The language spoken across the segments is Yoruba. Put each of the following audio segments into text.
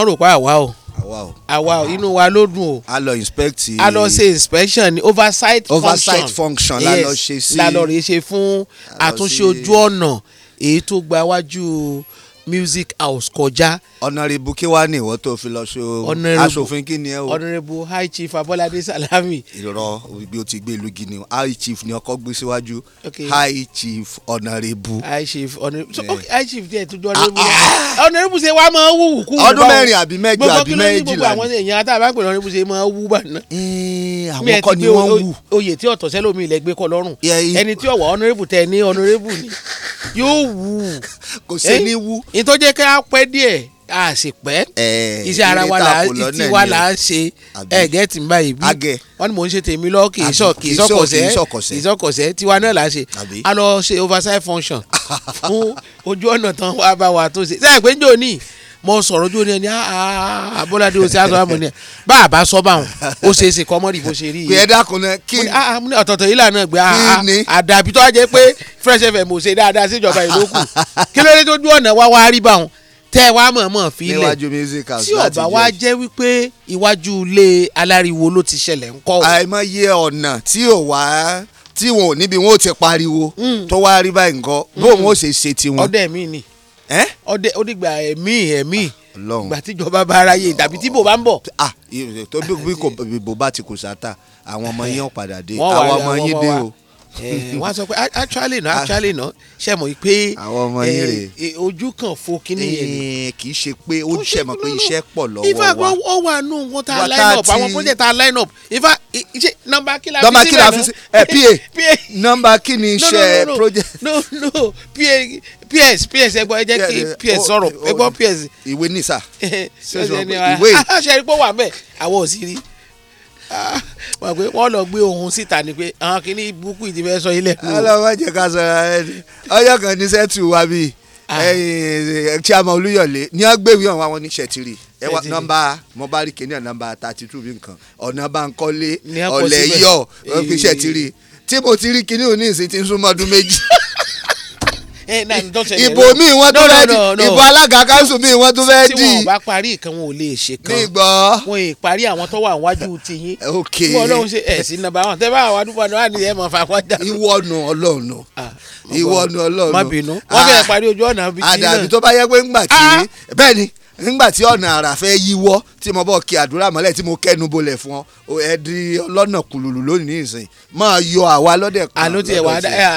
mọ̀ rò pé àwa o àwa o inú wa ló dùn o. a lọ inspect a lọ ṣe inspection ni oversight function oversight function la lọ ṣe sí la lọ rè ṣe fún àtúnṣe ojú ọ̀nà èyí tó gba wájú music house kọjá ọ̀nàrẹ́bù kí wàá ní ìwọ́ tó fi lọ so aṣòfin kí ni ẹ o. ọ̀nàrẹ́bù high chief abọ́ládé salami. irọ́ bí o ti gbé ìlú gini high chief ni ọkọ gbé síwájú high chief ọ̀nàrẹ́bù. high chief ọ̀nàrẹ́bù so eh. ok high chief díẹ̀ tó jọ ọ̀nàrẹ́bù náà ọ̀nàrẹ́bù ṣe wá máa wù wù kú. ọdún mẹ́rin àbí mẹ́jọ àbí méjìlá ni. gbogbo àwọn èèyàn àtàwọn ọ̀nàrẹ́bù ṣe máa wù bà ná. àwọn kọ́ ni wọ́n wù. oyè tí ọ̀tọ̀ sẹ́lómi ilẹ̀ gbé kọ́ lọ́rùn ẹni tí ọ̀wọ́ ọ̀nàrẹ́bù tẹ ní ọ̀nàrẹ́bù ni yóò wù. kò sí eh? ní wù. ìtọ́jẹ́ ká pẹ́ díẹ̀ a sì pẹ́ iṣẹ́ ara wa là ti wa là ń ṣe ẹ gẹ́tì ń báyìí bí wọ́n ní mò ń ṣe tèmi lọ kì í sọ kì í sọkọ̀sẹ́ kì í sọkọ̀sẹ́ tiwa náà là ń ṣe a lọ ṣe oversight function fún ojú ọ̀nà tán wàá bá wa tó ṣe sẹ́yìn pé ń jò ní mo sọ̀rọ̀ ojú ni ẹni ah, abọ́ládé ah, ah, o ṣe aṣọ àmọ́ ni bá a bá sọ báwọn o ṣe é ṣe kọ́mọ́rì bó ṣe rí i. pé ẹ dákun náà kí ni ọ̀tọ̀ọ̀tọ̀ yìí lànà gbé àdàbí tó wá jẹ́ pé Fresh FM ò ṣe dáadáa síjọba ìlókù kí ló dé tó dún ọ̀nà wá wá rí báwọn tẹ́ ẹ wá mọ̀ọ́mọ̀ fi ilẹ̀ tí ọba wa jẹ́ wípé iwájú ilé aláriwo ló ti ṣẹlẹ̀ ńkọ́. àìmọye ọ̀nà tí ò wá tí wọn ò níbi wọn ò ti pariwo hmm. tó wá rí báyìí nǹkan bóun ó ṣe ṣe tiwọn. ọdẹ mi ni ọdẹ ó dìgbà ẹ̀mí ẹ̀mí ìgbà tíjọba bá aráyé tàbí tí bò bá ń bọ̀. tó bí kò bò bá ti kò sáta àwọn ọmọ yín padà dé àwọn ọmọ yín dé o. Eh, wọ́n á sọ pé actually no ah. actually no ṣe mọ̀ pé eh, eh, ojú kan fo kíní yẹn ni. kì í ṣe pé ó ṣe mọ̀ pé iṣẹ́ pọ̀ lọ́wọ́ wa. ifá ó wà nù nǹkan tá line up àwọn project tá line up ifá ṣe nọ́mbà kí la fi sí ẹ pa nọ́mbà kí ni iṣẹ́ project. no no pa ps ps ẹ gbọ́ ẹ jẹ́ kí ps oh, sọ̀rọ̀ ẹ oh. ps. ìwé nìsa ìwé ìṣe rí pé wà bẹ́ẹ̀ àwọn ò sí rí. Ah, wọ́n pé wọ́n lọ gbé ohun síta ni pé àwọn kìíní búkú ìdí fẹ́ sọ ilẹ̀. ọlọ́wọ́ jẹ́ ká sọ ọyọ́ kan ní sẹ́tù wa bíi ah. chairman olúyọ̀lé ní agbèwé ọ̀hún àwọn oníṣẹ́tìrì nọ́mbà mọ́bárìkì Kenya nọ́mbà thirty two bí nǹkan ọ̀nà bankole ọ̀lẹ́yọ̀ ṣẹ́tìrì eh. tí mo ti rí kinní òní ìsìn ti ń súnmọ́ ọdún méjì. Eh, ìbò míì wọ́n tún fẹ́ dì ìbò alága kanṣu míì wọ́n tún fẹ́ dì. tí wọn ò bá parí ìkan wọn ò lè ṣe kan wọn ì parí àwọn tó wà wájú tiyín wọn ọlọ́run ṣe ẹ̀ sí nàbà wọn tẹ́ bá àwọn àdúgbò náà ni ẹ̀ mọ̀ fà wọ́n dà. ìwọ́nu ọlọ́run nù ìwọ́nu ọlọ́run nù. Ah, má bínú wọ́n fẹ́ẹ́ ah, parí ojú ọ̀nà bíi tí náà. àdàbí tó bá yẹ pé ń gbà tí ah! bẹ́ẹ̀ ni nígbà tí ọ̀nà àrà fẹ́ yíwọ́ tí mo bọ́ kí àdúrà mọ́lẹ̀ tí mo kẹ́nu bolẹ̀ fún ọ ẹ ọlọ́nà kùlùlù lónìí ìsìn máa yọ àwa lọ́dẹ̀ kan. àánú tiẹ̀ wá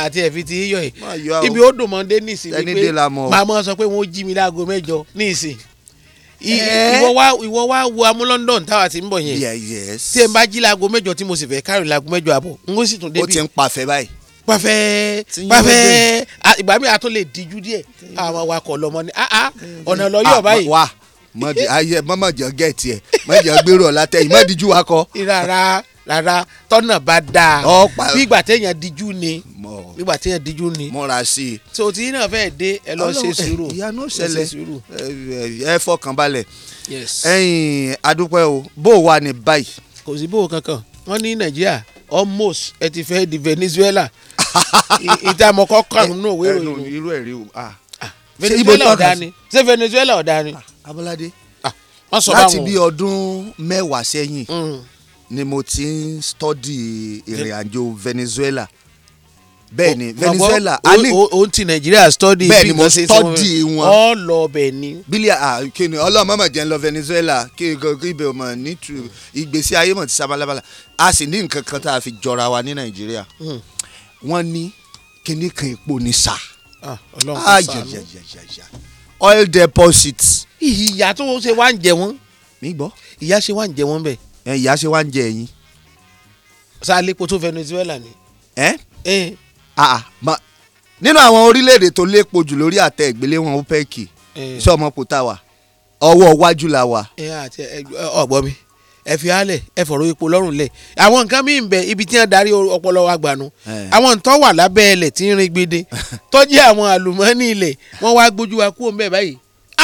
àti ẹ̀fí ti yíyọ yìí ibi ó dùn mọ́ dé ní ìsìn pé màmá sọ pé wọ́n jí mi láago mẹ́jọ ní ìwọ wá wo amú táwa ti ń bọ̀ yẹn tí ẹ bá jí láago mẹ́jọ tí mo sì fẹ́ kárìn láago mẹ́jọ àbọ̀ n ó débi. ó ti ń pàfẹ́ báyìí pẹfẹ pẹfẹ ìgbà mi àtó lè díjú díẹ̀ àwọn awakọ̀ lọmọ ni ah, ah, ọ̀nà lọ yọ̀ ah, báyìí. wa mọ̀dì ayé mọ̀mọ̀jọ gẹ̀ẹ́tì ẹ̀ mọ̀jọ gbèrò ọ̀làtẹ̀yìn mọ̀dìjú wa kọ́. rárá rárá tọ́nà bá dáa bí ìgbà téèyàn díjú ni bí ìgbà téèyàn díjú ni. múra sí i. tó tí náà fẹ́ẹ́ dé ẹ lọ ṣe sùúrù. ìyanu ṣẹlẹ̀ ẹ fọkàn balẹ̀. ẹ̀yin adúpẹ́ o bó o wà ní báyìí. kò sí bó o kankan wọ́n ní Nàìjíríà almost ẹ ti fẹ́ di Venezuela ìtààmú kọ́kọ́ àrùn náà wéèrè ìlú. o. Ah. Ah. venezuela ọ̀dà ni ṣé venezuela ọ̀dà ni. Ah, abolade láti bí ọdún mẹ́wàá sẹ́yìn hmm. ni mo ti ń stọ́dì ìrìn àjò venezuela bẹ́ẹ̀ ni venezuela a ní. o ti nàìjíríà stọ́dì mo ṣe sọ bẹ́ẹ̀ ni mo stọ́dì wọn. ọ lọ bẹ̀ ni. bílíà kìnìún ọlọ́run mọ̀mọ̀ jẹ́ ń lọ venezuela kí ibẹ̀ mọ̀ ní ìgbésí ayé mọ̀ ti sábàlábàlà a sì ní nǹkan kan tá a fi jọra wa ní nàìjíríà. Mm wọ́n ní kíní kan epo ní sà. Ah, ọlọ́run kò sànú ah, oil deposit. ìyá tó ṣe wá ń jẹ wọn. mi gbọ́. ìyá ṣe wá ń jẹ wọn bẹ́ẹ̀. ẹ ìyá ṣe wá ń jẹ ẹyin. sálẹ́pọ̀ tó Venezuela ni. ẹ ẹ. àà ah, ma nínú àwọn orílẹ̀-èdè tó lépo jù lórí àtẹ ìgbéléwọ̀n OPEC sọmọ kò tá wa ọwọ́ iwájú la wa. ẹ àti ọgbọ́n mi ẹ fi hálẹ̀ ẹ fọ̀rọ̀ epo lọ́rùn lẹ̀ àwọn nǹkan míì ń bẹ ibi tí wọ́n darí ọpọlọ wa gbànú eh. àwọn ntọ́ wà lábẹ́ ilẹ̀ tí ń rin gbede tọ́jú àwọn àlùmọ́ọ́nì ilẹ̀ wọ́n wá gbójú wa kúrò ńbẹ̀ báyìí.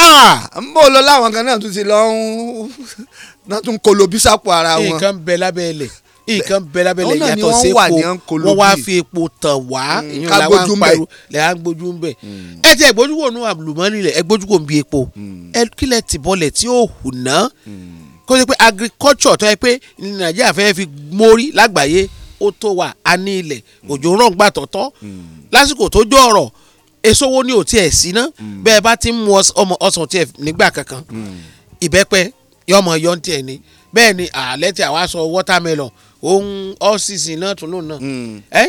Ah! n bò lọ láwọn kan náà tún ti lọ ń tún kolo bísàpù ara wọn. nǹkan bẹ lábẹ́ ilẹ̀ nǹkan bẹ lábẹ́ ilẹ̀ yàtọ̀ sí epo wọ́n wá fi epo tàn wá hmm, ìyọ̀n gbójú ń hmm. ẹ tẹ ìgbójúwò nù àlùmọ́ọ́nì ilẹ̀ ẹ gbójúwò kó ṣe pé agriculture tó yẹ pé nàìjíríà fẹ́ fi mórí lágbàáyé ó tó wà á ní ilẹ̀ òjò ràn gbà tọ̀tọ̀ hmm. lásìkò tó jọ ọ̀rọ̀ èso wo ni ò tiẹ̀ sí ná hmm. bẹ́ẹ̀ bá ti ń mu ọmọ ọsàn tiẹ̀ nígbà kankan hmm. ìbẹ́pẹ yọmọ yọ ní tiẹ̀ ni bẹ́ẹ̀ ni àlẹ́ tí àwa sọ watermelon ohun ọ́sìsì náà tún lòun náà ẹ́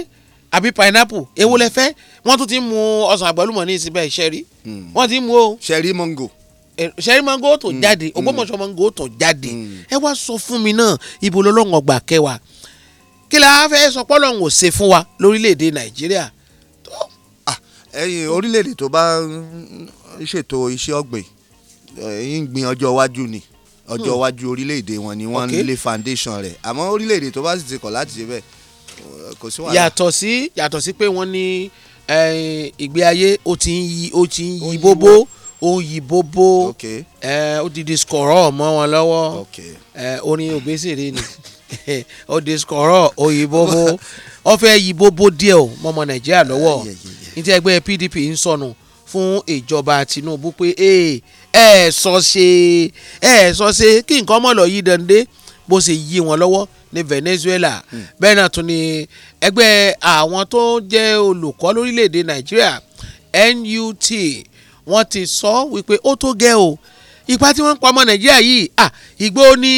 àbí pineapple èwo lẹ fẹ́ wọ́n tún ti ń mu ọsàn àgbálùmọ̀ ní ìsìnbẹ̀ ṣẹ́rí wọ́n ti ń mu o. ṣẹ́rí mango sẹ́rí eh, mango tó mm, jáde mm. Ògbómọ̀ṣọ́ mango tó jáde mm. ẹ wá sọ fún mi náà ibo lọ́lọ́run ọgbà kẹwàá kí la fẹ́ sọ pé Ọlọ́run ò ṣe fún wa lórílẹ̀‐èdè Nàìjíríà. Ah, ẹyin orílẹ̀-èdè tó bá ń ṣètò iṣẹ́ ọ̀gbìn ń gbin ọjọ́ iwájú ni ọjọ́ hmm. iwájú orílẹ̀-èdè wọn ni wọ́n lé foundation rẹ̀ àmọ́ orílẹ̀-èdè tó bá sì ti kọ̀ láti ṣe bẹ́ẹ̀ kò sí wàhálà. yàtọ̀ sí yàtọ̀ sí pé wọ́n ní ìgbé ayé ó ti ń yí bóbó oyinbo bó ẹ ó ti di skọrọ mọ wọn lọ́wọ́ orin ògbésèré ni ó di skọrọ oyinbo bó ó fẹ́ yìbó bó díẹ̀ o mọmọ nàìjíríà lọ́wọ́ níta ẹgbẹ́ PDP ń sọnù fún ìjọba Tinubu pé ẹ ẹ sọ ṣe ẹ sọ ṣe kí nǹkan mọ̀ lọ yí dande bó ṣe yí wọn lọ́wọ́ ní Venezuela hmm. bẹ́ẹ̀ náà tún ni ẹgbẹ́ àwọn tó jẹ́ olùkọ́ lórílẹ̀‐èdè Nàìjíríà NUT wọ́n ti sọ wípé ó tó gẹ́ o ipa tí wọ́n ń pa ọmọ nàìjíríà yìí à ìgbó ní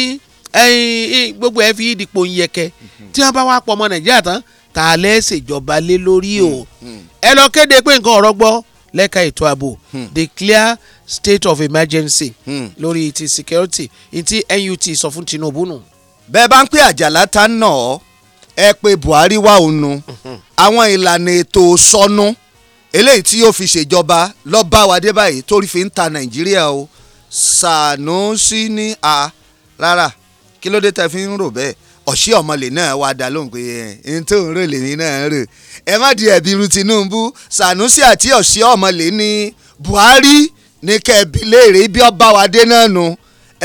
gbogbo ẹ̀ fi dìpọ̀ ìyẹ̀kẹ́ tí wọ́n bá wá pọ̀ ọmọ nàìjíríà tán ta lẹ́sẹ̀jọba lé lórí o hmm, hmm. ẹ lọ kéde pé nǹkan ọ̀rọ̀ gbọ́ lẹ́ka ètò ààbò hmm. declare state of emergency hmm. lórí ti security ti NUT sọ fún Tinubu nù. bẹ́ẹ̀ bá ń pè àjàlá ta ń nà ọ́ ẹ pé Buhari wà ó nu àwọn ìlànà ètò sọnù eléyìí tí yóò fi ṣèjọba lọ́ba wa dé báyìí torí fi ń ta nàìjíríà o Sanusi ní a rárá kí ló dé tẹ́ fi ń rò bẹ́ẹ̀ ọ̀sí ọ̀mọ̀lẹ̀ náà wà dá lóhùn pé ẹ̀ ń tó ń rò lèmi náà rò ẹ má di ẹ̀bi irun Tinubu Sanusi àti ọ̀sí ọ̀mọ̀lẹ̀ ní Buhari ní kẹ́ẹ̀bí léèrè bí ọba wa dé náà nu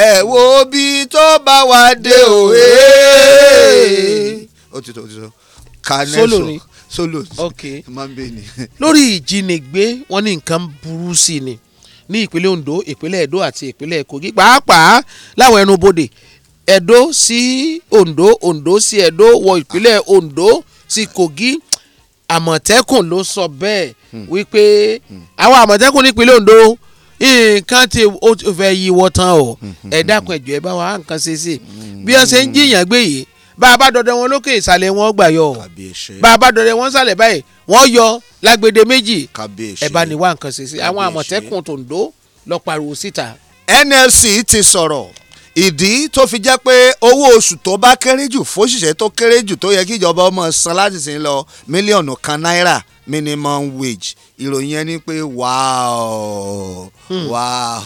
ẹ wo bí tó bá wa dé òwe. ó ti tó ó ti tó. solo solo okay. mambeni. lórí ìjínigbé wọ́n ní nǹkan burú sí ni ní ìpínlẹ̀ Ondo ìpínlẹ̀ Edo àti ìpínlẹ̀ Kogi pàápàá láwọn ẹnubodè Edo sí Ondo Ondo sí Edo wọ ìpínlẹ̀ Ondo sí Kogi àmọ̀tẹ́kùn ló sọ bẹ́ẹ̀ hmm. wípé hmm. àwọn àmọ̀tẹ́kùn nípínlẹ̀ Ondo nǹkan tí ó fẹ́ yíwọ́ tán o hmm. ẹ dákun ẹ̀jọ̀ ẹ bá wa nǹkan ṣe sí bí wọ́n ṣe ń jiyàn gbé yìí bá a bá dọdẹ wọn lókè ìsàlẹ̀ wọn gbà yọ bá a bá dọdẹ wọn sàlẹ̀ báyìí wọ́n yọ lágbède méjì ẹ̀ bá ní wá nǹkan ṣe sí àwọn àmọ̀tẹ́kùn tòǹdó lọ́ọ́ pariwo síta. NLC ti sọ̀rọ̀ ìdí tó fi jẹ́ pé owó oṣù tó bá kéré jù fóṣìṣẹ́ tó kéré jù tó yẹ kí ìjọba ọmọ san láti sìn lọ mílíọ̀nù kan náírà minimum wage ìròyìn yẹn ni pé wáò hmm. wáò.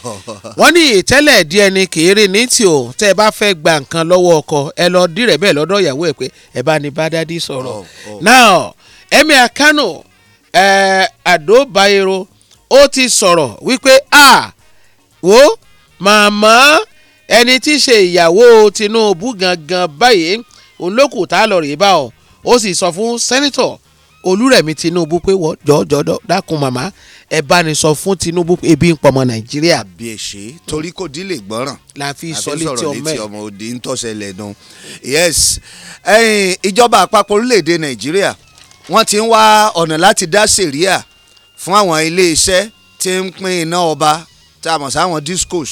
wọ́n ní ìtẹ́lẹ̀ díẹ̀ ni kéré ní tí o tẹ́ ẹ bá fẹ́ gba nǹkan lọ́wọ́ ọkọ ẹ lọ dìrẹ̀ bẹ́ẹ̀ lọ́dọ̀ ìyàwó ẹ̀ pé ẹ bá ní bá dádì sọ̀rọ̀ oh, oh. now Emir Kano Ado Bayero ó ti sọ̀rọ̀ wípé a wo màmá ẹni tí í ṣe ìyàwó Tinubu gangan báyìí òun ló kù tá a lọ rèé bá ọ ó sì sọ fún sẹ́nitọ̀ olúrẹ̀mí tinubu pé wọ́n jọ̀ọ́jọ́ dákun màmá ẹ bá ní sọ fún tinubu pé ebi ń pọ̀ ọmọ nàìjíríà. àbí èṣe torí kò dín lè gbọ́ràn. la fi sọ létí ọmọ ẹ ọmọ òde ń tọ́sẹ̀ lẹ́nu. yes ìjọba àpapọ̀ orílẹ̀-èdè nàìjíríà wọ́n ti ń wá ọ̀nà láti dá sẹ̀ríà fún àwọn iléeṣẹ́ tí ń pín iná ọba tá a mọ̀ sáwọn discos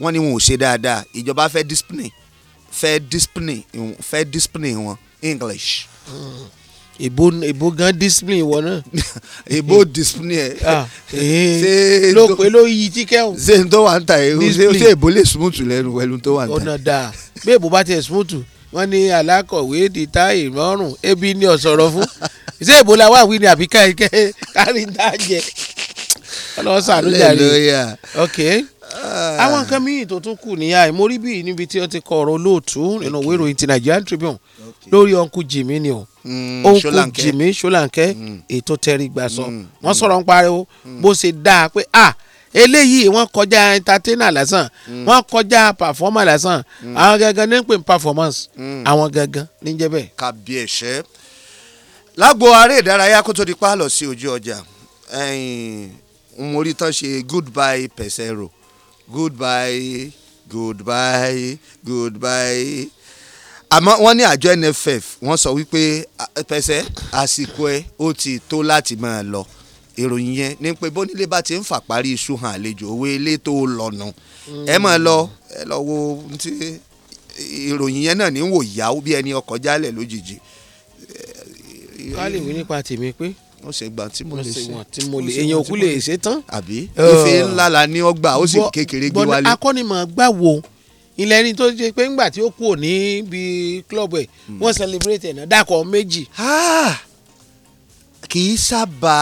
wọ́n ní wọn ò ṣe dáadáa ìjọba fẹ́ discipline fẹ́ discipline fẹ́ discipline wọn english. Mm èbó èbó gan discipline ìwọ náà. èbó discipline ẹ. Ah, eh, ṣe ló pe ló yí tíkẹ́hùn. ṣe n tó wà ń ta èrò ṣe èbó lè smooth lẹ́nu pẹ̀lú tó wà ń ta. ọ̀nà dà bí èbó bá tiẹ̀ smooth wọ́n ní alákọ̀wé dìtá ìmọ̀rùn ebi ní ọ̀sọ̀rọ̀ fún ṣé èbó la wà wí ni àbí káyíkẹ́ kárí ń dájẹ́ ọlọ́sàn àlùjáde ok ah. àwọn nǹkan míì tó tún kù níyà ẹ̀ mórí bíi níbi tí wọ́n ti kọ ọ̀rọ̀ olóòtú nínú ìwé ìròyìn ti Nigerian Tribune lórí ọ̀nkú jìmí ni o ọ̀nkú jìmí ṣọlànkẹ́ ètò tẹ́rí gbà sọ mm, wọ́n mm. sọ̀rọ̀ ń pariwo mm. bó ṣe dáa pé ah eléyìí wọ́n kọjá entertainer lásán wọ́n kọjá performer lásán àwọn gangan ní pè performance àwọn gangan níjẹ́ bẹ́ẹ̀. kàbíyèsẹ́ lágbo aré ìdárayá kó tó di pa lọ sí ojú ọjà mórí tán ṣe goodbye pẹ̀sẹ̀rò goodbye goodbye goodbye àmọ́ wọ́n ní àjọ NFF wọ́n sọ wípé pẹ̀sẹ̀ àsìkò ẹ̀ ó ti tó láti máa lọ ìròyìn yẹn ní pé bónílé bá ti ń fà parí iṣu hàn àlejò owó ilé tó lọ́nà ẹ máa lọ ẹ lọ wo ti ìròyìn yẹn náà ní wò yáwó bí ẹni ọkọ̀ jálẹ̀ lójijì. ká lè wí nípa tèmi pé wọ́n ṣe gbà tí mo lè ṣe wọ́n tí mo lè èyàn òkú lè ṣe tán. àbí ife ńlá la ní ọgbà ó sì kékeré gbé wálé. bọ́dà akọ́nimọ̀ gbà wo ilẹ̀ ní tó ṣe pé ńgbà tí ó kúrò níbi club ẹ̀ hmm. wọ́n celebrate ẹ̀ náà dàkọ̀ méjì. Ah! kì í sábà.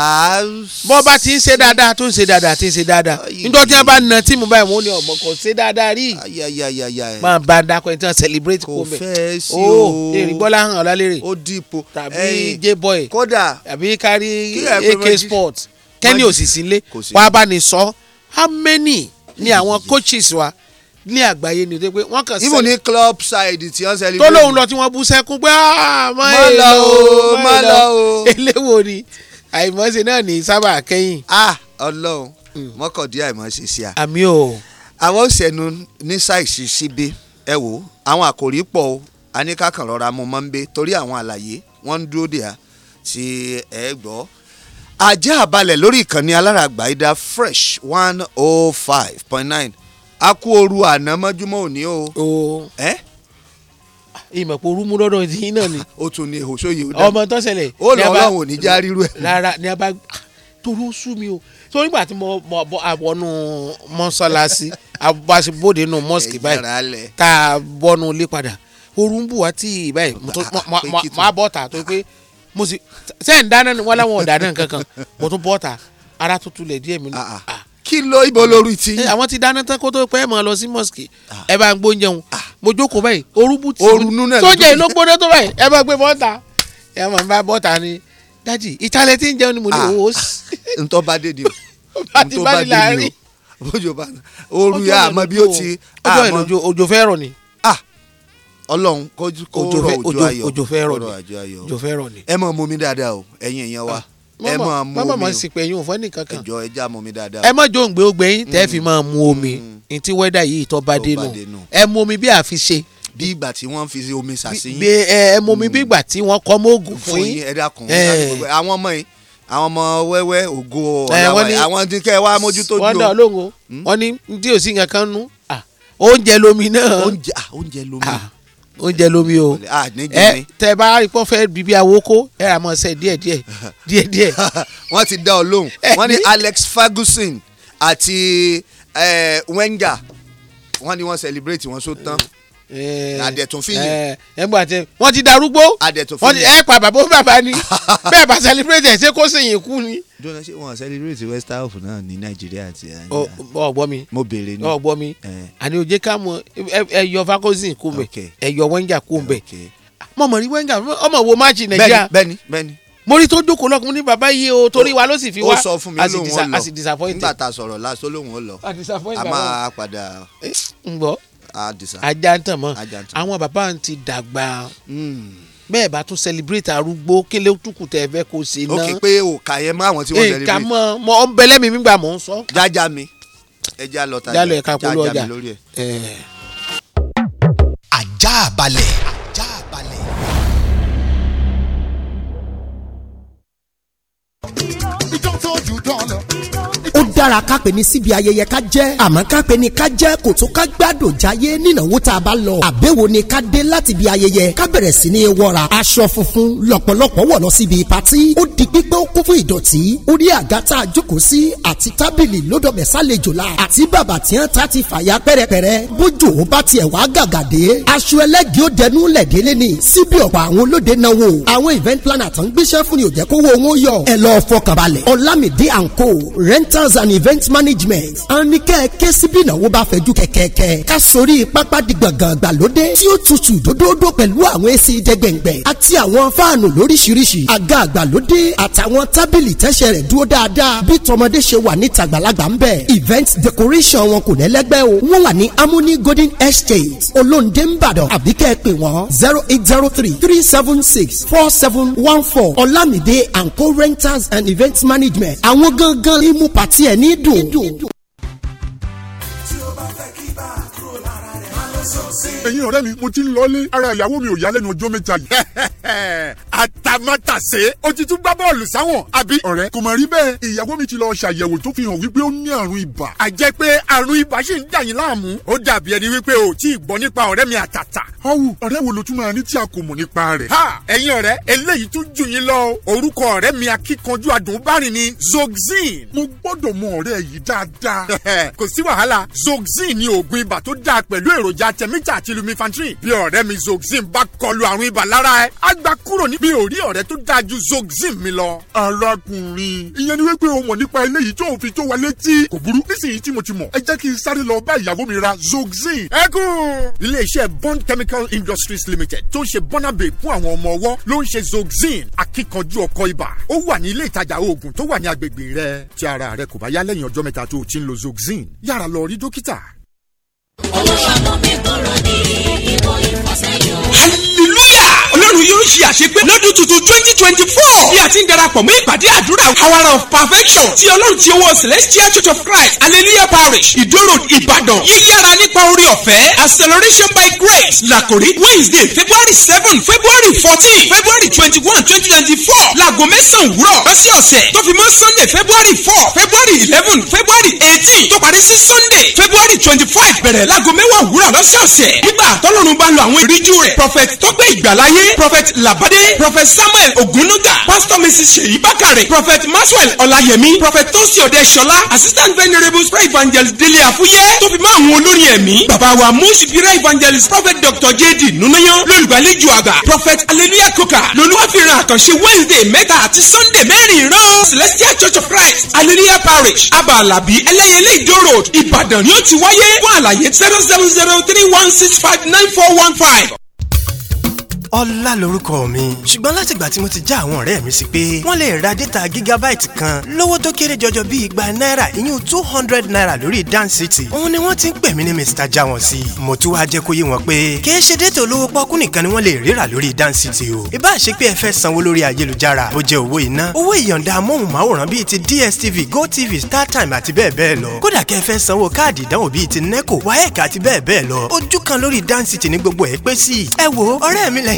bọ́ bá ti ń ṣe dáadáa tó ń ṣe dáadáa ti ń ṣe dáadáa nítorí tí wọ́n bá na tíìmù báyìí wọ́n ní ọmọ kò ṣe dáadáa rí. máa bá a dákọ̀ ẹni tí wọ́n celebrate kó mẹ́. kò fẹ́ sí o. Oh, o èrì bọ́lá hàn ọ̀làlérè. ó dìpọ̀ tàbí j-boy. kódà tàbí kárí ak sport kẹ́ni òsì sílé wàá bá ní sọ how many ni àwọn coaches wa ní àgbáyé ni pé wọ́n kàn sẹ́yìn. even ní club side tí wọ́n celebrate. tó lóun lọ tí wọ́n bú sẹ́kún pé ah, má lọ o má lọ eléwo ni àìmọ́sẹ̀ náà ní sábà kẹ́yìn. ah ọlọ́run hmm. mọ́kàndín àìmọ́sẹ̀ sí a. àmì o. àwọn òṣèlú ní ṣàìsí síbí ẹ wò àwọn àkòrí pọ̀ o a ní kákan rọra mu mọ́ ń bẹ torí àwọn àlàyé wọ́n ń dúró dè á ẹ gbọ́ ajá àbálẹ̀ lórí ìkànnì alárágbá ìdá fresh one oh five point nine a kú ooru àná mọ́júmọ́ òní o. o ẹ. ìmọ̀ pé orúmú lọ́dọ̀ ti náà ni. o tún ni èso yìí. ọmọ tó ṣẹlẹ̀. ó lọ ọlọ́run ò ní já ríru ẹ̀. rárá ni a bá torí ó sú mi o torí nígbà tí mo bọ àwọnú mọ́ṣáláṣí àbáṣebóde nù mọ́ṣíkì báyìí tá a bọ́nu ilé padà orun bù wá tí ì mo á bọ́ ta tó pé mo sì sẹ́yìn dáná ni wọ́n láwọn ọ̀dà náà kankan mo tún bọ́ ta ara tuntun lẹ̀ díẹ̀ mi nù ah, ah. Ah kí ló ibo lórí ti. àwọn ti dáná tán kó tó pẹ́ mọ̀ lọ sí mosque ah. ẹ bá ń gbóúnjẹ wọn ah. mo jókòó báyìí orúbù tí tó jẹ́ iná gbóná tó báyìí ah. ẹ bá gbé bọ́ta ẹ máa bá bọ́ta ni dájì ìtàlẹ̀ tí ń jẹun ni mo ní owó sí. ntọ́ bá dé di o ntọ́ bá dé di o bójú bá na ooru yà àmọ́ bí ó ti. ọjọ́ ìlú òjò fẹ́ rọ̀ ni. ọlọ́run kó rọ òjò ayọ̀ òjò fẹ́ rọ̀ ni ẹ mọ̀ mọ́ dáadáa o ẹ̀yin èèyàn wa. Ah ẹ máa mú omi mama máa sì pé yín òfò ẹnì kankan ẹjọ ẹja mú mi dáadáa ẹ má jó òǹgbẹ ó gbẹyìn tẹ́ mm. fi máa mú omi mm. ní ti wẹ́dà yìí tó bá dé nù ẹ mú omi bí àfi ṣe bí ìgbà tí wọ́n fi omi sàṣeyín ẹ mú omi bí mm. ìgbà tí wọ́n kọ́ mọ́ọ̀gùn fún yín ẹ dákun àwọn ọmọ yìí àwọn ọmọ wẹ́wẹ́ ògo ọ̀làwọ̀ àwọn tí kẹ́ ẹ wá mójútó dúró. wọ́n dà hmm? ní tí ò sí nǹkan kan nú oúnjẹ lomi o ẹ tẹ bá rí pọ́ bíbí awoko ẹ rà mọ́ ṣe díẹ̀ díẹ̀ díẹ̀ díẹ̀. wọ́n ti dá ọ lóhùn wọ́n ní Alex Ferguson àti Wenger wọ́n ní wọ́n celebrate wọ́n só tán àdẹ̀túnfìyìn eh, eh, ẹgbà tẹ wọ́n ti darúgbó àdẹ̀túnfìyìn ẹ pa bàbá bàbá ni bẹ́ẹ̀ bá celebrate ẹ̀ ṣé kó sèyìn kú ni. jọ́nà ṣé wọ́n celebrate west half náà ní nàìjíríà ti. ọgbọ́n mi mo béèrè ni ọgbọ́n mi eh. àní òjé ká ẹyọ vakosin kú mbẹ ẹyọ wẹ́ngà kú mbẹ mo mọ̀ rí wẹ́ngà ọmọ wo máàcì nàìjíríà bẹ́ẹ̀ni bẹ́ẹ̀ni mo rí tó jókòó lọ́kùnrin ní bàbá yìí o torí wa ló sì fi wá ó sọ fún mi lóhùn ó lọ nígbà tá a sọ̀rọ̀ lásán lóhùn ó lọ a máa padà. ń ajá ń tàn mọ́ àwọn bàbá ń ti dàgbà hmm. bẹ́ẹ̀ bá tún celebrate arúgbó kílẹ̀ tukù tẹ̀ fẹ́ kó ṣe náà. ok pé o kà yẹn mọ àwọn tí wọ́n celebrate. nǹkan mọ mọ ọ̀n bẹ́lẹ́ mi nígbà mọ̀ ń sọ. jájá mi ẹja lọ tàbí jálọ ẹ̀ka polówó ọjà. ajá balẹ̀. ìjọ tó jù dán dára ká pè ní síbi ayẹyẹ ká jẹ́ àmọ́ ká pè ní ká jẹ́ kò tó ká gbádùn jáyé nínáwó tá a bá lọ àbẹ̀wò ni ká dé láti ibi ayẹyẹ ká bẹ̀rẹ̀ sí ní wọ́ra aṣọ funfun lọ́pọ̀lọpọ̀ wọ̀ lọ síbi patí ó di pípẹ́ ó kún fún ìdọ̀tí orí àga tá a jókòó sí àti tábìlì lódọ̀bẹ̀ sálejò la àti bàbà tí wọ́n ta ti fàya pẹ́rẹpẹ̀rẹ bójú ó bá tiẹ̀ wá gàgàdé aṣọ ẹlẹ́gì ó dẹnu lẹ̀dẹ́lẹ́ event planner tó ń gbéṣẹ́ fún ni ò jẹ́ kówó wọn yọ ẹ lọ́ọ́ fọkànbalẹ̀ and event management a ní kẹ́ ẹ ké síbi ìnáwó bá fẹ́ ju kẹ̀kẹ́kẹ́ ká sórí pápá di gbọ̀ngàn gbàlódé tí ó tutù dódódó pẹ̀lú àwọn èsì dẹ́gbẹ̀ngbẹ̀ àti àwọn fáànù lóríṣiríṣi àga àgbàlódé àtàwọn tábìlì tẹ́sẹ̀ rẹ̀ dúró dáadáa bí tọmọdé ṣe wà níta gbàlagbà ń bẹ̀ event decoration wọn kò lẹ́lẹ́gbẹ́ o wọ́n wà ní Amúní Golden Estate Olóńdé ńbàdàn àbí kẹ́ ẹ pè wọ́n zero eight zero three three seven six four seven one four Olamide and co renters and event management àwọn gangan imú pàtí ẹ̀ ní dùn. ẹ̀yin ọ̀rẹ́ mi mo ti ń lọlé ara ìyàwó mi ò yá ọjọ́ mẹ́ta yìí. amátàsé ó ti tún gbá bọ́ọ̀lù sáwọn àbí. ọ̀rẹ́ kò mà rí bẹ́ẹ̀ ìyàwó mi ti lọ ṣàyẹ̀wò tó fi hàn wípé ó ní àrùn ibà. a jẹ́ pé àrùn ibà ṣì ń dà yín láàmú. ó dàbí ẹni wípé o tí ì gbọ́ nípa ọ̀rẹ́ mi àtàtà. ọ̀wù ọ̀rẹ́ wo ló tún máa ní tí a kò mọ̀ nípa rẹ̀. ha ẹ̀yin ọ̀rẹ́ eléyìí tún jù yín lọ orúkọ ọ̀rẹ́ mi akíkanjú adùnbárìn ni Zoxyn. mo gbọ́dọ̀ mọ ọ̀rẹ́ yìí dáadáa. kò sí wàhálà Zoxyn ni oògùn ibà tó dáa pẹ̀lú èròjà tẹ̀mítà àti lumifantrin bí ọ̀rẹ́ mi Zoxyn bá kọlu àrùn ibà lára ẹ á gbà kúrò níbi òrí lọ́dọ̀ rẹ tó dáa ju zoxyn mi lọ. arákùnrin ìyẹn ni wípé o mọ̀ nípa eléyìí tó o tó wa létí. kò burú nísìnyí tí mo ti mọ̀ ẹ jẹ́ kí n sáré lọ bá ìyàwó mi ra zoxyn. ẹ kún. iléeṣẹ́ bond chemical industries limited tó ń ṣe bọ́nàbè fún àwọn ọmọ ọwọ́ ló ń ṣe zoxyn akíkanjú ọkọ ibà. ó wà ní ilé ìtajà oògùn tó wà ní agbègbè rẹ. tí ara rẹ kò bá yá lẹ́yìn ọjọ́ mẹ́ta tó ti ń lo zoxyn yára lọ rí dókítà. owó ọlọ́run yóò ṣe àṣepé lọ́dún tuntun twenty twenty four bí a ti ń darapọ̀ mọ́ ìpàdé àdúrà hour of perfection ti ọlọ́run ti owó celestial church of christ hallelujah parish ìdúró ìbàdàn yíyára nípa orí ọ̀fẹ́ acceleration by grace làkòrí wednesday february seven february fourteen february twenty one twenty twenty four laago mẹ́sàn-án òwúrọ̀ lọ́sẹ̀ ọ̀sẹ̀ tó fi mọ́ sunday february four february eleven february eighteen tó parí sí sunday february twenty five bẹ̀rẹ̀ laago mẹ́wàá òwúrọ̀ lọ́sẹ̀ ọ̀sẹ̀ nígbà tọ́lọ́run bá lo àwọn ìríjú rẹ̀ prophet tó gbé ìgbàláyé Prophet Labade, Prophet Samuel Ogunuga, Pastor Mrs. Seyi Bakare, Prophet Maxwell Ọláyẹmí, Prophet Tosi Ode Ṣọlá, Assistant Venerable Spray Evangelist Dele Afuye, tó fi mọ́ àwọn olórin ẹ̀mí, Bàbá wa Mùsùlùmí Evangelist Prophet Dr. J.D. Nunayan, lolùgbàlejò àgbà, Prophet Hallelujah Koka, lolúwàfíìràn àkànṣe Wednesday mẹ́ta àti Sunday mẹ́rin rán, Celestial Church of Christ, Hallelujah Parish, Abalabi Ẹlẹ́yẹlé Ìdó Road, Ìbàdàn ni ó ti wáyé fún àlàyé zero seven zero three one six five nine four one five ọlá lorúkọ mi ṣùgbọ́n látìgbà tí mo ti já àwọn ọ̀rẹ́ mi sí pé wọ́n lè ra dẹ́ta gígábáìtì kan lówó tó kéré jọjọ bíi igba náírà ìyún two hundred naira lórí dan city òun ni wọ́n ti ń pè mí ní mr jawon sí i mo tún wá jẹ́ kó yé wọn pé kìí ṣe dẹ́tà olówó pọ́kú nìkan ni wọ́n lè ríra lórí dan city o ìbá ṣe pé ẹ fẹ́ sanwó lórí ayélujára ó jẹ́ owó iná owó ìyọ̀ǹda amóhùnmáwòrán bíi ti dstv gotv startime àti bẹ́ẹ̀ bẹ́ẹ̀ lọ kódà kẹ́ ẹ fẹ́ sanwó káàdì ìdánwò bíi ti neco waec àti bẹ́ẹ̀ bẹ́ẹ̀ lọ ojú kan lórí dan city ní gbogbo ẹ̀ pé sí ẹ wo ọ̀rẹ́ mi lẹ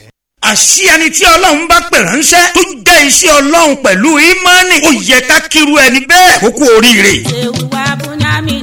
àṣì ẹni tí ọlọ́run bá pè ránṣẹ́ tó jẹ́ iṣẹ́ ọlọ́run pẹ̀lú ìmánì ó yẹ ká kírú ẹni bẹ́ẹ̀ kókó oríire. ṣé wàá bùnú àmì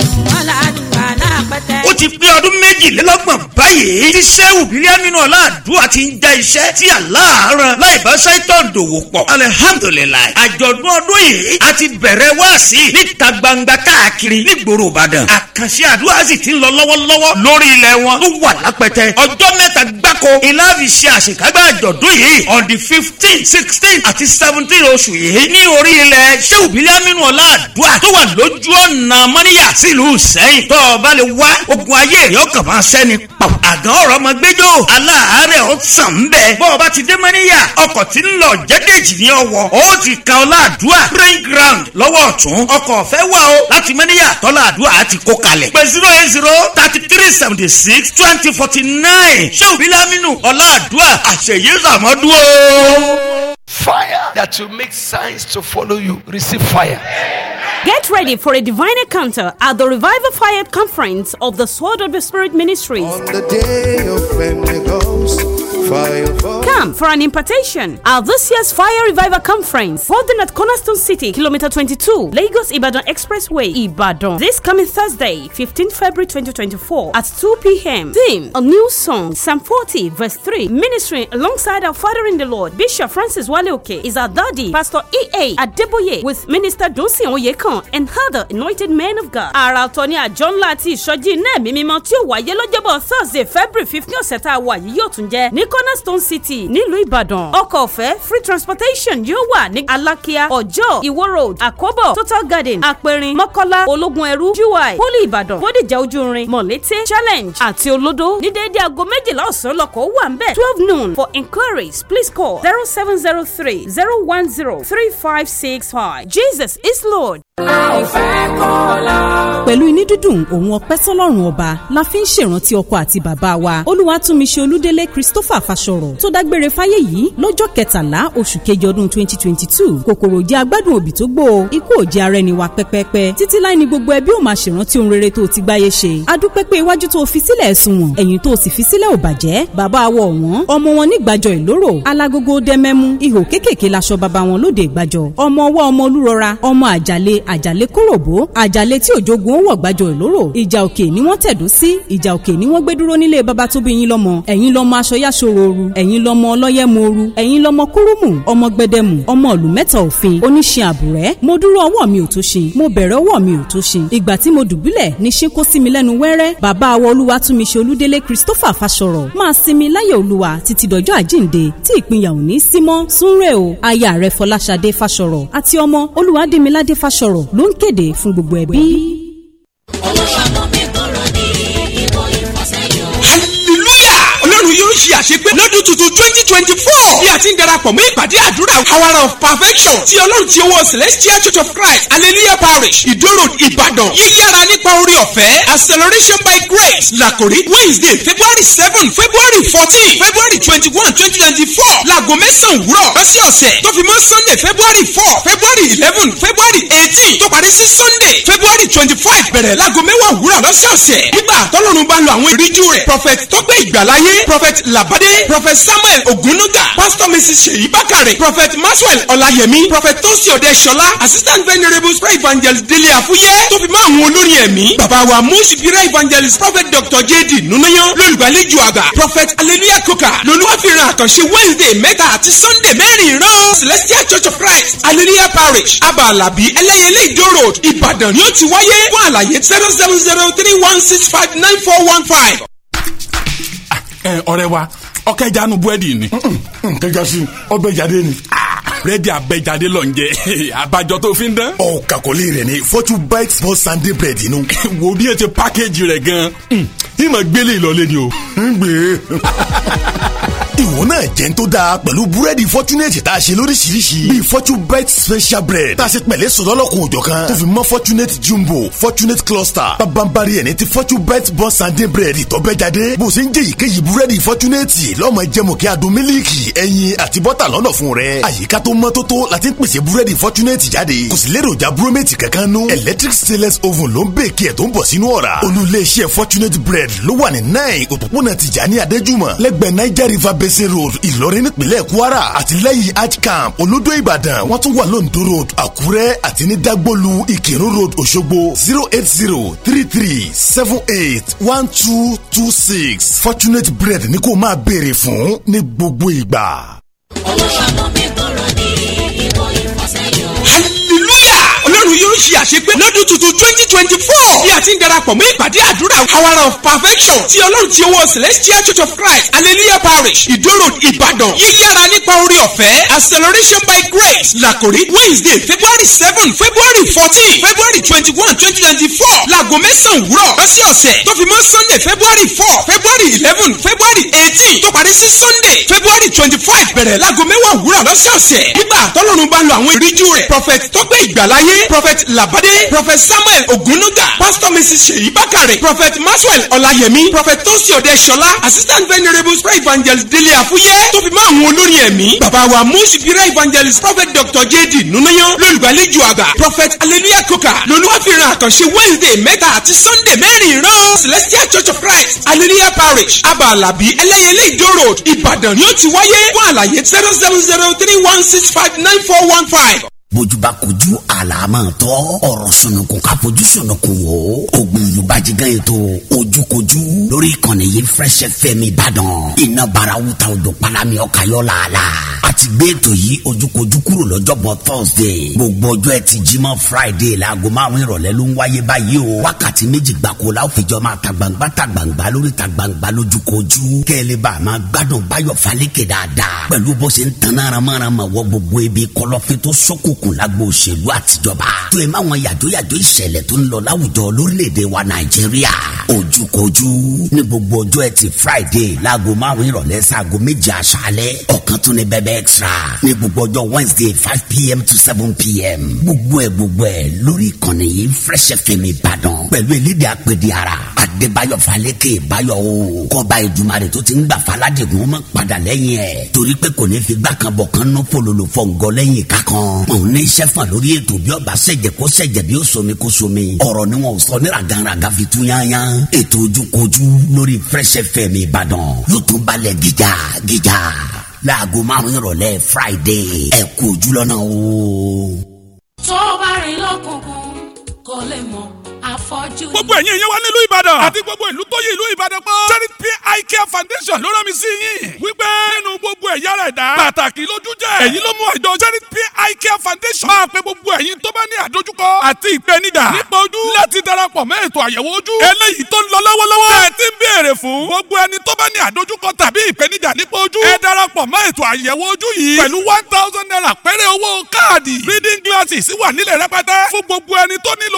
ó ti pé ọdún méjìlélọ́gbọ̀n báyìí tí sẹ́wù bílíọ̀nù ọ̀làdúrà ti ń já iṣẹ́ tí àláàrán láì bá ṣáìtàn dòwò pọ̀ alihamudulilayi àjọ̀dún ọdún yìí a ti bẹ̀rẹ̀ wáàsí níta gbangba káàkiri nígboro ìbàdàn àkànṣe àdúrà sì ti ń lọ lọ́wọ́lọ́wọ́ lórí ilẹ̀ wọn tó wà lápẹtẹ ọjọ́ mẹ́ta gbáko ìlàfi ṣe àṣekágbá àjọ̀dún yìí on the fifteen sixteen àti seventeen oṣù yìí ní orí ilẹ̀ sẹ́wù bílíọ̀nù ọ̀làdúrà tó wà lójú ọ̀nà mọ́níyà sílùú sẹ́yìn tó o bá lè w wá ogun ayé rẹ̀ ọkàn máa sẹ́ni pọ̀ àgàn ọ̀rọ̀ ọmọ gbẹ́jọ́ aláàárẹ̀ ó sàn ń bẹ̀ bọ́ ọba ti dé mọ́níyà ọkọ̀ tí ń lọ jẹ́gẹ́jì ní ọwọ́ ó ti ka ọláàdúà praying ground lọ́wọ́ ọ̀tún ọkọ̀ ọ̀fẹ́ wà ó láti mọ́níyà tọ́láàdúà á ti kó kalẹ̀ pé zero eight zero thirty three seventy six twenty forty nine ṣé òbí lámínú ọláàdúà àṣeyé sàmọ́dún o. fire that will make signs to follow you receive fire. Yeah. Get ready for a divine encounter at the Revival Fire Conference of the Sword of the Spirit Ministries. Come for an impartation at this year's Fire Reviver Conference, holding at Cornerstone City, Kilometer 22, Lagos Ibadan Expressway, Ibadan. This coming Thursday, 15 February 2024, at 2 p.m. Theme: A new song, Psalm 40, verse 3. Ministering alongside our Father in the Lord, Bishop Francis Waleoke, is our daddy, Pastor E.A. Adeboye, with Minister Dunsin Oyekan and other anointed men of God. Our Attorney John Lati ńlá àti ìsọjí iná ẹ̀mí mímọ́ tí ó Thursday, February 15 th tá a wà cornerstone city nílùú ìbàdàn ọkọ̀ ọ̀fẹ́ free transportation yóò wà ní alákíá ọjọ́ ìwó road àkóbọ̀ total garden àpẹrin mọ́kọ́lá ológun ẹrú ui poli ìbàdàn bódìjà ojúrin mọ̀lété challenge àti olódó ní déédéé aago méjìlá ọ̀sán lọ́kọ̀ wà ń bẹ̀ twelve noon for inquiries please call zero seven zero three zero one zero three five six five jesus is lord pẹ̀lú inú dídùn òun ọpẹ́ sọ́lọ́run ọba la fi ń ṣèrántí ọkọ àti bàbá wa olúwatúnmiṣe olúdélé christopher àfàsọ̀rọ̀ tó dágbére fáyé yìí lọ́jọ́ kẹtàlá oṣù kejì ọdún twenty twenty two kòkòrò jẹ́ agbádùn òbí tó gbó o ikú ò jẹ́ ara ẹni wa pẹ́pẹ́pẹ́ títí láì ní gbogbo ẹbí ò máa ṣèrántí ohun rere tó ti gbáyé ṣe adúpẹ́ pé iwájú tó fi sílẹ̀ ẹ̀sùn wọn ẹ̀yìn tó sì fi sílẹ̀ ò bàjẹ́ bàbá wọ wọn ọmọ wọn nígbàjọ ìlóró alágógó dẹ́mẹ́mú ihò kéékèèké laṣọ bàbá wọn lóde ìgbàjọ ọmọ ọwọ́ ọmọ olúrọra ọmọ àjàlé àjàlé kóròbó àjàlé tí òjogun ó wọ̀ gbàjọ ìlóró ìjà òkè ni wọ́n tẹ̀dó sí ìjà òkè ni wọ́n gbé dúró nílé bàbá tó bí yín lọ́mọ ẹ̀yìn lọ́mọ aṣọ yáṣọ mòoru ẹ̀yin lọ́mọ ọlọ́yẹ mòoru ẹ̀yin lọ́mọ kúrúmù ọmọ gbẹdẹmù ọmọ ọ̀lù mẹ́ta òfin oníṣẹ́ àbùrẹ́ mo dúró ọwọ́ mi ò tó ṣe mo bẹ̀rẹ̀ ọwọ́ mi ò tó ṣe ìgbà tí mo dùbúlẹ̀ ní ṣe kó sí mi lẹ́nu wẹ́rẹ́ bàbá awọ olúwa túnmí ṣe olúdélé christopher fàṣọrọ̀ máa sinmi láyé olúwa títí dọjọ́ àjíǹde tí ìpínyà ò ní sí mọ́ súnrẹ́ o aya rẹ̀ fọláṣadé fàṣọrọ̀ àti àṣepé lọ́dún tuntun twenty twenty four bí a ti ń darapọ̀ mọ́ ìpàdé àdúrà hour of perfection ti ọlọ́run ti owó celestial church of christ hallelujah parish ìdóró ìbàdàn yíyára nípa orí ọ̀fẹ́ acceleration by grace làkòrí wednesday february seven february fourteen february twenty one twenty twenty four laago mẹ́sàn-án òwúrọ̀ lọ́sẹ̀ tó fi mọ́ sunday february four february eleven february eighteen tó parí sí sunday february twenty five bẹ̀rẹ̀ laago mẹ́wàá òwúrọ̀ lọ́sẹ̀ ọ̀sẹ̀ nígbà tọ́lọ́run bá lo àwọn ìríjú rẹ̀ prophet tọ́gbẹ́ ìgbàláyé prophet lab àbádé prophet samuel ogunuga pastor mrs seyi bakare prophet maxwell ọláyẹmí prophet tosi ọdẹṣọlá assistant venerable spray evangelist délé àfúyé tó fi mọ́ àwọn olórin ẹ̀mí bàbá wa musipire evangelist prophet dr jd nunayan lólùgbàlejò àgbà prophet hallelujah koka lolúwàfíìràn àkànṣe wednesday mẹ́ta àti sunday mẹ́rin ìran celestial church of christ hallelujah parish abalabi ẹlẹ́yẹlé ìdó road ìbàdàn ni ó ti wáyé fún àlàyé zero zero three one six five nine four one five. Eh, ọ̀rẹ́ wa ọkẹjanu búrẹ́dì ni. kẹjá sí ọbẹ̀ jáde ni ah, búrẹ́dì abẹ́jáde lọ ń jẹ abajọ tó fi ń dán. ọ kàkọ́lé rẹ ni fortune bites for sunday bread inú. wo bí ẹ ti pákéjì rẹ gan-an mm, ìmọ̀ gbélé ìlọlẹ́ ni o. ń gbé. ìwọ náà jẹ́ ń tó dáa pẹ̀lú búrẹ́dì fọ́túnẹ̀tì tá a ṣe lóríṣiríṣi bíi fortunebite special bread tá a ṣe pẹ̀lẹ́ sọ̀dọ́lọ́kùn òjọ̀ kan tó fi mọ́ fortunate jumbo fortunate cluster pabambari ẹni tí fortunebite bun sande bread tọ́bẹ́jáde bó ṣe ń jẹ́ ìkéyìí búrẹ́dì fortunate lọ́mọ jẹ́mu kí adùn mílíìkì ẹyin àti bọ́tà lọ́nà fún rẹ àyíká tó mọ́ tótó la ti ń pèsè búrẹ́dì fortunate jáde kò sì lérò ja bromate kankan nú electric stainless oven ló ń bèèkì ẹ̀ tó ń bọ̀ sínú ọ̀rá olú iléeṣẹ́ fortunate bread ló wà ní nine òpópónà tìjà ní adéjúmọ̀ lẹ́gbẹ̀ẹ́ niger river Blessing road Ìlọrin nípínlẹ̀ Kwara àti lẹ́yìn olódó Ìbàdàn wọ́n tún wà lóńdó road Àkúrẹ́ àti ní Dagbolu Ìkírun road Òṣogbo zero eight zero three three seven eight one two two six Fortunate bread ní kò máa béèrè fún ní gbogbo ìgbà. olùwàmú mi bọ́. yóò ṣe àṣepé lọ́dún tuntun twenty twenty four bí a ti ń darapọ̀ mọ́ ìpàdé àdúrà hour of perfection ti ọlọ́run ti owó celestial church of christ Alleluia parish ìdóró ìbàdàn yíyára nípa orí ọ̀fẹ́ acceleration by grace làkòrí wednesday february seven february fourteen february twenty one twenty twenty four laago mẹ́sàn-án òwúrọ̀ lọ́sẹ̀ ọ̀sẹ̀ tó fi mọ́ sunday february four february eleven february eighteen tó parí sí sunday february twenty five bẹ̀rẹ̀ laago mẹ́wàá òwúrọ̀ lọ́sẹ̀ ọ̀sẹ̀ nígbà tọ́lọ́run bá lo àwọn ìríjú rẹ̀ prophet tó gbé ìgbàláyé prophet prophet labade prophet samuel ogunuga pastor mrs seyi bakare prophet maxwell ọláyẹmí prophet tosi ọdẹṣọlá assistant venerable spray evangelist dele afuye tó fi mọ́ àwọn olórin ẹ̀mí bàbá wa mushibira evangelist prophet dr jd nunayan lolùgbàlejò àgbà prophet hallelujah koka lolúwàfíìràn àkànṣe wednesday mẹ́ta àti sunday mẹ́rin rán celestial church of christ hallelujah parish abalabi ẹlẹ́yẹlé ìdó road ìbàdàn ni ó ti wáyé fún àlàyé zero seven zero three one six five nine four one five bójúba kojú àlàmọ́tọ́ ọ̀rọ̀ sunukun ká fojú sunukun wò ògùn yorùbá jígan ètò ojúkojú lórí ìkànnì yìí fresh fm ìbàdàn iná bara wuta odò palami ọ̀kayọ̀ làálà a ti gbé ètò yìí ojúkojú kúrò lọ́jọ́bọ̀ thursday gbogbo ọjọ́ ẹtì jímọ̀ friday láago márùn ìrọ̀lẹ́ ló ń wáyé báyìí o wákàtí méjì gbàkó la ó fìjọ máa ta gbangba ta gbangba lórí ta gbangba lójúkojú kẹ́lẹ́ bá a máa gbádùn báyọ̀ falẹ́kẹ̀ dáadáa pẹ̀lú bó jókòó lágbo òṣèlú àtijọba tó ẹ má wọn yàjóyàjó ìṣẹ̀lẹ̀ tó ń lọ láwùjọ lórílẹ̀‐èdè wa nàìjíríà ojúkojú ní gbogbo ọjọ́ ẹtì friday láago márùn-ún ìrọ̀lẹ́ sáago méje aṣáálẹ̀ ọ̀kan tún ní bẹ́bẹ́ extra ní gbogbo ọjọ́ wednesday five pm to seven pm gbogbo ẹ̀ gbogbo ẹ̀ lórí ìkànnì yìí fresh fm ìbàdàn pẹ̀lú elédè apèdè ara adébáyọ̀ falẹ́kẹ̀ ìbáyọ̀ o kọ́ba ìdùmarè tó ti ń gbà faládìgún mọ́ padà lẹ́yìn ẹ̀ torí pé kò ní fi gbà kan bọ̀ kan ná fòlòlò fọ̀ ǹgọ́ lẹ́yìn òun ní sẹ́fà lórí ètò bí ọba sẹ̀jẹ̀ kó sẹ̀jẹ̀ bí ó somi kó somi ọ̀rọ̀ ni wọn sọ ní ragaraga fi tún yáyá ètò ojúkojú lórí Fresh FM Ìbàdàn yóò tún balẹ̀ gíga gíga láago márùn ìrọ̀lẹ́ Friday ẹ kú ojú lọ́nà o. bá rìn lọ́kùnkùn kò lè mọ̀ ni. gbogbo ẹ̀yin ìyẹn wá nílùú ìbàdàn àti gbogbo ìlú tó yí ìlú ìbàdàn pọ̀. charity pi care foundation ló rán mi sí yín. wípé nínú gbogbo ẹ̀yà ara ẹ̀dá pàtàkì lójú jẹ́. èyí ló mú àjọ charity pi care foundation máa pe gbogbo ẹ̀yin tó bá ní àdójúkọ àti ìpènijà nípa ojú láti darapọ̀ mẹ́ ètò àyẹ̀wò ojú. eléyìí tó ń lọ lọ́wọ́lọ́wọ́. ẹ ti ń béèrè fún. gbogbo ẹni tó bá ní àdójúkọ tàbí ìpènijà nípa ojú. ẹ darapọ̀ mẹ́ ètò àyẹ̀wò ojú yìí. pẹ̀lú one thousand naira péré owó káàdì. reading glasses wà nílẹ̀ rẹpẹtẹ. fún gbogbo ẹni tó nílò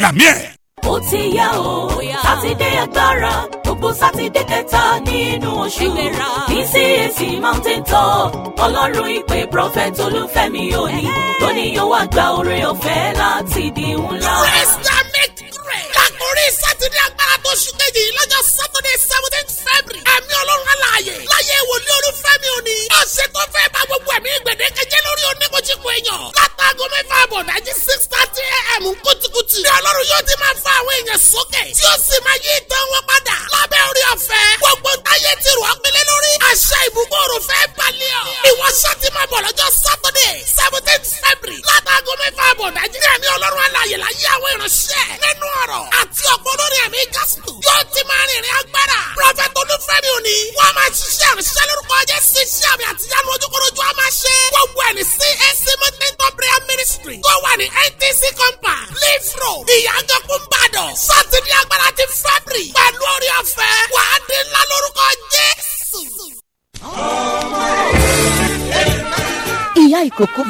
bẹ́ẹ̀ làmí ẹ̀. ó ti yá o sátidé agbára gbogbo sátidé kẹta nínú oṣù ní mountain top ọlọ́run ìpè prophet olúfẹ́mi òní lónìí yóò wá gba oore ọ̀fẹ́ láti di ńlá. islamic sátidé agbára tó ṣùgbẹ́jì lọ́jọ́ sátidé seventeen february ẹ̀mí ọlọ́run aláàyè wòlíì olúfẹ́mi òní. ọ̀sẹ̀ tó fẹ́ bá gbogbo ẹ̀mí gbèdéke jẹ́ lórí oníkojúkọ èèyàn. látago mẹ́fà àbọ̀ dájú six thirty a.m. kùtùkùtù. ní ọlọ́run yóò ti máa fa àwọn èèyàn sókè. tí ó sì máa yí ìtàn wọn padà. lábẹ́ orí ọ̀fẹ́. gbogbo táyé ti rọ̀ ọ́pẹ́lẹ́ lórí. àṣà ìbúgbòrò fẹ́ balẹ̀ ọ̀. ìwọ sátì máa bọ̀ lọ́jọ́ sátọ́dẹ̀ seventeen february. látago mẹ́fà àbọ̀ dájú ní àmì ọlọ́run alàyè láyé àwọn ìránṣẹ́. nínú ọ̀rọ̀ àti ọ̀pọ̀ lórí ẹ̀mí gásùtù. yóò ti máa rìnrìn agbára lórúkọ Jésù iṣẹ́ àmì àtijọ́ ojúkorojú a máa ṣe. gbogbo ẹni CAC mọ́tẹ́ntàn prayer ministry tó wà ní NTC compound leaf road ìyàgànkún Ìbàdàn sátidé agbára ti fẹ́bìrì pẹ̀lú orí ọ̀fẹ́ wàá dín ńlá lórúkọ Jésù. ìyá ìkókó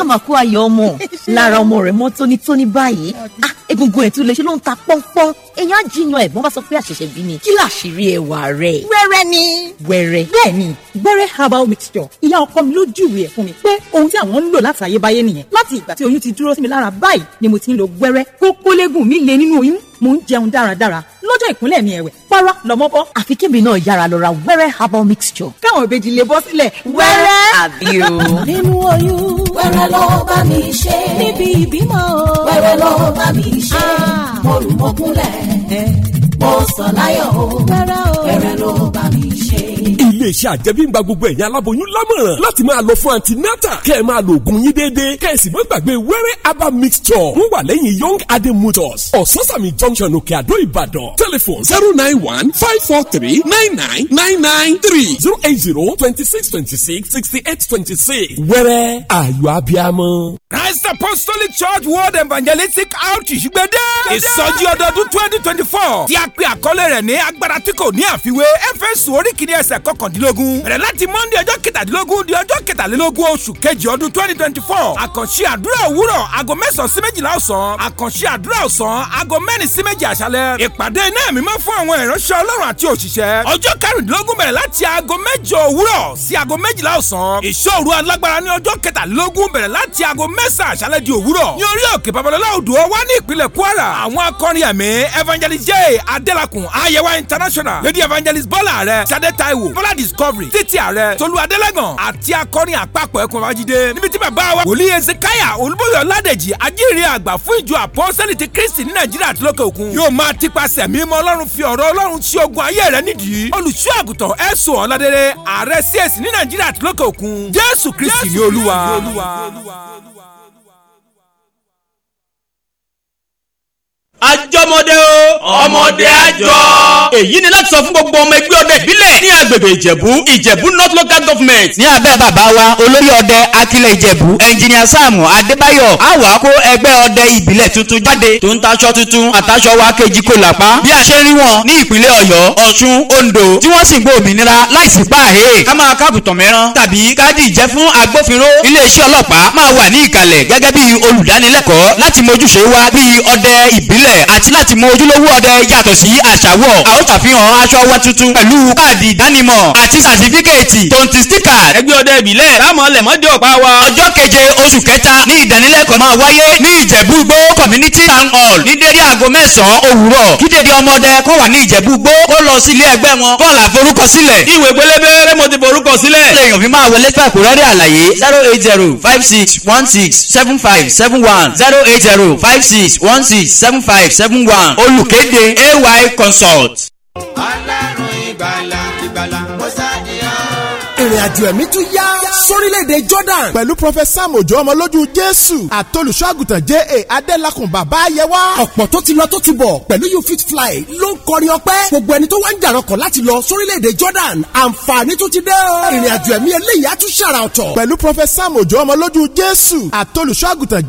àmàkù ayọ̀ ọmọ lára ọmọ rẹ̀ mọ́ tónítóní báyìí ah, egungun ẹ̀ tún lè ṣe ló ń ta pọ́npọ́n èèyàn á jiyàn ẹ̀gbọ́n bá sọ pé àṣẹ̀ṣẹ̀ bí ni kí làṣírí ẹwà rẹ. wẹrẹ ni. wẹrẹ bẹ́ẹ̀ ni herbal mixture ìyá ọkọ mi ló júwèé fún mi pé ohun tí àwọn ń lò láti àyébáyé nìyẹn láti ìgbà tí oyún ti dúró sí mi lára báyìí ni mo ti ń lo wẹrẹ kókólégùn mi lè nínú oyún mo ń jẹun dáradára lọ́jọ́ ìkúnlẹ̀ mi ẹ̀wẹ̀ para lọ́mọ bọ́. àfi kébì náà yára lọ ra wẹ́rẹ́ herbal mixture. káwọn ìbejì lè bọ́ sílẹ̀ wẹ́rẹ́. àbí o. nínú oyún wẹ́rẹ́ lọ bá mi ṣe. níbi ìbímọ wẹ́rẹ́ lọ bá mi ṣe. Ah. mo rù mọ́kúnlẹ̀ yeah. mo sọ láyọ̀ o fẹ́rẹ́ o fẹ́rẹ́ iléeṣẹ́ àjẹmíngba gbogbo ẹ̀yìn aláboyún lámọ̀ràn láti máa lọ fún antinata kẹ́ ẹ̀ máa lo oògùn yín déédéé kẹ́ ẹ̀ sì mọ́ gbàgbé wẹ́rẹ́ aba mixture wọ́n wà lẹ́yìn young adé motors ososami junction òkè àdó ìbàdàn telephone zero nine one five four three nine nine nine nine three zero eight zero twenty six twenty six sixty eight twenty six wẹ́rẹ́ ayọ̀ abiamọ. Christ Apostolic Church World Evangelistic Outreach gbẹdẹ. ìsọjí ọdọọdún twenty twenty four tí a pe àkọlé rẹ̀ ní agbára tí kò ní àfiwé Éfésù orí kìíní ẹsẹ̀ kọkàndínlógún rẹ̀ láti Monday ọjọ́ kẹtàdínlógún di ọjọ́ kẹtàlélógún oṣù kejì ọdún twenty twenty four àkànṣe àdúrà òwúrọ̀ aago mẹ́sàn-án sí méjìlá ọ̀sán àkànṣe àdúrà ọ̀sán aago mẹ́rin sí méjì àṣálẹ́ ìpàdé iná mímọ́ fún àwọn ìránṣẹ́ Ọlọ́run àti òṣìṣẹ́ ọjọ́ karùndínlógún bẹ̀rẹ̀ láti aago mẹ́jọ òwúrọ̀ sí aago méjìlá ọ̀sán ìṣòro alágbára ní ọjọ́ kẹtàlélógún bẹ̀rẹ̀ láti aago mẹ́sàn-án àṣálẹ́ di òwúrọ̀ ní orí òkè babalọ́lá odò wa ní ìpínlẹ̀ Kwara àwọn akọrin ẹ̀mí evangelist jay adélakùn ayẹwa international lady evangelist bọ́lá rẹ̀ sade taiwo bọ́lá discovery títí ààrẹ tolú adélẹ́gàn àti akọrin àpapọ̀ ẹkùn babájídé níbi tí bàbá wa wòlíì ezekaya olúbóyè ọládèjì ajíire àgbà fún ìjọ àpọ́sẹ́lì ti kristi ní nàìjíríà àti lókè òkun yóò máa tipasẹ̀ mímọ́ ọlọ́run fi ọ̀rọ̀ ọlọ́run sí ogun ayé rẹ nídìí olùṣọ́ àgùntàn ẹ̀sùn ọ̀ládẹ́rẹ́ ààrẹ cs kristi ni àjọmọdé o. ọmọdé àjọ. èyí ni láti sọ fún gbogbo ọmọ ẹgbẹ́ ọdẹ ìbílẹ̀ ní agbègbè ìjẹ̀bú ìjẹ̀bú north local government. ní abẹ́ bàbá wa olórí ọdẹ akilẹ̀ ìjẹ̀bú ẹnjìnìà sáàmù adébáyọ̀ àwa kó ẹgbẹ́ ọdẹ ìbílẹ̀ tuntun jáde tó ń taṣọ tuntun àtaṣọ wa kejì kò làpá. bí a ṣe rí wọn ní ìpínlẹ̀ ọ̀yọ́ ọ̀ṣun ondo tí wọ́n sì gbó òmìnira láìsí páàhé. ká máa kábùtàn mẹ́rán tàbí káàdì ìjẹ́ fún agbófinró iléeṣẹ́ ọlọ́pàá máa wà ní ìkàlẹ̀ gẹ́gẹ́ rẹ̀ àti láti mọ ojúlówó ọdẹ yàtọ̀ sí àṣàwọ̀ a ó ṣàfihàn aṣọ wa tuntun pẹ̀lú káàdì ìdánimọ̀ àti sàtífíkẹ̀tì tonti stika ẹgbẹ́ ọdẹ ìbílẹ̀ láàmú ọlẹ̀mọ́dé ọ̀pá wa. ọjọ́ keje oṣù kẹta ní ìdánilẹ́kọ̀ọ́ máa wáyé ní ìjẹ̀bú-gbó community town hall ní dédé aago mẹ́sàn-án òwúrọ̀ kídèdè ọmọdé kó wà ní ìjẹ̀bú-gbó kó lọ sí ilé ẹgbẹ́ wọn kó là forúkọ sílẹ̀. ìwé pélébé mo ti forúkọ sílẹ̀. zero eight zero five six one six seven five seven one zero eight zero five six one six seven five five seven one olùkéde ay consult. alárùn ìgbàlà ìgbàlà mọ́sáàdì ìrìnàjò ẹ̀mí tún yá sórílẹ̀-èdè Jordan pẹ̀lú prọfẹsà Sam Òjó ọmọlójú Jésù àtolùṣọ́àgùtàn J.A. Adélakùn bàbá ayẹwà ọ̀pọ̀ tó ti lọ tó ti bọ̀ pẹ̀lú you fit fly ló ń kọrin ọpẹ́ gbogbo ẹni tó wá ń jàrọ̀kọ̀ láti lọ sórílẹ̀-èdè Jordan àǹfààní tó ti dé ìrìnàjò ẹ̀mí eléyìí á tún ṣàrà ọ̀tọ̀ pẹ̀lú prọfẹsà Sam ọmọlójú Jésù àtolùṣọ́àgùtàn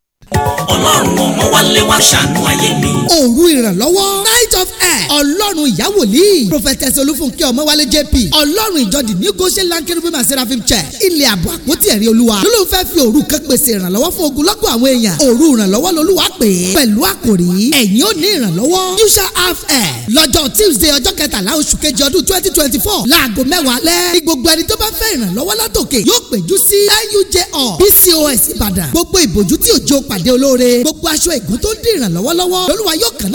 ọlọ́run ọmọ wálé wá ṣàánú ayé mi. òru ìrànlọ́wọ́ nine of air ọlọ́run ìyàwó lì prophetess olúfúnkẹ́ ọmọwálé jp ọlọ́run ìjọ the new goshen land kerubim and seraphim church ilẹ̀ àbọ̀ àpótí ẹ̀rí olúwa lọ́lọ́run fẹ́ fi òru kan pèsè ìrànlọ́wọ́ fún ogunlọ́gọ̀ àwọn èèyàn òru ìrànlọ́wọ́ lolúwa pè é pẹ̀lú àkòrí ẹ̀yin ò ní ìrànlọ́wọ́ you shall have air lọ́jọ́ tuesday ọjọ́ kẹtàlá oṣù kejì ọdún twenty twenty four láago mẹ́wàá lẹ́ ní gbogbo ẹni tó bá fẹ́ ìrànlọ́wọ́ látòkè yóò péjú sí nujr pcos ìbàdàn gbogbo ìbòjú tí òjò pàdé olóore gbogbo aṣọ ìgún tó ń dín ìrànlọ́wọ́ lọ́wọ́ lolúwa yóò kàn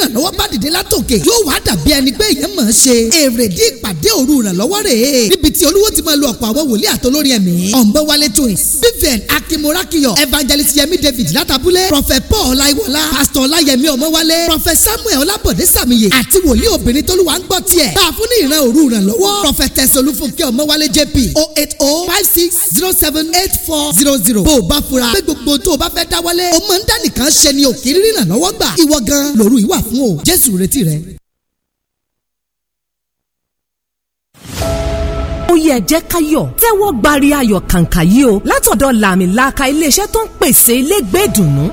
ìrànlọ́wọ́ bá dìde látòkè yóò wá dàbí ẹni pé èèyàn mọ̀ ọ́n ṣe èrèdí ìpàdé òru ìrànlọ́wọ́ rèé níbi tí olúwo ti máa lo ọ̀pọ̀ àwọn wòlíì àtolórí ẹ̀mí ọ̀nbẹ́wálé twins vivian akimorakiyo evangelist yemi david látàbúlé prophet paul ọláyíwọlá pastor ọláyẹmí ọmọwálé prophet samuel ọlábọ̀dé sàmìyẹ àti wòlíì obìnrin tólúwa ń gbọ́ tiẹ̀ bá a fún ní ìran òru ìrànlọ́wọ́ prophet tẹ̀sọ̀lúfúnkẹ́ ọmọwálé jp oh oh o fún o Jésù retí rẹ. ó yẹ jẹ́ ká yọ̀ tẹ́wọ́ gbari ayọ̀ kàǹkà yìí o látọ̀dọ̀ làmìlaka iléeṣẹ́ tó ń pèsè ilé gbé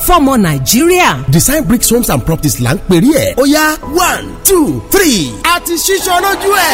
fọmọ nàìjíríà. design bricks homes and properties là ń pèrè ẹ̀ ó yá one two three àti ṣíṣọ́ lójú ẹ̀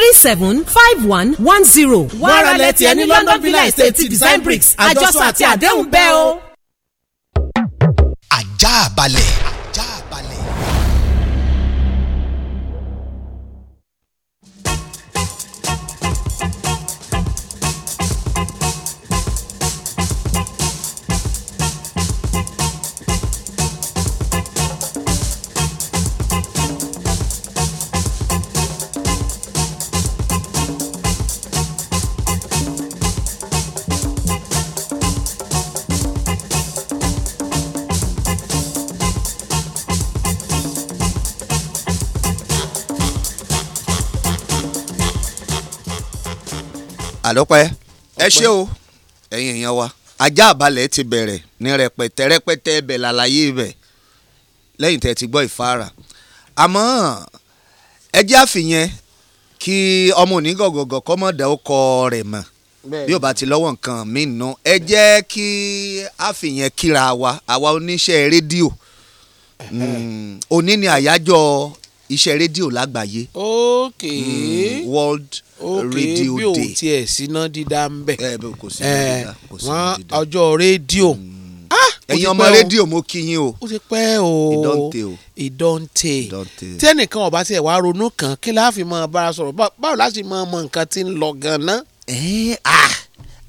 three seven five one one zero. wàrálẹ̀ tiẹ̀ ní London Villa Estate ti Design Bricks àjọṣọ àti àdéhùn bẹ́ẹ̀ o. ajá balẹ̀. àlọ́pẹ́ ẹ ṣé o ẹ̀yin èèyàn wa ajá àbálẹ̀ ti bẹ̀rẹ̀ ní rẹpẹtẹ rẹpẹtẹ ẹbẹ̀ làlàyé ibẹ̀ lẹ́yìn tẹ́ ti gbọ́ ìfara àmọ́ ẹ jẹ́ àfihàn kí ọmọ onígọ̀gọ̀gọ̀ kọ́ mọ̀ dá ọkọ rẹ̀ mọ̀ bí ó bá ti lọ́wọ́ nǹkan mí nù ẹ jẹ́ kí àfihàn kíra wa àwa oníṣẹ́ rédíò hmm, òní ni àyájọ́ iṣẹ́ rédíò lágbàáyé. ok mm, world okay, radio day. ok bí òun tiẹ̀ síná dídá ń bẹ̀. ẹ eh, kò sí eh, dídá kò sí dídá. ọjọ́ rédíò. Hmm. Ah, ẹ̀yin ọmọ rédíò mo kí yín o. ó ti pẹ́ o ìdọ́ǹtẹ̀ o ìdọ́ǹtẹ̀. tẹ́nìkan ọba tiẹ̀ wá ronú kan kí láàfin máa bára sọ̀rọ̀ báwo láti máa mọ nǹkan tí ń lọ gan-an. ẹ̀ẹ́n eh, ah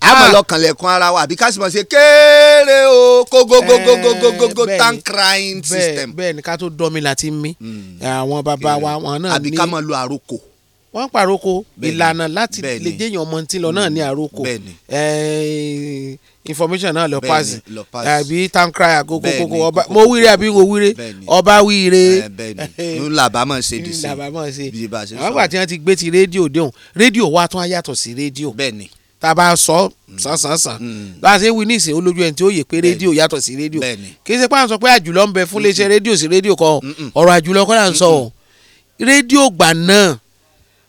àmọ́ ah. lọ́kàn lẹ́kùn ara wa àbí ká sì mọ̀ ṣe kéré o kó go go go go go go go eh, tank crying system. bẹ́ẹ̀ ni ká tó dọmi láti mí hmm. àwọn bàbá wa wọn náà ní. àbí ká máa lo àrokò. wọ́n ń pàrokò ìlànà láti lè jẹ́yàn ọmọ tí lọ náà ní hmm. àrokò eh, information náà lọ paasi àbí tank cry gogo gogo ọba mo wíire àbí wo wíire ọba wíire. Eh, bẹ́ẹ̀ni n làbá mọ̀ ṣe dì sí i bí ibà ṣe sọ. àwọn àgbà tí wọ́n ti gbé ti rédíò déhùn rédíò wa tún á yàtọ̀ sí rédíò. bẹ́ẹ̀ni tá a bá sọ sánsánsán mm. mm. bá a ṣe wí ní ìsìn olójú ẹni tí ó yè pé rédíò yàtọ̀ sí rédíò kì í ṣe pé à ń sọ pé àjùlọ ń bẹ fún iléeṣẹ́ rédíò sí rédíò kan ọ̀rọ̀ àjùlọ kọ́ là ń sọ ọ́ rédíò gbà náà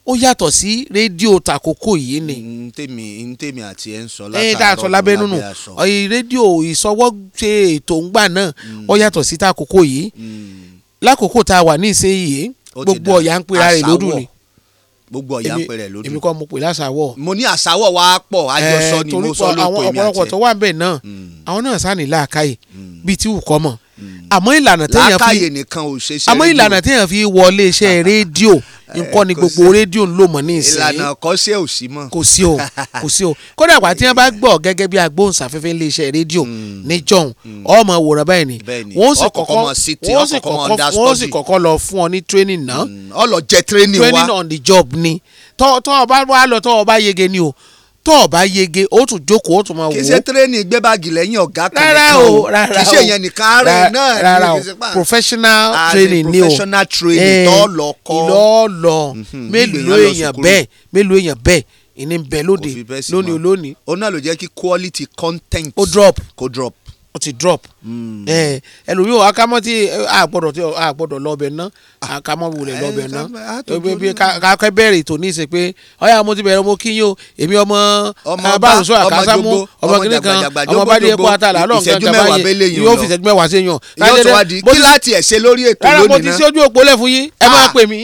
ó yàtọ̀ sí rédíò tàkókò yìí ni. Mm, ntèmi ntèmi àti ẹ ń sọ látàrọ ẹ dàtọ lábẹ́ nínú ọyìn rédíò ìsọwọ́ ṣe ètò ńgbà náà ó yàtọ̀ sí tàkókò yìí lákòókò tá a wà ní ìsinyìí gbogbo ọ̀yà ń pera rẹ̀ lódù ni gbogbo ọ̀yà ń pẹ̀rẹ̀ lódì. èmi kọ́ mo pè lásàwọ̀. mo ní àsàwọ̀ wa pọ̀ àjọsọ eh, ni mo sọ ló pè mí àti ẹ̀. torí pọ̀ àwọn ọ̀pọ̀lọpọ̀ tó wà bẹ́ẹ̀ náà hmm. àwọn náà sáni làákàyè hmm. bíi tí wù kọ́ mọ̀ àmọ́ ìlànà téèyàn fi lákàyè nìkan ò ṣe ṣe rédíò àmọ́ ìlànà téèyàn fi wọlé iṣẹ́ eh, rédíò nǹkan ni gbogbo rédíò ń lò mọ́ ní ìsìn ìlànà àkọsílẹ̀ ò sí mọ́ kò sí o kò sí o kódà àgbà tí wọ́n bá gbọ́ gẹ́gẹ́ bí agbóhùnsáfẹ́fẹ́ ilé iṣẹ́ rédíò hmm. níjọ́hun ọmọ wòran báyìí ni wọ́n sì kọ́kọ́ wọ́n sì kọ́kọ́ lọ fún ọ ní training náà hmm. ọ lọ jẹ training wa training on the job ni tọ́ ọ bá wà lọ tọ́ ọ bá yege ni o tọ́ ọ̀bá yege ó tún jókòó ó tún máa wò ó. kì ṣe tírénì gbé báàgì lẹ́yìn ọ̀gá kan rárá o rárá o kì ṣe yẹn nìkan ààrẹ náà rárá o professional training ni o professional training tọ́ mhm, lọ kọ́ ìlọ́ọ̀lọ́ mélòó èèyàn bẹ́ẹ̀ mélòó èèyàn bẹ́ẹ̀ ìní bẹ́ẹ̀ lóde lónìí olónìí. ó náà ló jẹ́ kí quality content. ó drop. kó drop ó ti drop hmm. eh, ẹlòmíì wà kámọ́ tí àgbọ̀dọ̀ eh, tí àgbọ̀dọ̀ lọ́ọ̀bẹ̀ ná àkámọ́ ah. wulẹ̀ lọ́ọ̀bẹ̀ ná eh, kákẹ́ bẹ̀rẹ̀ ètò ní ìsìn pé ọ̀yà mo ti bẹ̀rẹ̀ mo kí yín o èmi ọmọ abáàrúsọ àkásámú ọmọ kìnìún kan ọmọ bá dé epo àtàlà lọ́nkàn gàba yìí yóò fi ìṣẹ́jú mẹ́wàá sí yàn. yóò tó wá di kí láti ẹ̀ ṣe lórí ètò lónìí náà. rárá mo ti sí ojú òpó lẹ̀ fún yín ẹ máa ah. pè mí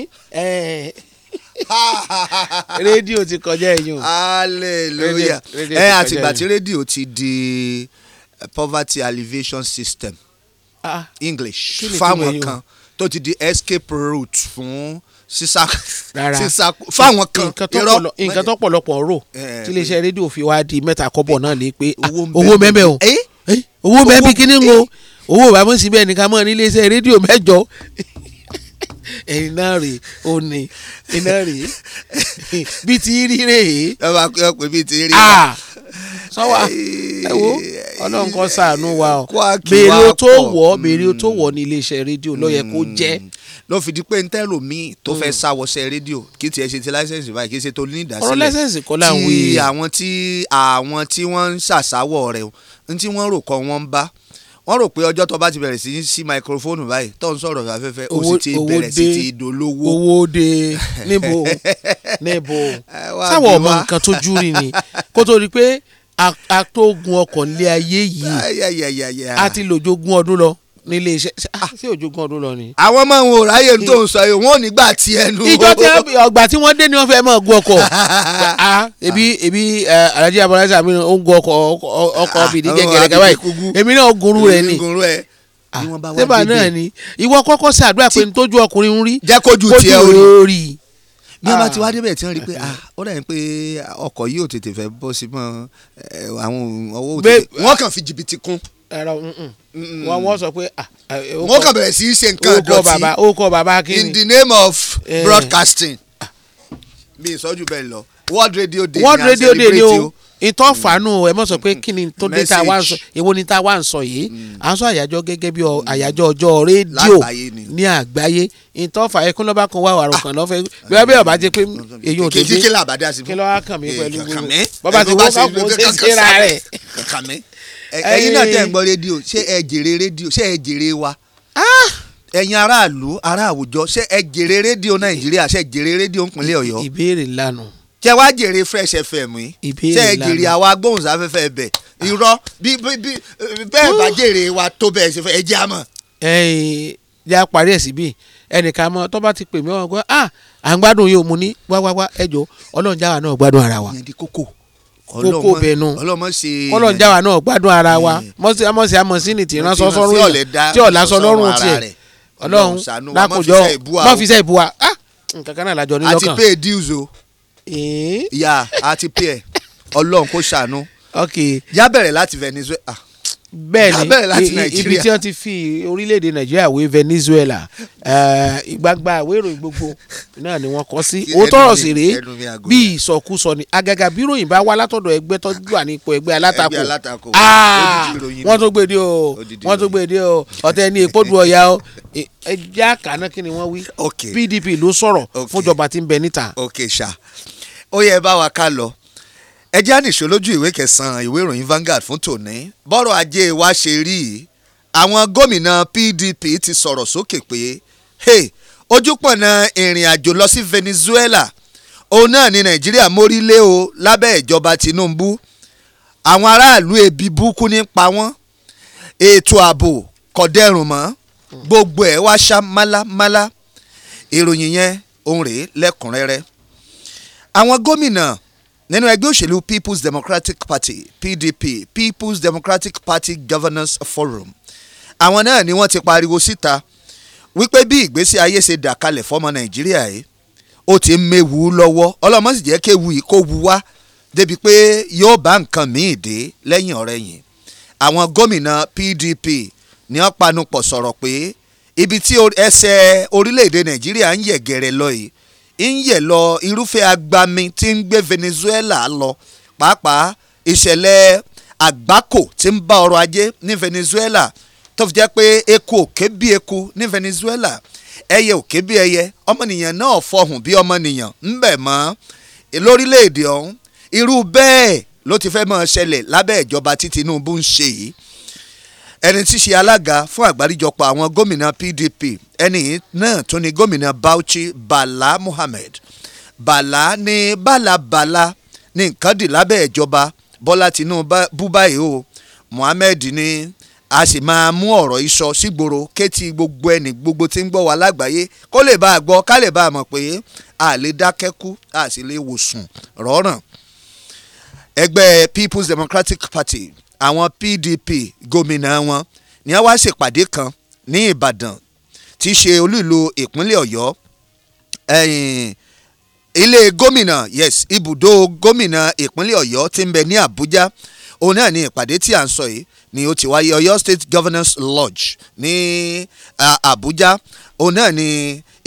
rédíò ti kọjá ẹ̀yìn o. hallelujah ẹ àtìgbà tí rédíò ti di poverty alleviation system ah, english fáwọn kan tó ti di escape route fún sísá sísá fáwọn kan irọ́ nǹkan tó pọ̀lọpọ̀ rò tí eh, iléeṣẹ́ rédíò fi wá di mẹ́ta kọ́bọ̀ náà ni pé owó mẹ́mẹ́ o eh? Eh? owó mẹ́bí kíní ń wo owó bàbá síbẹ̀ nìkan mọ́ ní iléeṣẹ́ rédíò mẹ́jọ ẹyin náà rè ó ní iná rè bí ti rí rè é. ẹ máa pè bí ti rí rè ah! sanwa ẹ wo ọlọ́run kan ṣàánú wa o béèrè o tó wọ̀ béèrè o tó hmm. wọ̀ ní iléeṣẹ́ rédíò ló yẹ kó hmm. jẹ́. ló fi di pé n tẹ́lò míì tó fẹ́ hmm. sáwọ́sẹ̀ rédíò kí tiẹ̀ ṣe ti láìsẹ̀nsì báyìí kí ṣe tó ní ìdásílẹ̀ ọ̀rọ̀ láìsẹ̀nsì kọ́ láwọn èèyàn. ti àwọn tí àwọn tí wọ́n ń ṣàṣàwọ̀ rẹ̀ n tí wọ́n rò kọ́ wọ́n ń bá wọ́n rò pé ọjọ́ tó bá ti bẹ̀rẹ̀ sí sí máikrófóònù báyìí tó ń sọ̀rọ̀ afẹ́fẹ́ ó sì ti bẹ̀rẹ̀ sí ti dolówó. owó de níbo níbo sáwọ̀ ọmọ nǹkan tó júrì ni kó tó rí pé atógun ọkọ̀ nílé ayé yìí a ti lòjogún ọdún lọ nílé iṣẹ́ sí òjogún ah, ọdún lọ ni. àwọn máa ń wo ráyè tó ń sọ yìí wọn ò ní gbà tí ẹnu. ìjọ tí ọgbà tí wọ́n dé ni wọ́n fẹ́ máa gun ọkọ̀ ah, ebi ebi eh, alhaji abdulrasheed mi ò ń gun ọkọ̀ ọkọ̀ bìdí gẹ́gẹ́ gẹ́gẹ́ báyìí èmi náà gùnrú rẹ̀ ni sẹ́bà náà ah, ni ìwọ kọ́kọ́ ṣàdúrà pé ntójú ọkùnrin ń rí kójú rẹ̀ rí bí wọ́n bá ti ah. débẹ̀ tí wọ́n rí i pé ah, ó dà ní pé ọkọ̀ yìí ò tètè fẹ́ bọ́ sí mọ́ eh, àwọn owó òtítì. wọ́n kàn fi jìbìtì kún. ẹ̀rọ mm, mm. wọn wọ́n sọ pé. Ah, eh, eh, wọ́n kàn bẹ̀rẹ̀ sí í ṣe nǹkan dọ̀tí ó kọ bàbá kí ni. in the name of broadcasting. mi ìsọjú bẹ́ẹ̀ lọ world radio day ni a celebrate o ìtọ́ fàánù ẹ mọ̀ sọ pé kí ni tó dé tá a wá ń sọ èwo ni tá a wá ń sọ yìí à mm. ń sọ àyájọ́ gẹ́gẹ́ bí àyájọ́ ọjọ́ rédíò ní àgbáyé ìtọ́ fàáyé kí ló bá kan wá àrùn kan lọ́fẹ̀ẹ́ ah. bí wọ́n bí ọba jẹ pé èyí ò tó dé kí lọ́wọ́ kàn mí eh, pẹ̀lú bọ́ba eh, ti wọ́n kàn kó ṣe síra rẹ̀. Eh, ẹ̀yin náà tẹ̀ ń gbọ́ rédíò ṣé ẹ jèrè rédíò ṣé ẹ jèrè wa ah! ẹ̀yin aráàlú ará àwùjọ ṣé ẹ jèrè rédíò nàìjíríà ṣé ẹ jèrè rédíò ńpínlẹ̀ ọ̀yọ́. ìbéèrè lánàá tẹ wá jèrè fresh fm yìí tẹ jèrè àwa gbóhùnsáfẹ́fẹ́ ẹbẹ̀ irọ́ bí bí bẹ́ẹ̀ bá jèrè wa tó bẹ́ẹ̀ ṣe fẹ́ ẹ jẹ́ àmọ́. ẹyìn ya parí ẹ̀ síbí ẹnìkan mọ tó bá ti pè mí wọn gbọ́ ah à ń gbádùn yìí ò mú ní wá wá wá ẹjọ́ ọlọ́run jáwa náà gbádùn ara wa kókó bẹnu ọlọ́run jáwa náà gbádùn ara wa mọ́sí amọ́sí amọ́sí ni tìrán sọ́sọ́rún yìí tí ọ̀la sọ lọ́rùn tiẹ̀ ọlọ́run lákòjọ́ mọ́fíṣẹ́ ìbúwa ah nǹkan kan náà lájọ nílọ́kàn àti pay dues ìyá àti peer ọlọ́run kò ṣàánú yá bẹ̀rẹ̀ láti Venezuela bẹ́ẹ̀ni ibi tí wọ́n ti fi orílẹ̀-èdè Nàìjíríà wé Venezuela ìgbàgbà àwérò gbogbo náà ni wọ́n kọ́ sí òótọ́ ọ̀rọ̀ sì rèé bí ìsọkúsọ ni àgàgà bí ròyìn bá wá látọ̀dọ̀ ẹgbẹ́ tọ́jú wà nípò ẹgbẹ́ alátakò ah, wọ́n tó gbèdé o wọ́n tó gbèdé o ọ̀tẹ̀ ni èpòdù ọ̀yà o e, ẹjẹ́ àkànná kí ni wọ́n wí PDP ló sọ̀rọ̀ fúnjọba tí ń bẹ níta ó yẹ bá wa ká lọ ẹ já nìṣó lójú ìwé kẹsàn-án ìwé ìròyìn Vanguard fún tòní bọ́rọ̀ ajé wa ṣe rí i àwọn gómìnà PDP ti sọ̀rọ̀ sókè pé hey, ojúpọ̀nà ìrìn àjò lọ sí Venezuela òun náà ni Nàìjíríà mórí lé o lábẹ́ ìjọba Tinubu àwọn aráàlú ebi búkú ní pa wọ́n ètò ààbò kọ̀dẹ́rùn mọ́ gbogbo ẹ̀ wá ṣá málámálá ìròyìn yẹn òun rèé lẹ́kùnrẹ́rẹ́ àwọn gómìnà nínú ẹgbẹ́ òṣèlú people's democratic party pdp people's democratic party governance forum àwọn náà ni wọ́n ti pariwo síta wípé bí ìgbésí ayé ṣe dà kalẹ̀ fọ́mọ nàìjíríà yìí ó ti ń méwu lọ́wọ́ ọlọ́mọ sì jẹ́ kéwu yìí kó wu wá débi pé yóò bá nǹkan míì dé lẹ́yìn ọ̀rẹ́ yìí àwọn gómìnà pdp ni wọ́n panupọ̀ sọ̀rọ̀ pé ibi tí ẹsẹ̀ orílẹ̀-èdè nàìjíríà ń yẹ̀ gẹ̀rẹ̀ lọ yìí ń yẹ̀ lọ irúfẹ́ agbami tí ń gbé Venezuela lọ pàápàá ìṣẹ̀lẹ̀ agbako tí ń bá ọrọ̀ ajé ní Venezuela tó fi jẹ́ pé eku òkè bí eku ní Venezuela ẹyẹ òkè bí ẹyẹ ọmọnìyàn náà fọhùn bí ọmọnìyàn ńbẹ̀ mọ́ lórílẹ̀‐èdè ọ̀hún irú bẹ́ẹ̀ ló ti fẹ́ máa ṣẹlẹ̀ lábẹ́ ìjọba tí Tinubu ń ṣe yìí ẹni tí ṣe alága fún àgbáríjọpọ̀ àwọn gómìnà PDP ẹni náà tún ni gómìnà Bauchi Bala Mohammed Bala ní Bala ní nǹkan dì lábẹ́ ìjọba Bọ́lá Tinubu báyìí o Mohammed ní a sì máa mú ọ̀rọ̀ ìsọ sígboro kétí gbogbo ẹni gbogbo tí ń gbọ́ wa lágbàáyé kó lè bá a gbọ́ ká lè bá a mọ̀ pé a lè dákẹ́kú a sì lè wòsùn rọ́ràn ẹgbẹ́ People's Democratic Party àwọn PDP gómìnà wọn ni wọ́n wá ṣèpàdé kan ní Ìbàdàn tí í ṣe olú ìlú ìpínlẹ̀ Ọ̀yọ́ ilé gómìnà yes ibùdó gómìnà ìpínlẹ̀ Ọ̀yọ́ tí ń bẹ ní Àbújá òun náà ni ìpàdé tí à ń sọ yìí ni ó ti wáyé Ọ̀yọ́ State Governance Lodge ní abuja òun náà ni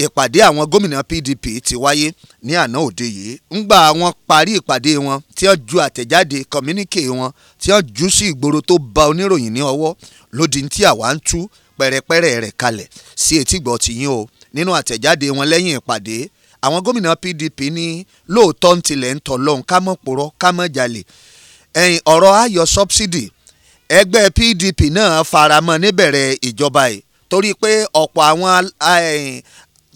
ìpàdé àwọn gómìnà PDP ti wáyé ní àná òde yìí ńgbà wọn parí ìpàdé wọn tí wọ́n ju àtẹ̀jáde communique wọn tí wọ́n jù sí ìgboro tó ba oníròyìn ní ọwọ́ lódì tí àwa ń tú pẹ̀rẹ̀pẹ̀rẹ̀ rẹ̀ kalẹ̀ sí etígbọ̀ tìyín o nínú àtẹ̀jáde wọn lẹ́yìn ìpàdé àwọn gómìnà PDP ní lóòótọ́ ń tilẹ̀ ń tọ̀ lọ́hùn ká mọ̀ pòrọ́ ká mọ̀ jalè ẹ̀yìn ọ̀rọ̀ ayọ̀ subsidy ẹgbẹ́ PDP náà faramọ́ níbẹ̀rẹ̀ ìjọba yìí torí pé ọ̀pọ̀ àwọn eh,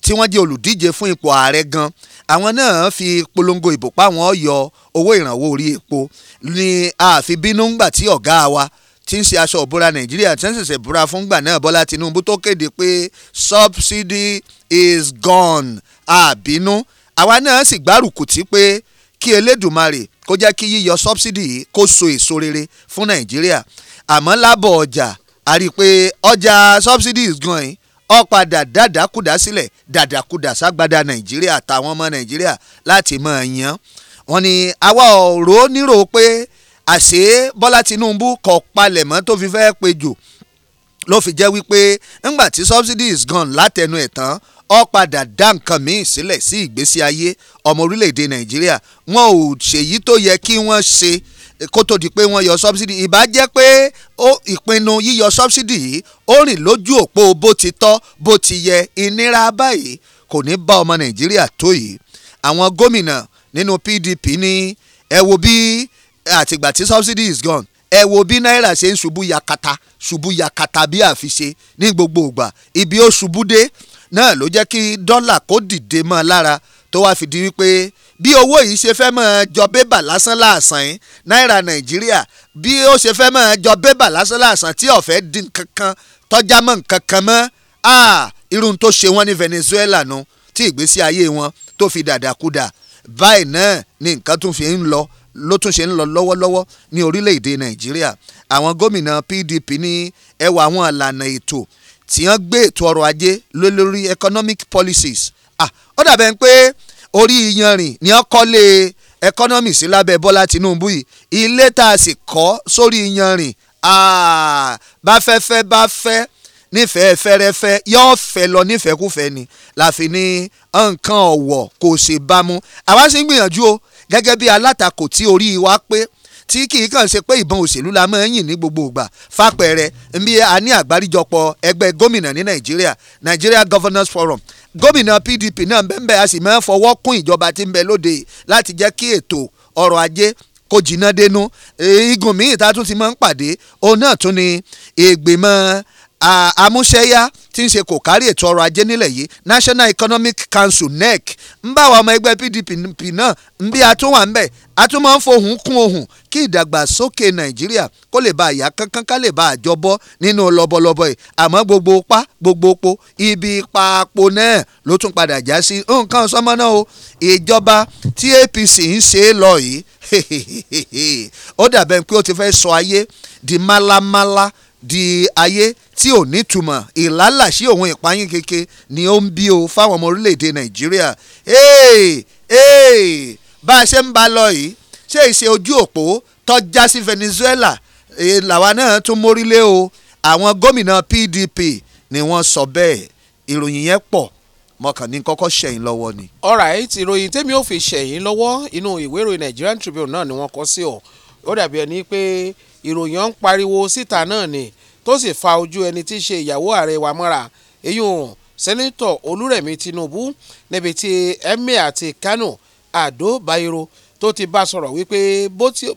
tí wọ́n jẹ́ olùdíje fún ipò ààrẹ gan àwọn náà fi polongo ìbò páwọn yọ owó ìrànwọ́ orí epo ni àfibínú ńgbà tí ọ̀gá wa tí ń ṣe aṣọ òbúra nàìjíríà tí ń ṣẹ̀ṣẹ̀ búra fún gbà náà bọ́lá tinubu tó kéde pé subsidy is gone àbínú àwa náà sì gbárùkù tí pé kí elédùmarè kó jẹ́ kí yíyọ subsidy kó so èso rere fún nàìjíríà àmọ́ lábọ̀ ọjà a rí i pé ọjà subsidies gan yìí ó padà dàdàkúdà sílẹ̀ dàdàkúdà ságbádà nàìjíríà táwọn ọmọ nàìjíríà láti mọ̀ ẹ̀yàn wọn ni àwa ọ̀rọ̀ nírò pé àṣé bọ́lá tinubu kọ̀ palẹ̀ mọ́ tó fi fẹ́ẹ́ pejò ló fi jẹ́ wípé ńgbà tí subsidies gan látẹnu ẹ̀ tán ó padà dá nǹkan míì sílẹ̀ sí ìgbésí ayé ọmọ orílẹ̀-èdè nàìjíríà wọn ò ṣèyí tó yẹ kí wọ́n ṣe. Si kó tó di pé wọ́n yọ subsidy ìbá jẹ́ pé ìpinnu yíyọ subsidy yìí ó rìn lójú òpó bó ti tọ́ bó ti yẹ ìnira báyìí kò ní bá ọmọ nàìjíríà tó yìí àwọn gómìnà nínú PDP ní ẹ wo bí àtìgbà tí subsidy is gone ẹ wo bí náírà ṣe ń ṣubú yakata ṣubú yakata bí àfiṣe ní gbogbo ìgbà ibi ó ṣubú dé náà ló jẹ́ kí dọ́là kó dìde mọ́ lára tó wá fìdí wípé bí owó yìí ṣe fẹ́ máa jọ bébà lásán láàsán yín náírà nàìjíríà bí ó ṣe fẹ́ máa jọ bébà lásán láàsán tí ọ̀fẹ́ di nkankan tọ́já mọ́ nkankan mọ́ ah irun tó ṣe wọ́n ní Venezuela nu tí ìgbésí ayé wọn tó fi dàdàkudà báyìí náà ni nǹkan tún fi ń lọ ló tún ṣe ń lọ lọ́wọ́lọ́wọ́ ní orílẹ̀-èdè nàìjíríà àwọn gómìnà PDP ní ẹwà àwọn ìlànà ètò tí wọ́n gbé ètò ọrọ̀ ajé lólórí economic policies ah ó dàbẹ̀ ń pé orí iyanrìn ni wọ́n kọ́lé ẹkọ́nọ́mì sí lábẹ́ Bọ́lá Tinubu yìí ilé tá a sì kọ́ sórí iyanrìn bá fẹ́ fẹ́ bá fẹ́ nífẹ̀ẹ́ fẹ́rẹ́fẹ́ yóò fẹ́ lọ nífẹ̀ẹ́kúfẹ́ ni láfi ní nǹkan ọ̀wọ̀ kò ṣe bámu àwa sì ń gbìyànjú o gẹ́gẹ́ bí alátakò tí orí wa pé tí kì kàn ṣe pé ìbọn òṣèlú la máa ń yìn ní gbogbo ìgbà fàpẹẹrẹ nbí a ní àgbáríjọpọ̀ ẹgbẹ́ gómìnà ní Nàìjíríà Nigeria Governors Forum gómìnà PDP náà bẹ́ẹ̀ a sì máa fọwọ́ kún ìjọba tí ń bẹ lóde láti jẹ́ kí ètò ọrọ̀ ajé kò jìnnà dénú e, igun míì tá tún ti máa ń pàdé òun náà tún ni ìgbìmọ̀ amúṣẹ́yá tí ń ṣe kò kárí ètò ọrọ̀ ajé nílẹ̀ yìí National Economic Council NEC ń bá àwọn ọmọ ẹgbẹ́ PDP náà ń bí atúnwà ń bẹ̀ atúnmọ̀ ń fohùn kún ohùn kí ìdàgbàsókè Nàìjíríà kó lè bá àyà kankan ká lè bá àjọ bọ́ nínú lọ́bọ̀lọ́bọ̀ yìí àmọ́ gbogbo pa gbogbo po ibi paapo náà ló tún padà já sí nǹkan sọmọ náà o ìjọba tí APC ń ṣe é lọ yìí ó dàbẹ̀ pé ó ti fẹ́ sọ ayé di málámálá. Mala di ayé tí ò nítumọ̀ ìlàlàsí òun ìpayín keke ni ó ń bí o fáwọn ọmọ orílẹ̀‐èdè nàìjíríà bá a ṣe ń ba lọ yìí ṣé ìṣe ojú òpó tọ́já sí Venezuela làwa náà tún mórí lé o àwọn gómìnà PDP ni wọ́n sọ bẹ́ẹ̀ ìròyìn yẹn pọ̀ mọ̀kàn ní kọ́kọ́ ṣẹ̀yìn lọ́wọ́ ni. alright ìròyìn tèmi ò fi ṣẹ̀yìn lọ́wọ́ inú ìwé Nigerian Tribune náà ni wọ́n kọ sí ọ ó dàbí ẹni pé ìròyìn ọ̀hún pariwo síta náà ni tó sì fa ojú ẹni tí í ṣe ìyàwó ààrẹ wa mọ́ra èyí òun sẹ́nitọ̀ olúrẹ̀mí tinubu níbi tí emir àti kano ado bayero tó ti bá sọ̀rọ̀ wípé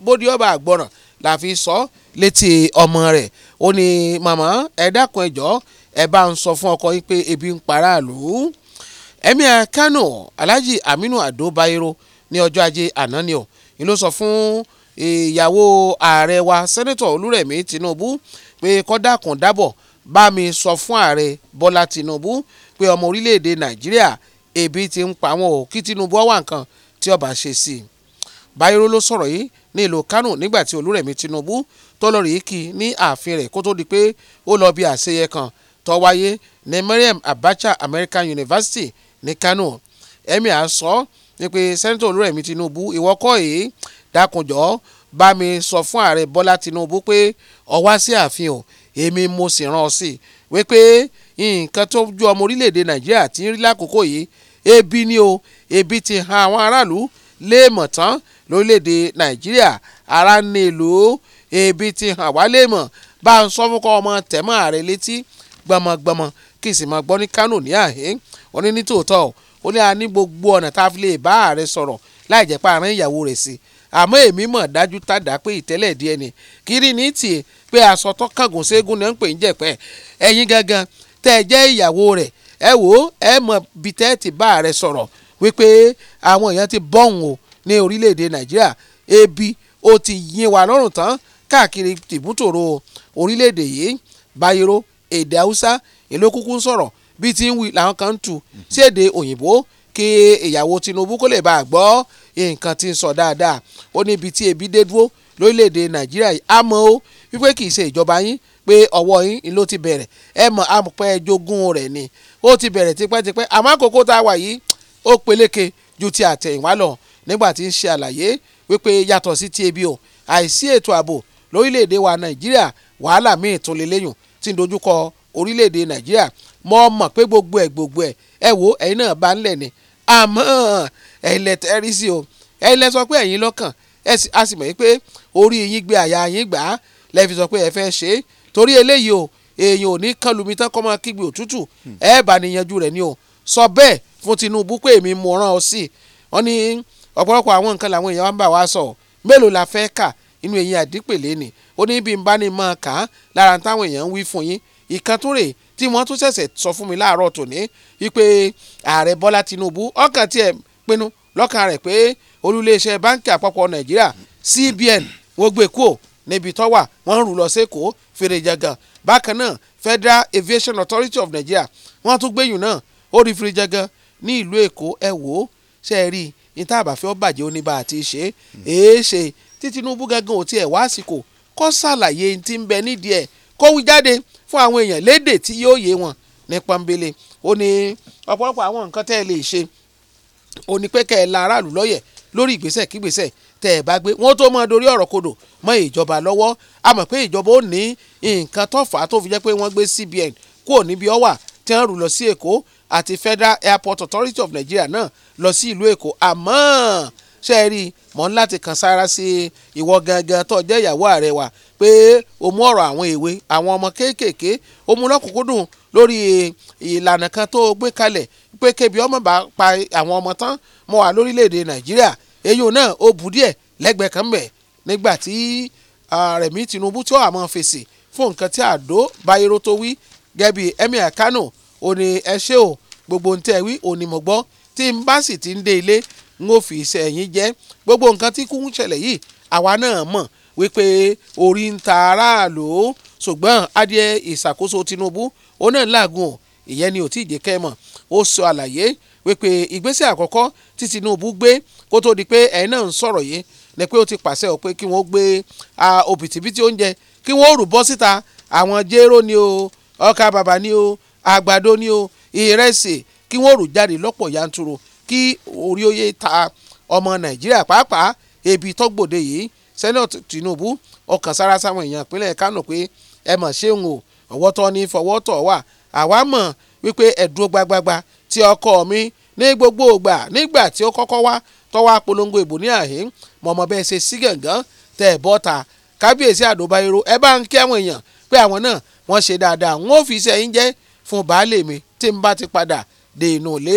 bódì ọba àgbọ̀ràn la fi sọ létí ọmọ rẹ̀ ó ní màmá ẹ dákun ẹ jọ̀ọ́ ẹ bá ń sọ fún ọkọ yín pé ebi ń para àlù emir kano alhaji aminu ado bayero ní ọjọ́ ajé àná ni ọ̀ ló sọ fún ìyàwó ààrẹ wa sẹ́nẹ́tọ̀ olúrẹ̀mí tinubu pé kọ́dàkùn dábọ̀ bá mi sọ fún ààrẹ bọ́lá tinubu pé ọmọ orílẹ̀-èdè nàìjíríà ebi ti ń pa wọn ò tinubu ọwà nǹkan tí ọba ṣe sí i báyìí ló sọ̀rọ̀ yìí ní ìlú kánò nígbà tí olúrẹ̀mí tinubu tó lọ rí kí ní ààfin rẹ̀ kó tó di pé ó lọ bí àṣeyẹ kan tó wáyé ní mariam abacha american university ní kánò emir sọ ni pé sẹ́ńtọ̀ olúrẹ̀mí tinubu ìwọ́kọ̀ yìí dákunjọ́ bá mi sọ fún ààrẹ bọ́lá tinubu pé ó wá sí ààfin o èmi mo sì rán ọ sí wípé nǹkan tó ju ọmọ orílẹ̀-èdè nàìjíríà ti ń rí lákòókò yìí ebi ni o ebi ti han àwọn aráàlú léèmọ̀ tán lórílẹ̀-èdè nàìjíríà ara ń ní ìlú ebi ti hàn wá léèmọ̀ bá a sọ fún kọ́ ọmọ tẹ̀mọ́ ààrẹ létí gbọmọgbọmọ kì í sì máa gbọ́ ní kánò ní àhín wọn ní nítòótọ́ ó ní a ní gbogbo ọ̀nà tá a fi lè bá ààrẹ sọ̀rọ̀ láì jẹ́ pé àárín ìyàwó rẹ̀ sí i àmọ́ èmi mọ̀ dájú tàdá pé ìtẹ́lẹ̀ díẹ̀ ni kiri ní tiẹ̀ pé aṣọ tó kángun ségun náà ń pè ń jẹ̀pẹ́ ẹ̀yin gangan tẹ́ ẹ jẹ́ ìyàwó rẹ̀ ẹ wò ó ẹ mọ̀ bí tẹ́ ẹ ti bá rẹ̀ sọ̀rọ̀ wípé àwọn èèyàn ti bọ́ùn o ní orílẹ̀-èdè nàìjíríà ebi o ti yín wa lọ́rùn tán káàkiri tìbútòrò orílẹ̀-èdè yìí bayero èdè haúsá èló kúkú ń sọ̀rọ̀ bíi ti ń wí làwọn kan ń tu sí mhm. èdè òyìnbó kí ìyàwó tinubu kó lè bá a gbọ́ nǹkan tí ń sọ dáadáa ó níbi tí ebi dé dúró lórílẹ̀‐èdè nàìjíríà yìí àmọ́ ó wípé kì í ṣe ìjọba yín pé ọwọ́ yín ló ti bẹ̀rẹ̀ ẹ mọ̀ àpẹ́ jogún rẹ̀ ni ó ti bẹ̀rẹ̀ tipẹ́tipẹ́ àmọ́ àkókò tá a wà yìí ó peléke ju ti àtẹ̀yìnwá lọ nígbà tí ń ṣe àlàyé wípé yàtọ̀ sí ti ebi o àìsí ètò ààbò lórílẹ̀‐èdè wa nàìjíríà wàhálà míì tún lè léyùn tí ń dojúkọ orílẹ̀‐èdè nàìjíríà mọ́ ọ mọ̀ pé gbogbo ẹ̀ gbogbo ẹ̀ ẹ wo ẹ̀yin náà bá ń lẹ̀ ni àmọ́ ẹ̀yin lẹ tẹ́rí sí o ẹ̀yin lẹ sọ pé ẹ̀yin lọ́kàn ẹ̀ a sì mọ̀ pé orí yín gbé àyà yín gbà á lẹ fi sọ pé ẹ fẹ́ ṣe é torí eléyìí o èèyàn ò ní kán lumi tán kọ́ máa kígbe òtútù hmm. ẹ bá níyanjú rẹ̀ ni o sọ bẹ́ẹ̀ fún Tinubu pé èmi mo rán ọ sí i wọ́n ní ọ̀pọ̀lọpọ̀ àwọn nǹkan làwọn èèyàn wa ń bà wá sọ mélòó la fẹ́ kà inú èyí àdípèlé ni ó ní bí n bá ní máa kà á lára táwọn èèyàn ń wí fún yín ìkan tó rè tí wọ́n tún ṣẹ̀ṣẹ̀ sọ fún mi láàárọ̀ tòní wípé ààrẹ Bọ́lá Tinubu ọkàn tiẹ̀ pinnu lọ́kàn rẹ̀ pé olúléeṣẹ́ báńkì àpapọ̀ nàìjíríà cbn wọ́n gbé kúò níbi tó wà wọ́n rù lọ sẹ́kọ̀ọ́ fèrèjàgàn bákan náà federal aviation authority of nigeria wọ́n tún gbẹ̀yìn náà ó rí fèrèjàgàn ní ìlú èkó ẹ̀ wò ó ṣe é rí i níta àbàfẹ́ ó bàjẹ́ oníbà àti ṣe é ṣe tí tinubu gangan ò tiẹ̀ wá àsìkò kó ṣàlàyé ti ń bẹ nídìí ẹ̀ kó wí jáde fún àwọn èèyàn léde tí yóò yé wọn ní pọ́nbélé ó ní ọ̀pọ̀lọpọ̀ àwọn nǹkan tẹ́ ẹ lè ṣe ó ní la aráàlú lọ́yẹ̀ lórí ìgbésẹ̀ kígbésẹ̀ tẹ́ ẹ bá gbé wọ́n tó máa dorí ọ̀rọ̀ kodò mọ́ ìjọba lọ́wọ́ a mọ̀ pé ìjọba ó ní nǹkan tó fà á tó fi jẹ́ pé wọ́n gbé CBN kúrò níbi ó tí wọ́n rù lọ sí Èkó àti Federal Airport Authority of Nigeria náà lọ sí ìlú Èkó àmọ́ ṣe é rí mọ̀ ń láti kàn sára sí ìwọ gangan tó jẹ́ ìyàwó ààrẹ wa pé o mú ọ̀rọ̀ àwọn èwe àwọn ọmọ kéékèèké o mú lọ́kùnkúndùn lórí ìlànà kan tó gbé kalẹ̀ pé kébi ọmọ bá pa àwọn ọmọ tán mọ́ wa lórílẹ̀‐èdè nàìjíríà èyí ò náà ó bù díẹ̀ lẹ́gbẹ̀ẹ́ kan bẹ̀ nígbà tí Rẹ̀mí Tinubu tí ó àmọ́ fèsì fún nǹkan tí Àdó Bayero tó wí gẹ́bí Emir Kano ò ẹ ṣé o gbogbo ń tẹ́ wí ò ní mọ̀ gbọ́ tí n bá sì ti ń dé ilé n ó fi iṣẹ́ yín jẹ́ gbogbo nǹkan tí kú ń ṣẹlẹ̀ yìí àwa náà mọ̀ wípé orí ń ta aráàlú ṣùgbọ́n adìẹ ìṣàkóso Tinubu ó náà làágùn ìyẹn ni ò tí ì jẹ́ kẹ́ mọ̀ ó sọ àlàyé wípé ìgbésẹ̀ àkọ́kọ́ tí Tinubu gbé kó tó di pé ẹ̀yin náà ń sọ̀rọ̀ yìí ni pé ó ti pàṣẹ ọ̀ pé kí wọ́n gbé òbítíbitì oúnjẹ kí wọ́n rù bọ́ síta àwọn jéró ni o ọkà bàbà ni o àgbàdo ni o ìrẹsì kí wọ́n rù jáde lọ́pọ̀ yanturu kí orí oyè ta ọmọ Nàìjíríà pàápàá ebi tọ́gbòde yìí sẹ́nẹ̀tì Tinubu ọkàn sára sáwọn èèyàn ìpínlẹ̀ Kánò pé ẹ mọ̀ ṣéun o ọ̀wọ́tọ́ ní fọwọ́tọ̀ wà àwa mọ̀ wípé ẹ̀dúró gbagbagba tí ọkọ mi ní gbogbo ògbà nígbà tí ó kọ́kọ́ wá tọ́wọ́ apolongo ìbò ní àhín mọ̀mọ́ bẹ́ẹ̀ ṣe sí gàngán tẹ́ ẹ̀ bọ́ta kábíyèsí àdóbáyérò ẹ bá ń kí àwọn èèyàn pé àwọn náà wọ́n ṣe dáadáa wọ́n fi iṣẹ́ yín jẹ́ fún baálé mi tí n bá ti padà dé inú ilé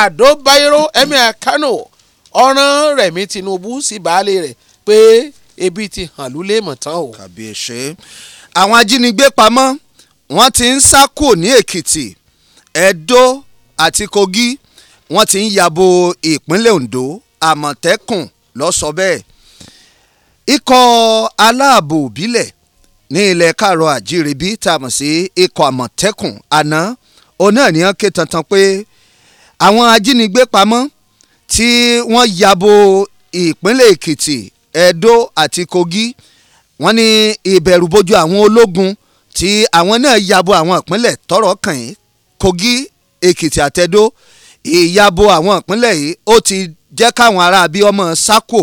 àdóbáyérò hmm. emir kano ọ̀ràn rẹ̀mí tinubu sí baálé rẹ̀ pé ebi ti hàn lulẹ̀ mọ̀ tán o. kàbíyèsí àwọn ajínigbé pamọ́ wọ́n ti ń sá kúrò ní èkìtì Edo àti Kogi wọ́n ti ń yabo ìpínlẹ̀ Ondo Àmọ̀tẹ́kùn ló sọ bẹ́ẹ̀ ikọ̀ aláàbò òbílẹ̀ ní ilẹ̀ káàrọ̀ àjíribí tá a mọ̀ sí ikọ̀ àmọ̀tẹ́kùn àná òun náà ní ọ́n ké tantan pé àwọn ajínigbé pamọ́ tí wọ́n yabo ìpínlẹ̀ èkìtì ẹ̀dó àti kogi wọ́n ní ìbẹ̀rùbojo àwọn ológun tí àwọn náà yabo àwọn ìpínlẹ̀ tọ́rọ̀ kàn Kogi Èkìtì àtẹ̀dó ìyàbò àwọn ìpínlẹ̀ yìí ó ti jẹ́ káwọn ará bíi ọmọ sákò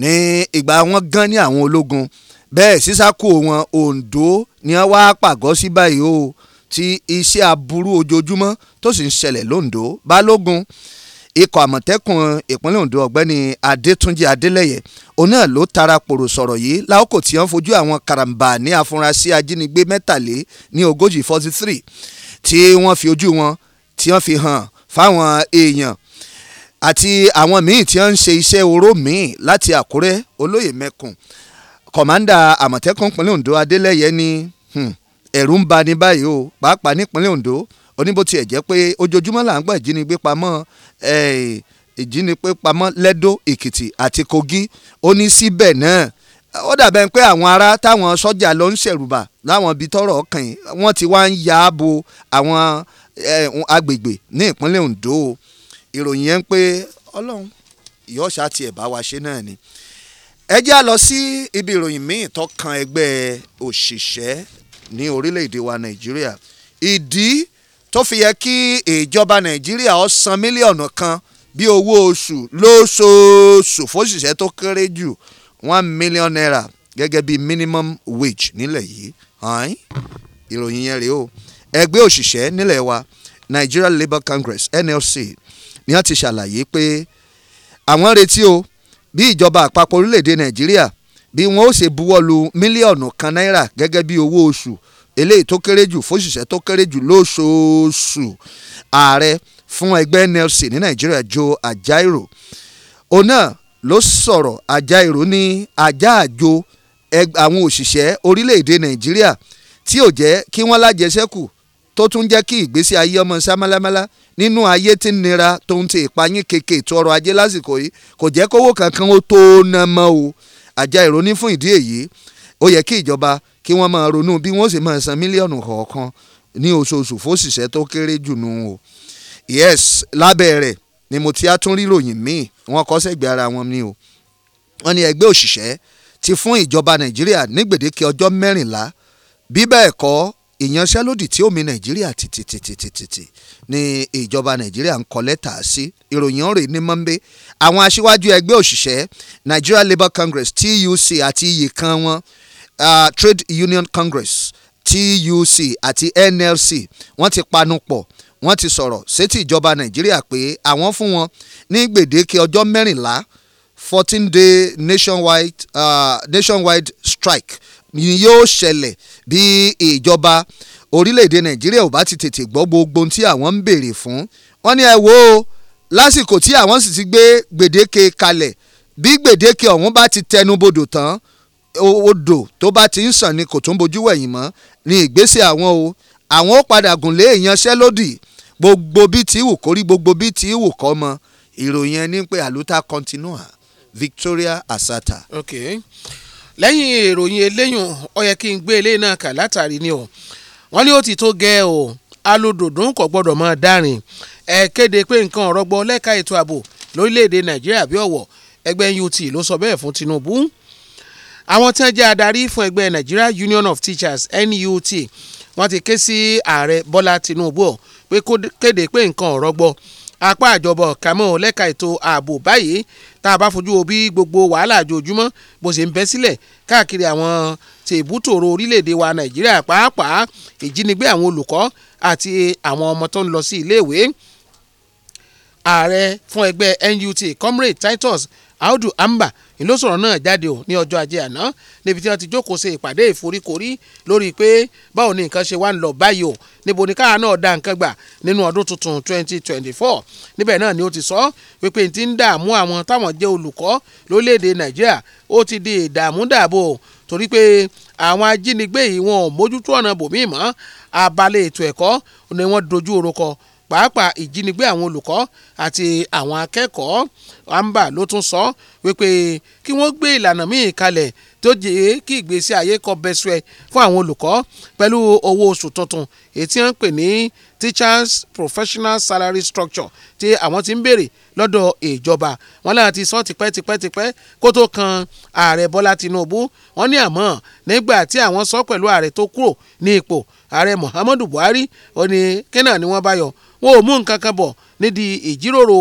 ní ìgbà wọn gan ní àwọn ológun bẹ́ẹ̀ sísákò wọn Ondo ni wọ́n wá pàgọ́ sí báyìí o ti iṣẹ́ aburú ojoojúmọ́ tó sì ń ṣẹlẹ̀ londo balógun ikọ̀ àmọ̀tẹ́kùn ìpínlẹ̀ ondo ọ̀gbẹ́ni adétúnjì adélẹ́yẹ òun náà ló tara pòrò sọ̀rọ̀ yìí láòkò tí wọ́n fojú àwọn karambà ní afurasí ajínigbé mẹ́tàlé ní ogójì forty three tí wọ́n fi ojú wọn tí wọ́n fi hàn fáwọn èèyàn àti àwọn míì tí wọ́n ń ṣe iṣẹ́ oró míì láti Àkúrẹ́ olóyè mẹ́kùn kọ̀mándà àmọ̀tẹ́kùn pínlẹ̀ Ondo Adélẹ́yẹ ni hmm, ẹ̀rù ń bani báyìí o pàápàá nípínlẹ̀ Ondo oníbo tiẹ̀ jẹ́ pé ojoojúmọ́ là ń gbọ́ ìjínigbé pamọ́ eh, ìjínigbé pamọ́ lẹ́dọ̀ Èkìtì àti Kogi ó ní síbẹ̀ náà ó dàbẹ̀ pé àwọn ará táwọn sọ́jà ló ń ṣẹ̀rùbà láwọn ibi tọ́rọ̀ kàn wọ́n ti wá ń ya bo àwọn agbègbè ní ìpínlẹ̀ Ondo ìròyìn yẹn ń pé Ọlọ́run ìyọ́ṣà tiẹ̀ bá wa ṣe náà ni ẹ jẹ́ à lọ sí ibi ìròyìn míì tó kan ẹgbẹ́ òṣìṣẹ́ ní orílẹ̀-èdè wa Nàìjíríà ìdí tó fi yẹ kí ìjọba Nàìjíríà ó san mílíọ̀nù kan bí owó oṣù lóṣooṣù fóṣìṣẹ́ tó kéré jù one million naira gẹ́gẹ́ bíi minimum wage nílẹ̀ yìí ìròyìn yẹn rèé o ẹgbẹ́ òṣìṣẹ́ nílẹ̀ wa Nigeria Labour Congress NLC ni wọ́n ti ṣàlàyé pé àwọn retí o bí ìjọba àpapọ̀ orílẹ̀-èdè Nàìjíríà bí wọ́n ó ṣe buwọ́lu mílíọ̀nù kan náírà gẹ́gẹ́ bí owó oṣù eléyìí tó kéré jù fóṣìṣẹ́ tó kéré jù lóṣooṣù ààrẹ fún ẹgbẹ́ NLC ní Nàìjíríà Joe Ajaero òun náà ló sọ̀rọ̀ ajá èrò ní ajá àjò àwọn òṣìṣẹ́ orílẹ̀-èdè nàìjíríà tí ò jẹ́ kí wọ́n lájẹsẹ́kù tó tún jẹ́ kí ìgbésí ayé ọmọ sámálámálá nínú ayé tí nira tó ti ìpayín keke ètò ọrọ̀ ajé lásìkò yìí kò jẹ́ kówó kankan ó tó na mọ́ o àjà ìròní fún ìdí èyí ó yẹ kí ìjọba kí wọ́n máa ronú bí wọ́n sì máa san mílíọ̀nù kọ̀ọ̀kan ní oṣooṣù fóṣìṣẹ́ tó kéré jù nù o yes lábẹ́ rẹ̀ ni mo ti á tún rí ròyìn míì wọ́n kọ sẹ́gbẹ̀ẹ́ ara wọn ni o wọ́n ní ẹgbẹ́ òṣìṣẹ́ ti fún ìjọba nàìjíríà ní gbèdéke ọjọ́ mẹ́rìnlá bí bẹ́ẹ̀ kọ́ tí ó nàìjíríà tìtìtìtìtì ni ìjọba nàìjíríà ń kọ lẹ́tà sí ìròyìn ọ̀rẹ́ ní mọ́ńbé àwọn aṣíwájú ẹgbẹ́ òṣìṣẹ́ Nigeria Labour Congress TUC àti iyì kan wọn Trade Union Congress TUC àti NLC wọ́n ti panu pọ̀ wọ́n ti sọ̀rọ̀ sétí ìjọba nàìjíríà pé àwọn fún wọn ní gbèdéke ọjọ́ mẹ́rìnlá fourteen day nationwide uh, nationwide strike ni yóò ṣẹlẹ̀ bí ìjọba orílẹ̀-èdè nàìjíríà ò bá ti tètè gbọ́ gbogbo tí àwọn ń béèrè fún wọ́n ní ẹ wo lásìkò tí àwọn sì ti gbé gbèdéke kalẹ̀ bí gbèdéke ọ̀hún bá ti tẹnubodò tán odò tó bá ti ń sàn ni kò tún bojú wẹ̀yìn mọ́ ni ìgbésẹ̀ àwọn o àwọn ó padà gùn lé ìyanṣẹ́lódì gbogbo bí tí wù kórí gbogbo bí tí wù kọ́ mọ ìròyìn ẹni pé àlùtà continua Victoria Asata. okay lẹ́yìn ìròyìn eléyùn ó yẹ kí n gbé eléyìí náà kà látàrí ni o wọ́n ní ó ti tó gẹ́ o alódòdún kò gbọ́dọ̀ máa dárin ẹ kéde pé nǹkan ọ̀rọ̀gbọ lẹ́ka ètò ààbò lórílẹ̀‐èdè Nàìjíríà bí ọ̀wọ̀ ẹgbẹ́ UT ló sọ bẹ́ẹ̀ fún Tinubu àwọn tí wọ́n jẹ́ adarí fún ẹgbẹ́ Nigeria Union of Teachers NUT wọ́n ti ké sí ààrẹ Bọ́lá Tinubu ọ̀ pé kéde pé nǹkan ọ̀rọ̀ gbọ́ apá àjọbọ̀ kàmọ́ lẹ́ka ètò ààbò báyìí tá a bá fojú o bí gbogbo wàhálà àjòjúmọ́ bó ṣe ń bẹ́ sílẹ̀ káàkiri àwọn tèbútòrò orílẹ̀-èdè wa nàìjíríà pàápàá ìjínigbé àwọn olùkọ́ àti àwọn ọmọ tó ń lọ sí iléèwé ààrẹ fún ẹgbẹ́ NUT comrade Titus Audu Amba ló sọ̀rọ̀ náà jáde ò ní ọjọ́ ajé àná níbi tí wọ́n ti jókòó ṣe ìpàdé ìforíkorí lórí pé báwo ni nǹkan ṣe wá ń lọ báyìí o níbo ni káà náà dá nǹkan gbà nínú ọdún tuntun 2024 níbẹ̀ náà ni ó ti sọ wípé ti ń dààmú àwọn táwọn jẹ́ olùkọ́ lórílẹ̀‐èdè nàìjíríà ó ti di ìdààmú dààbò torí pé àwọn ajínigbé yìí wọn ò mójútó ọ̀nà bòmíì mọ́ abalẹ̀ ètò ẹ̀kọ́ ni wọ́n dojú pàápàá ìjínigbé àwọn olùkọ́ àti àwọn akẹ́kọ̀ọ́ Amba ló tún sọ wípé kí wọ́n gbé ìlànà míì kalẹ̀ tó jẹ́ kí ìgbésí ayé kọ bẹ́sùẹ̀ fún àwọn olùkọ́ pẹ̀lú owó oṣù tuntun èyí tí wọ́n ń pè ní teachers professional salary structure tí àwọn ti ń béèrè lọ́dọ̀ ìjọba wọn láwọn ti sọ tipẹ́tipẹ́tipẹ́ kó tó kan ààrẹ Bọ́lá Tinubu wọn ní àmọ́ nígbà tí àwọn sọ pẹ̀lú ààrẹ tó kúrò ní ipò ààrẹ Muhammadu Buhari ó ní kínà ni wọ́n bá yọ wọn ò mú nǹkan kan bọ̀ nídìí ìjíròrò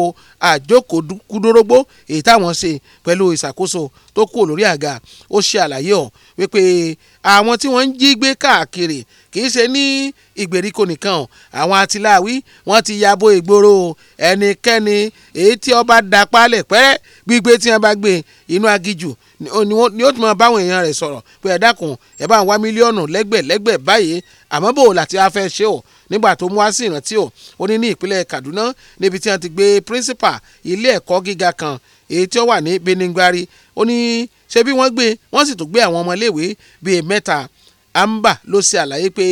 àjókòó-kúdórógbó èyí táwọn ṣe pẹ̀lú ìṣàkóso tó kù lórí àga ó ṣe àlàyé ọ̀ wípé àwọn tí wọ́n ń jí gbé káàkiri kì í ṣe ní ìgbèríko nìkan ọ̀ àwọn atiláwí wọ́n ti yabo ìgboro ẹnikẹ́ni èyí tí ọba da palẹ̀ pẹ́rẹ́ gbígbé tí wọ́n bá gbé inú agijù ni ó ti máa báwọn èèyàn rẹ̀ sọ̀rọ̀ pé ẹ dákun ẹ bá ń wá mílíọ̀nù lẹ́gbẹ̀lẹ́gbẹ̀ báyìí àmọ́ bò láti á fẹ́ ṣe ọ́ nígbà tó mú wá sí ìrántí ò ó ní ní ìpínlẹ̀ Kaduna níbi tí wọ́n ti gbé principal ilé ẹ̀kọ́ gíga kan èyí tí ó wà ní Beningari ó ní ṣe bí wọ́n gbé wọ́n sì tún gbé àwọn ọmọléèwé bíi mẹ́ta Amba ló ṣe àlàyé pé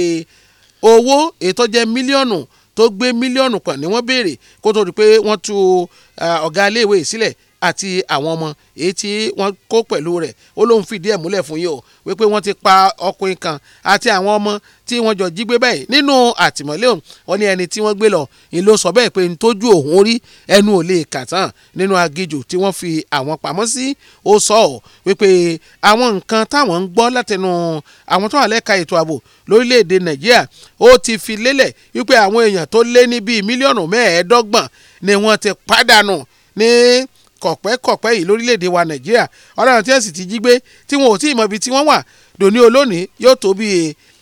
owó ètò jẹ́ mílíọ̀nù tó gbé mílíọ̀nù kan ni wọ́n béèrè kó tó di pé wọ́n tú ọ̀gá iléèwé sílẹ̀ àti àwọn ọmọ èyí tí wọ́n kó pẹ̀lú rẹ̀ ó lóun fìdí ẹ̀ múlẹ̀ fún yìí o wípé wọ́n ti pa ọkùnrin kan àti àwọn ọmọ tí wọ́n jọ jí gbé báyìí nínú àtìmọ́lé òun wọ́n ní ẹni tí wọ́n gbé lọ ń ló sọ bẹ́ẹ̀ pé ń tójú òun rí ẹnu ò lè kà tán nínú agijù tí wọ́n fi àwọn pamọ́ sí ó sọ ọ́ wípé àwọn nǹkan táwọn ń gbọ́ látẹnu àwọn tó wà lẹ́ka ètò ààbò lórílẹ̀‐èdè nàìjíríà ó ti fi lélẹ̀ wípé àwọn èèyàn tó lé ní bíi mílíọ̀nù mẹ́ẹ̀ẹ́dọ́gbọ̀n ni wọ́n ti pàdánù ní. Ni kọ̀pẹ́kọ̀pẹ́ yìí lórílẹ̀‐èdè wa nàìjíríà ọ̀daràn tí ẹ̀sìn ti jí gbé tí wọn ò tí ì mọ ibi tí wọ́n wà dòní olónìí yóò tó bí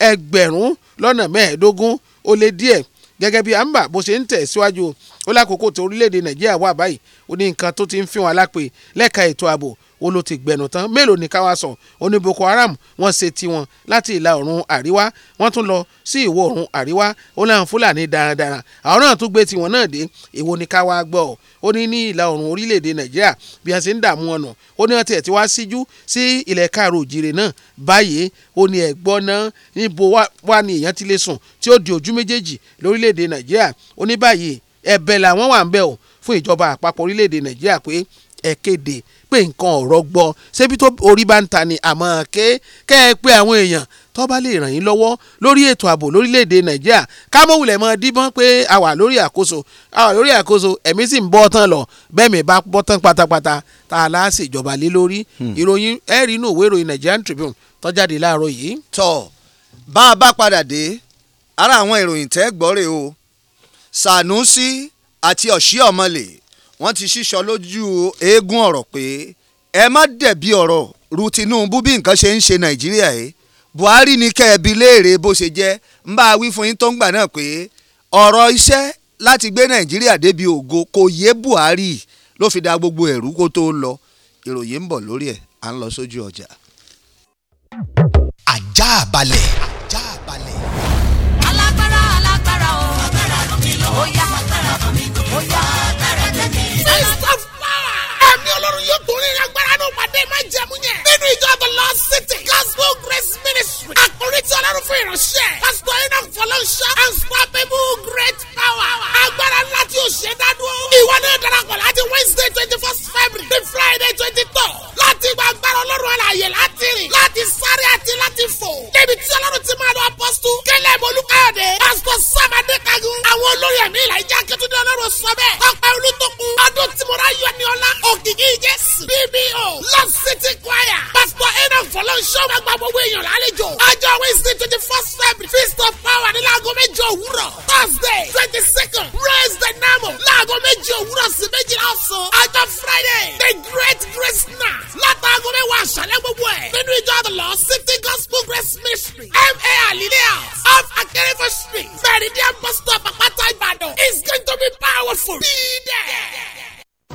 ẹgbẹ̀rún lọ́nà mẹ́ẹ̀ẹ́dógún ó lé díẹ̀ gẹ́gẹ́ bí àmbà bó ṣe ń tẹ̀ síwájú ó lákòókò tó orílẹ̀‐èdè nàìjíríà wà báyìí ó ní nǹkan tó ti ń fi wọn alápè lẹ́ka ètò ààbò ó ló ti gbẹnu tán mélòó ni káwá sọ ó ní Boko Haram wọ́n ṣe tiwọn láti ìlà oòrùn àríwá wọ́n tún lọ sí ìwọ̀ oòrùn àríwá ó láwọn Fúlàní darandaran àwọn náà tún gbé tiwọn náà dé èwo ni káwá gbọ́ ó ní ní ìlà oòrùn orílẹ̀-èdè Nàìjíríà bí a ṣe ń dààmú ọ̀nà ó ní wọ́n tiẹ̀ ti wá síjú sí ilẹ̀ káàró òjìrè náà báyìí ó ní ẹ̀gbọ́n náà níbo wá ni èèyàn ti lè sùn tí ó di ojú méjèèjì lórílẹ̀-èdè Nàìjíríà ó ní báyìí ẹ̀bẹ̀ làwọn wà ń bẹ̀ o fún ìjọba àpapọ̀ orílẹ̀-èdè Nàìjíríà pé ẹ kéde pé nǹkan ọ̀rọ̀ gbọ́ ṣébi tó orí bá ń ta ni àmọ́ ké kẹ́ ẹ pé àwọn èèyàn tó bá lè ràn yín lọ́wọ́ lórí ètò ààbò lórílẹ̀‐èdè nàìjíríà kámọ́wulẹ̀ mọ́ díbọ́n pé a wà lórí àkóso a wà lórí àkóso ẹ̀mí sì ń bọ́ tán lọ bẹ́ẹ̀ mi bá bọ́ tán pátápátá tá a láàṣì ìjọba lé lórí hmm. ìròyìn ẹ̀rí inú òwe ìròyìn Nigerian Tribune tó jáde láàárọ̀ yìí. tọ bá a bá padà dé ara àwọn ìròyìn tẹ́ gbọ́rẹ̀ o Sanusi àti ọ̀sí wọ́n ti ṣíṣọ lójú eégún ọ̀rọ̀ pé ẹ má dẹ̀bi ọ̀rọ̀ ru Tinubu bí nǹkan ṣe ń ṣe Nàìjíríà yìí Buhari ní kẹ́ẹ̀bi léèrè bó ṣe jẹ́ ń bá a wí fún yín tó ń gbà náà pé ọ̀rọ̀ iṣẹ́ láti gbé Nàìjíríà débi ògo kò yé Buhari ló fi da gbogbo ẹ̀rú kó tó lọ ìròyìn ń bọ̀ lórí ẹ̀ à ń lọ sójú ọjà. ajá balẹ̀. alágbára alágbára o agbára lómi lọ. ó yóò torí agbára nínú pàdé má jẹ̀mú yẹn. nínú ìjọ the Lord City gospel grace ministry àkórí tí ọlọ́run fún ìránṣẹ́ pásítọ̀ enoch fọlọ́nṣá unstoppable great power agbára ńlá tí o ṣe dádúró. ìwọ náà darapọ̀ láti Wednesday twenty first February to Friday twenty two láti gba agbára ọlọ́run àlàyé láti rìn láti sáré àti láti fò. débi tí ọlọ́run ti máa lọ apọ́sítù kẹlẹ́ bolúkáyọ̀dé pásítọ̀ sàmàdé kagun àwọn olórí ẹ̀mí ìlà ìjà kẹtùdé ọlọ́run sọ bẹ́ẹ̀ ọ̀pẹ olùtọ́kùn adó tìmọ̀rá yọ ní ọlá òkìkí jésù bíbí o love city choir pastor enoch fọlọ́nṣọ́ máa gba gbogbo èèyàn lálejò ọjọ́ wednesday twenty first february feast of power ní láago méje òwúrọ̀ thursday twenty second praise the name of láago méje òwúrọ̀ sí méjìlá ọ̀sán ọjọ́ friday the great grace night látàgọ́ mẹ́wàá àṣálẹ́ gbogbo ẹ̀ nínú ìjọ the lord city gospel grace ministry M ma alilea of akérèfọ́ street meridian bus stop àpáta ìbàdàn is going to be powerful be there.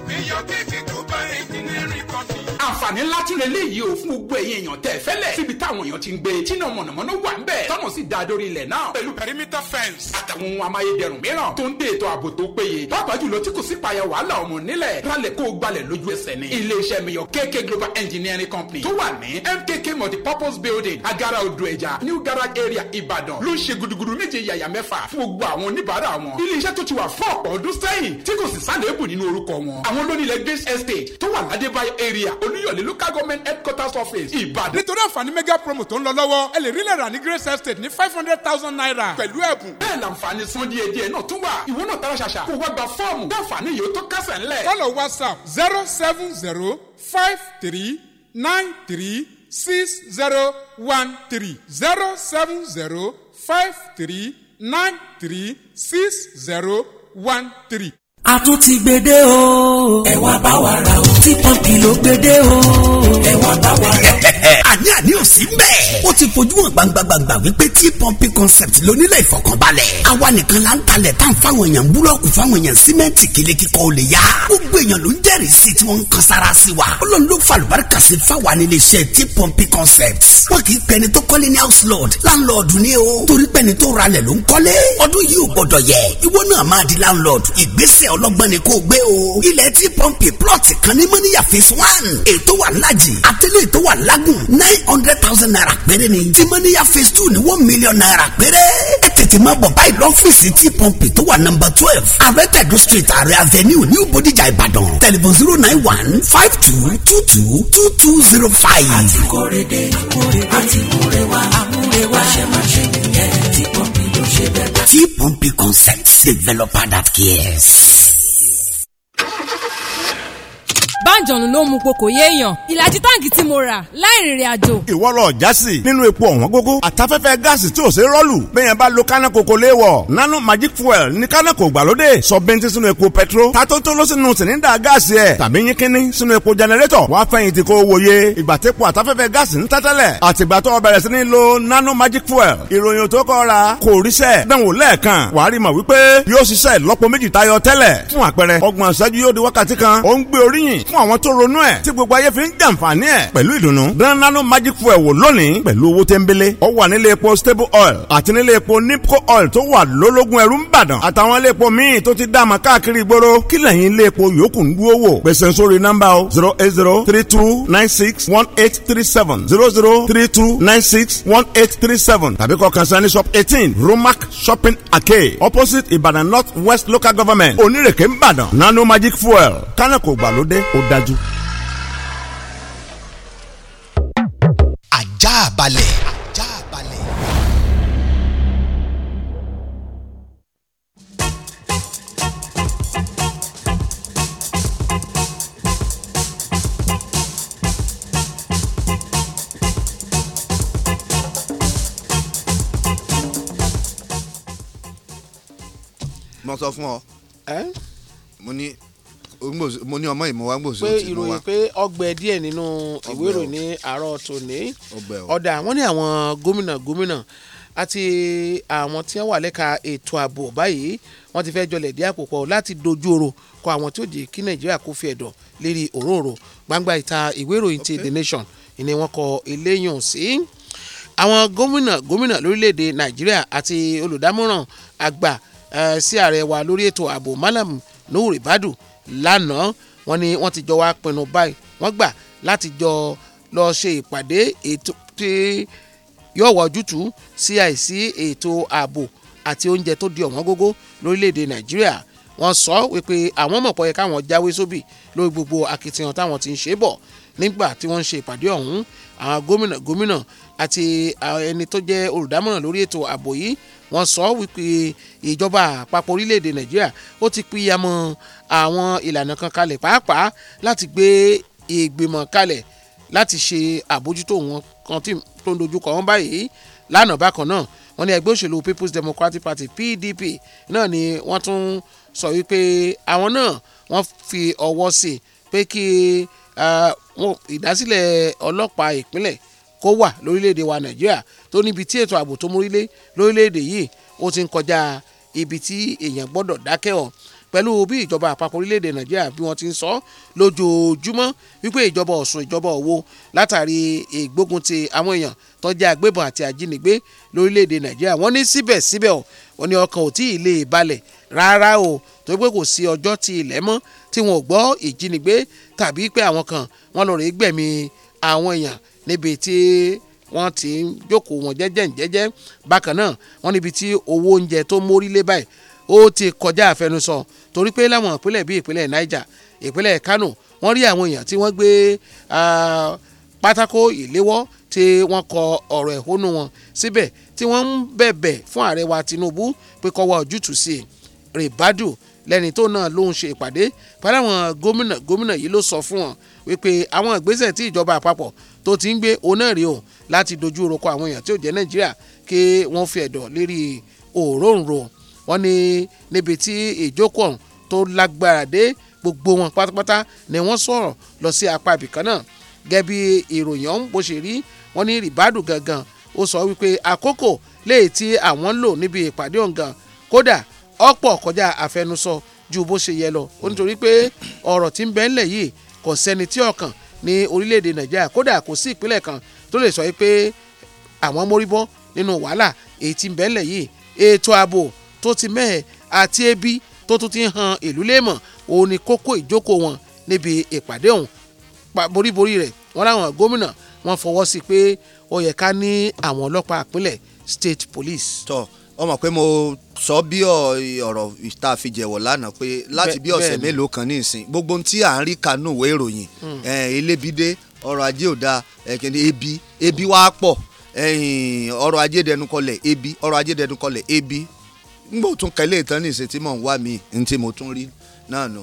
bí yọ kéèké tó bá ẹni àǹfààní ńlá tí relé yìí ò fún gbogbo ẹ̀yin èèyàn tẹ̀ fẹ́lẹ̀ síbi táwọn èèyàn ti ń gbé tí náà mọ̀nàmọ́ná wà ń bẹ̀ tọ́nà sì da dórí ilẹ̀ náà pẹ̀lú perimeter fence. àtàwọn ohun amáyédẹrùn mìíràn tó ń dé ètò ààbò tó péye pàápàá jùlọ tí kò sí payà wàhálà ọmọ nílẹ̀ rálẹ̀ kó o gbalẹ̀ lójú ẹsẹ̀ ni iléeṣẹ́ miyàn KK Global Engineering Company tó wà ní MKK purpose Building agara odò ẹja New Garage Area ibadan. ló ń ṣe gudugudu méje yàyà mẹ́fà fún gbogbo àwọn oníbàárà wọn iléeṣẹ́ tó ti wà fún ọ̀pọ̀ ọdún sẹ́yìn tí kò sì sálẹ̀ èbù nínú orúkọ wọn àwọn lónìí lẹ́gbẹ̀ẹ́sì estate tó wà ládébáyọ̀ area olúyọ̀lé local government headquarters office ìbàdàn. nítorí àǹfààní mega promo tó ń lọ lọ́wọ́ ẹ lè rí lẹ́rà ní grace estate ní five hundred thousand naira. pẹ̀lú ẹ̀bùn bẹ́ẹ̀ làǹfààní sún díẹ̀ díẹ̀ náà tún wà ìwọ náà tara ṣàṣà kó wá gba fọ́ọ̀mù dáǹfààní yóò tó kásẹ̀ ńlẹ̀. kọ́lọ̀ whatsapp zero seven zero five three nine three six zero one three zero seven zero five three nine three six zero one three a tún ti gbede o. ẹ wá bá wa ra o. tí pọ́ǹpì ló gbede o. ẹ wá bá wa ra o sí bẹ́ẹ̀. ó ti fojú hàn gbangbangba wípé tí pọ́ǹpì concept lónílẹ̀ ìfọkànbalẹ̀. àwa nìkan la ń talẹ̀ tán fáwọn èèyàn búlọ́ọ̀kù fáwọn èèyàn símẹ́ǹtì kílé kíkọ́ ò lè yá. gbogbo èèyàn ló ń jẹ́rìí sí tí wọ́n ń kan sára sí wa. ọlọ́run ló falùbáríkà sí fáwa nílé iṣẹ́ tí pọ́ǹpì concept. wọn kì í pẹni tó kọ́lé ní house lord landlord ni o. torí pẹni tó ralẹ̀ ló ń kọ́lé. ọdún yìí ò gbọdọ̀ yẹ. ìwọ náà máa di landlord. ìgbésẹ̀ ọlọ́gbọ́n ni kò gbé o. ilẹ̀ tí pọ́ǹpì plọ̀tì kan ní mọ́níyà phase one. ètò wà lájì àtẹ́lẹ̀ ètò wà lágùn nine hundred thousand naira péré ni jimaniya phase two ní one million naira péré ẹ tètè máa bọ̀ báyìí lọ́fíìsì tí pọ́ǹpì tó wà nọmba twelve arẹ́tẹ̀dù street ààrẹ avenue new bodijà ìbàdàn tẹlifon zero nine one five two two two two two zero five. àti kórede àti kórewa àmúrewa ṣe máa ṣe nìyẹn tí pọ́ǹpì ló ṣe bẹ́ẹ̀. tí pọ́ǹpì concept developer that cares báńjọ̀nù ló mu po kò yéèyàn ìlàjì táǹkì tí mo rà láì rìnrìn àjò. ìwọ lọ jásì nínú epo ọ̀wọ́n gógó àtafẹ́fẹ́ gáàsì tí ò ṣe rọ́ọ̀lù bẹ́yẹn bá lo kánà kòkó léwọ̀ nano magic fuel ní kánà kò gbàlódé sọ bẹ́ntì sínú epo pẹtrol tatótó ló sínú sìnínda gáàsì ẹ̀ tàbí yín kínní sínú epo jẹnẹrétọ̀ wàá fẹ̀yìntì kó wòye ìgbà tẹ́pọ̀ àtafẹ́fẹ́ gáàsì ń tẹ́tẹ́lẹ̀ lo nano magic fuel ìròyìn tó kọ́ ra kò ríṣẹ́ dánwò lẹ́ẹ̀kan wàá rí mọ̀ wípé yóò ṣiṣẹ́ lọ́pọ̀ méjì tayọ tẹ́lẹ̀ fún àpẹẹrẹ ọgbọ̀n fún àwọn tó ronú ẹ̀ tí gbogbo ayé fi ń jàǹfààní ẹ̀ pẹ̀lú ìdùnnú. dán magic fuel wò lónìí pẹ̀lú owó tẹ́ńbélé. ó wà nílé epo stable oil àti nílé epo nipco oil tó wà lólógún ẹrú ń bàdàn àtàwọn ilé epo míì tó ti dáàmà káàkiri ìgboro kí lẹ́yìn ilé epo yòókù ń dúró wò. gbèsè sórí nọ́mbà o zero eight zero three two nine six one eight three seven zero zero three two nine six one eight three seven tàbí kọ kànsáni shop eighteen romac shopping arcade opposite Ibadan north west local government onírèké ń bàdàn nano magic fuel kánà kò gbàlódé ó dájú. ajá balẹ̀. mo sọ fún ọ. mo ní mo ní ọmọ ìmọ̀ wa ń gbòòsì òtí mo wa. pé ìròyìn pé ọgbẹ díẹ̀ nínú ìwé ìròyìn ní àárọ̀ tòní ọ̀dà àwọn ní àwọn gómìnà gómìnà àti àwọn tí wọ́n wà lẹ́ka ètò ààbò báyìí wọ́n ti fẹ́ jọlẹ̀ dí àpò láti dojú oró kọ àwọn tí ó jẹ́ kí nàìjíríà kó fi ẹ̀dọ̀ lérí òróǹro gbangba ìta ìwé ìròyìn ti the nation ìní wọ́n kọ eléyàn sí. àwọn gómìnà gómìnà lórílẹ̀‐èdè nàìjíríà àti olùdámọ̀ràn àgbà eh, sí ààrẹ wa lórí ètò ààbò malam nuhu badu lánàá wọ́n ní wọ́n ti jọ wá pinnu báyìí wọ́n gbà láti jọ lọ ṣe ìpàdé ètò tí yóò wọ ojútùú sí àìsí ètò ààbò àti oúnjẹ tó di ọ̀wọ́n gógó lórílẹ̀‐èdè nàìjíríà wọ́n sọ wípé àwọn mọ̀pọ̀ yẹ káwọn jáwé sóbì lórí gbogbo akitiyan táwọn ti ń ṣe bọ̀ nígbà tí wọ́n ń ṣe ìpàdé ọ̀hún àwọn gómìnà gómìnà àti ẹni tó jẹ́ olùdámọ̀ràn lórí ètò ààbò yìí wọ́n sọ wípé ìjọba àpapọ̀ orílẹ̀-èdè nàìjíríà ó ti pìyàmọ̀ àwọn ìlànà kan kalẹ̀ pàápàá láti gbé ìgbìmọ̀ kalẹ̀ láti ṣe àbójútó wọn kan tí tó ń dojúkọ wọn báyìí lánàá bákan náà wọ́n ní ẹgbẹ́ òṣèlú People's Democratic Party PDP náà ni wọ́n tún sọ wípé àwọn náà wọ́n fi ọwọ́ sí pé kí ìdásílẹ̀ ọlọ́pàá ìpínlẹ̀ kó wà lórílẹ̀‐èdè wa nàìjíríà tó níbi tí ètò ààbò tó múrílé lórílẹ̀‐èdè yìí ó ti ń kọjá ibi tí èèyàn gbọ́dọ̀ dákẹ́ ọ̀ pẹ̀lú bí ìjọba àpapọ̀ orílẹ̀-èdè nàìjíríà bí wọ́n ti ń sọ lójoojúmọ́ wípé ìjọba ọ̀sùn ìjọba òwò látàrí ìgbógun ti àwọn èèyàn tó jẹ́ agbébọn àti ajínigbé lórílẹ̀-èdè nàìjíríà wọ́n ní síbẹ̀síbẹ̀ wọ́n ní ọkàn ò tí ì lè balẹ̀ rárá o tó pé kò sí ọjọ́ tí ilẹ̀ mọ́ tí wọn gbọ́ ìjínigbé tàbí pé àwọn kan wọ́n lọ rèé gbẹ̀mí àwọn èèyàn níbi tí wọ́n ti ń jókòó wọn jẹ́jẹ́ jẹ́jẹ́ bákan náà wọ́n níbi tí owó oúnjẹ tó mórí lé báyìí ó ti kọjá àfẹnusọ torí pé láwọn ìpínlẹ̀ bíi ìpínlẹ̀ Niger ìpínlẹ̀ Kano wọ́n rí àwọn èèyàn tí wọ́n gbé pátákó ìléwọ́ tí wọ́n kọ ọ̀rọ̀ ẹ̀hónú wọn síbẹ̀ tí wọ́n ń bẹ̀bẹ̀ fún ààrẹ wa Tinubu pé kó wá ojútùú sí i Ribadu lẹ́ni tó náà ló ń ṣe ìpàdé pẹ̀lú àwọn gómìnà gómìnà yìí ló sọ fún wọn wípé àwọn ìgbésẹ̀ tí ìjọba àpapọ̀ tó ti ń gbé onáàrí o láti dojú orokọ àwọn èèyàn tí ò jẹ́ nàìjíríà kí wọ́n fi ẹ̀dọ̀ lérí òróǹro wọn ni níbi tí ìjókòó ọ̀hún tó lágbára dé gbogbo wọn pátápátá ni wọ́n sọ̀rọ̀ lọ sí apá ibìkan náà gẹ́gẹ́ bí ìròyìn ọ̀hún bó ṣe rí wọn ní rìbádù gangan ó sọ wípé àkókò léè tí àwọn lò níbi ìpàdé ọ̀ngàn kódà ọ̀pọ̀ kọjá àfẹnusọ ju bó ṣe yẹ lọ ó nítorí pé ọ̀rọ̀ tí ń bẹ yìí kò sẹ́ni tí ọkàn ní orílẹ̀-èdè nàìjíríà kódà kò sí ìpínlẹ̀ kan tó lè sọ pé àwọn móríbọ́ nínú wàhálà èyí tí ń bẹ́lẹ̀ yìí ètò ààbò tó ti mẹ́ẹ̀ àti ebi tó tún ti hàn ìlú léèmọ̀ òun ni kókó ìjókòó wọn níbi ìpàdé ọ̀hún boríborí rẹ̀ wọ́n láwọn gómìnà wọ́n fọwọ́ sí pé ó yẹ ká ní àwọn ọlọ́pàá àpilẹ̀ state police. tọ́ ó mọ̀ pé mo sọ bí ọ̀rọ̀ tá a fi jẹ̀wọ̀ lánàá pé láti bí ọ̀sẹ̀ mélòó kan ní ìsìn gbogbo ohun tí à ń rí kanú ìwé ìròyìn hmm. elébídé ọrọ̀ ajé ò dáa ẹ̀kíní ebi ebi wá pọ̀ ọrọ̀ ajé dẹnukọlẹ̀ ebi ọrọ̀ ajé dẹnukọlẹ̀ ebi ngbò tún kẹ́lẹ́ ìtàn ní ìsìn tí mò ń wá mi ní tí mo tún rí náà nù.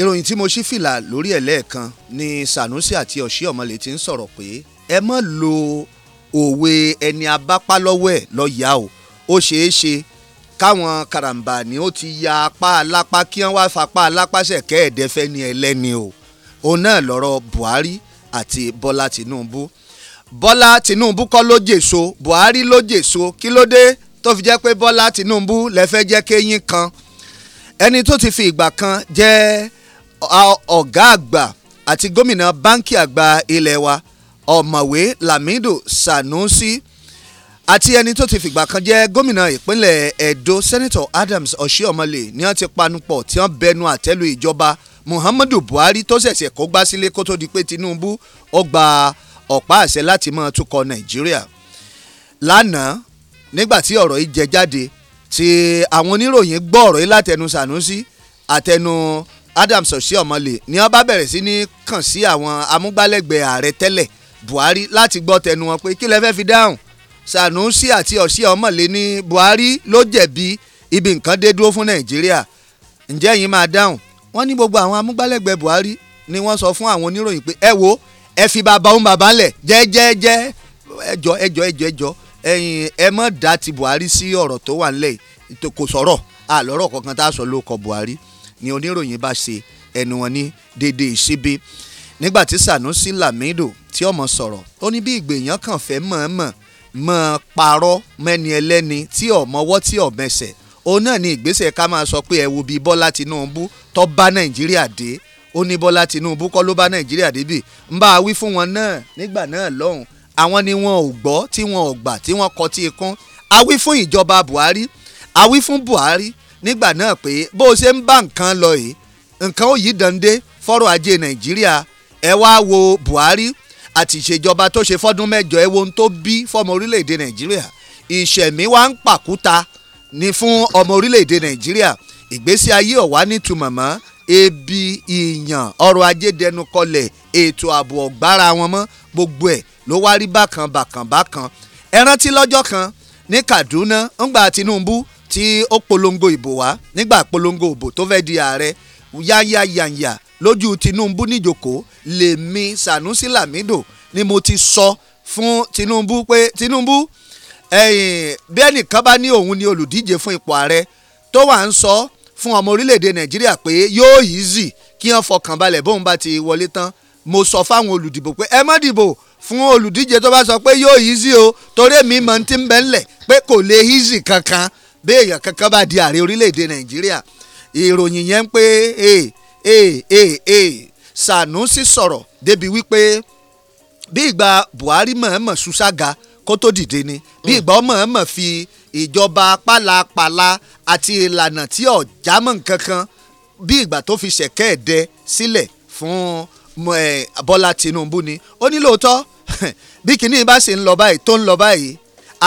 ìròyìn tí mo ṣí fìlà lórí ẹ̀ lẹ́ẹ̀kan ni Sanusi àti ọ̀ṣì ọ̀mọ̀lẹ̀ ti ń sọ̀rọ̀ pé ẹ má lo òwe ẹni abápá lọ́wọ́ ẹ̀ lọ́ọ́ yá o ó ṣeé ṣe káwọn karambani ó ti ya apá alápá kí wọ́n wá fapá alápá ṣẹ̀kẹ́ ẹ̀dẹ́fẹ́ ni ẹlẹ́ni o òun náà lọ́rọ̀ Buhari àti Bọ́lá Tinubu Bọ́lá Tinubu kọ́ ló jèso Buhari ló jèso kí ló dé tó fi jẹ́ pé Bọ́lá Tinubu lẹ́fẹ́ jẹ́ kéyín kan ẹni tó ti fi ìgbà kan jẹ́ ọ̀gá àgbà àti gómìnà báńkì àgbà ilé wa ọ̀mọ̀wé Lamido Sanusi àti ẹni tó ti fìgbà kan jẹ́ gómìnà ìpínlẹ̀ Ẹdó Senator Adams Oshiomhole ni wọ́n ti panupọ̀ tí wọ́n bẹnu àtẹ́lu ìjọba Muhammadu Buhari tó ṣẹ̀ṣẹ̀ kó gbá sílé kó tó di pé Tinubu ó gba ọ̀pá àṣẹ láti máa tukọ̀ Nàìjíríà lánàá nígbà tí ọ̀rọ̀ yìí jẹ jáde tí àwọn oníròyìn gbọ́ ọ̀rọ̀ yìí látẹnu Sanusi àtẹnu Adams Oshiomhole ni wọ́n bá bẹ̀rẹ̀ sí ní kàn sí àwọn amúgbálẹ́gbẹ̀ẹ́ ààrẹ tẹ́lẹ̀ Buhari láti gbọ́ tẹnu wọn pé kí lẹ fẹ́ fi dáhùn Sanusi àti ọ̀sẹ̀ ọmọlé ní Buhari ló jẹ̀bi ibi nǹkan dé dúró fún Nàìjíríà ǹjẹ́ yín máa dáhùn wọ́n ní gbogbo àwọn amúgbálẹ́gbẹ̀ẹ́ Buhari ni wọ́n sọ fún àwọn oníròyìn pé ẹ wo ẹ fi bàbá òun bàbá lẹ̀ jẹ́jẹ́jẹ́ ẹjọ́ ẹjọ́ ẹjọ́ ẹjọ́ ẹ̀yin ẹ mọ̀ dá ti Buhari sí ọ̀rọ̀ tó wà ńlẹ̀ kò sọ̀rọ̀ àlọ́rọ̀ kankan tá a sọ ló kọ Buhari ni oníròyìn bá ṣe ẹnu wọn ní dédé ìṣíbí nígbà tí Sanusi Lamido tí ọmọ sọ̀rọ̀ ó ní bí ìgbèyàn kàn fẹ́ mọ̀ọ́mọ̀ mọ́ parọ́ mẹ́ni ẹlẹ́ni tí ọ̀mọ́wọ́ tí ọ̀mẹsẹ̀ òun náà ni ìgbésẹ̀ ká máa sọ pé ẹ wo bí Bọ́lá Tinubu tó bá Nàìjíríà dé ó ní Bọ́lá Tinubu kọ́ ló bá Nàìjíríà débì ń bá a wí fún wọn náà nígbà náà lọ́hùn àwọn ni wọn ò gbọ́ tí wọn ò gbà tí wọn kọ tí ikún a wí fún ìjọba Buhari a wí fún Buhari nígbà náà pé bó o ṣe ń bá nǹkan lọ yìí nǹkan ó yí dande fọ́rọ̀ ajé Nàìjíríà ẹ wá wo Buhari àti ìṣèjọba tó ṣe fọ́dún mẹ́jọ ẹ wo ohun tó bí fọ́mọ orílẹ̀-èdè nàìjíríà ìṣẹ̀mí wa ń pàkúta ni fún ọmọ orílẹ̀-èdè nàìjíríà ìgbésí ayé ọ̀wá nítumọ̀ mọ́ ebi ìyàn ọrọ̀ ajé dẹnu kọlẹ̀ ètò ààbò ọ̀gbára wọn mọ́ gbogbo ẹ̀ ló wá rí bákan bákan bákan ẹ rántí lọ́jọ́ kan ní Kaduna ńgbà Tinubu tí ó polongo ìbò wá nígbà polongo ìbò tó fẹ́ di ààrẹ yáyáyáyá lójú Tinubu níjókòó lèmi Sanusi Lamido ni mo ti sọ fún Tinubu pé Tinubu ẹ̀yìn bí ẹnìkan bá ní òun ni olùdíje fún ipò ààrẹ tó wà ń sọ fún ọmọ orílẹ̀-èdè Nàìjíríà pé yóò easy kí wọ́n fọkàn balẹ̀ bóun bá ti wọlé tán mo sọ fáwọn olùdìbò pé ẹ má dìbò fún olùdíje tó bá sọ pé yóò easy o torí mi mọ̀ ti ń bẹ́ńlẹ̀ pé kò lè easy kankan bí èèyàn kankan bá di ààrẹ orílẹ̀-èdè Nàìjíríà ìròyìn yẹn ń pé ee ee ee Sanusi sọ̀rọ̀ débi wípé bí ìgbà Buhari mọ̀ọ́mọ̀ ṣuṣága kó tó dìde ni bí mm. ìgbà mọ̀ọ́mọ̀ fi ìjọba pálapàla àti ìlànà tí ọ̀já mọ̀ nkankan bí ìgbà tó fi ṣẹ̀kẹ́ ẹ̀dẹ sílẹ̀ fún Bọ́lá Tinubu ni ó ní lóòótọ́ bí kinní bá ṣe ń lọ báyìí tó ń lọ báyìí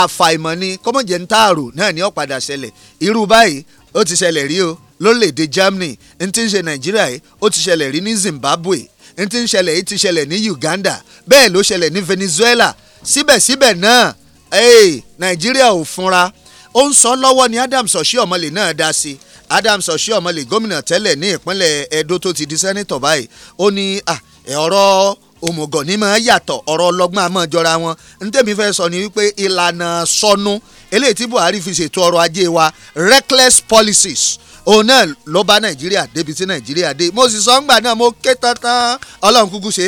àfàìmọ̀ ni kọ́mọ̀jẹ̀ ń tààrò náà ní ó padà ṣẹlẹ̀ irú báyìí ó ti ṣẹlẹ̀ rí o lórílẹ̀‐èdè Germany n ti ń ṣe Nàìjíríà yìí ó ti ṣẹlẹ̀ rí ní Zimbabwe n ti ń ṣẹlẹ̀ yìí ti ṣẹlẹ̀ ní Uganda bẹ́ẹ̀ ló ṣẹlẹ̀ ní Venezuela síbẹ̀síbẹ̀ náà hey, Nàìjíríà ò funra ó ń sọ lọ́wọ́ ni Adams Oshiomhole náà dá sí i Adams Oshiomhole gómìnà tẹ́lẹ̀ ní ìpínlẹ̀ Edo tó ti di sẹ́nitọ̀ báyìí ó ní ah, ọ̀rọ̀ òmùgọ̀ ní máa yàtọ̀ ọ̀rọ̀ ọlọ́gbọ́n àmọ́ jọra wọn ntẹ́mi fẹ́ sọ ni wípé ìlànà sọnù eléyìí tí Buhari fi ṣètò ọrọ̀ ajé wa reckless policies òun náà ló bá nàìjíríà débi tí nàìjíríà dé mo sì sọ ńgbà náà mo ké tán-tán ọlọ́run kúkú ṣe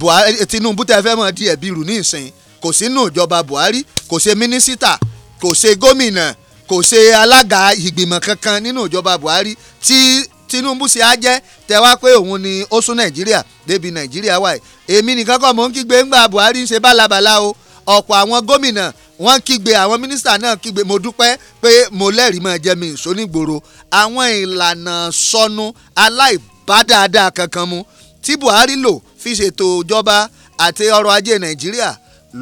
buhari eh, tinubu tẹ fẹ́ mọ̀ díẹ̀ bí irú ní ìsìn kò sínú ìjọba buhari kò ṣe mínísítà kò ṣe gómìnà kò ṣe alága ìgbìmọ̀ kankan nínú ìjọba buhari tí tinubu ṣe á jẹ́ tẹ wá pé òun ni ó sún nàìjíríà débi nàìjíríà wáyé èmi nìkan kọ́ mò ń kígbe ńgbà buhari ń ṣe bálabàla o ọ̀pọ̀ àwọn gómìnà wọ́n kígbe àwọn mínísítà náà kígbe mo dúpẹ́ pé mo lẹ́rìí mọ́ jẹ́ mi ìsónígboro àwọn ìlànà sọnù aláìbádáadáa kankan mu tí Buhari lò fi ṣètò ìjọba àti ọrọ̀ ajé Nàìjíríà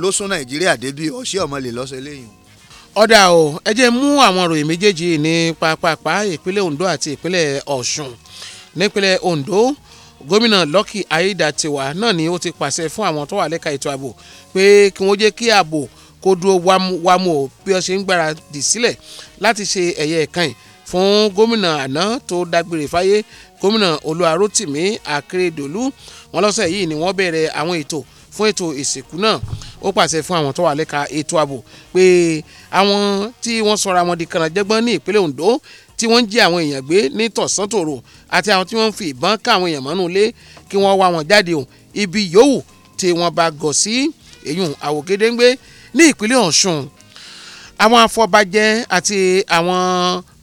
ló sún Nàìjíríà débi ọ̀sẹ̀ ọ̀mọ̀lè lọ́sẹ̀ lẹ́yìn ọ̀dà o ẹ jẹ́ mú àwọn òròyìn méjèèjì ní pápápá ìpínlẹ̀ Ondo àti ìpínlẹ̀ Ọ̀ṣun nípínlẹ̀ Ondo gómìnà Lucky Aiyedatiwa náà ni ó ti pàṣẹ fún àwọn tó wà lẹ́ka ètò ààbò pé kí wọ́n jẹ́ kí ààbò kó dúró wámúwámú o bí wọ́n ṣe ń gbáradì sílẹ̀ láti ṣe ẹ̀yẹ ẹ̀kan yìí fún gómìnà àná tó dágbére fáyé gómìnà Olúwarótìmí Akérédolú wọn lọ́sẹ̀ yìí ni wọ́n bẹ̀rẹ̀ àwọn ètò fún ètò ìsìnkú náà ó pàṣẹ fún àwọn tó wà lẹ́ka ètò ààbò pé àwọn tí wọ́n sọra wọn di kànájẹ́gbọ́n ní ìpínlẹ̀ Ondo tí wọ́n ń jí àwọn èèyàn gbé ní tọ̀sán-tòrò àti àwọn tí wọ́n ń fi ìbọn ká àwọn èèyàn mọ́nú ilé kí wọ́n wá wọn jáde o ibi yòówù tí wọ́n bá gọ̀ sí èyún àwògedengbe ní ìpínlẹ̀ Ọ̀ṣun àwọn afọbajẹ àti àwọn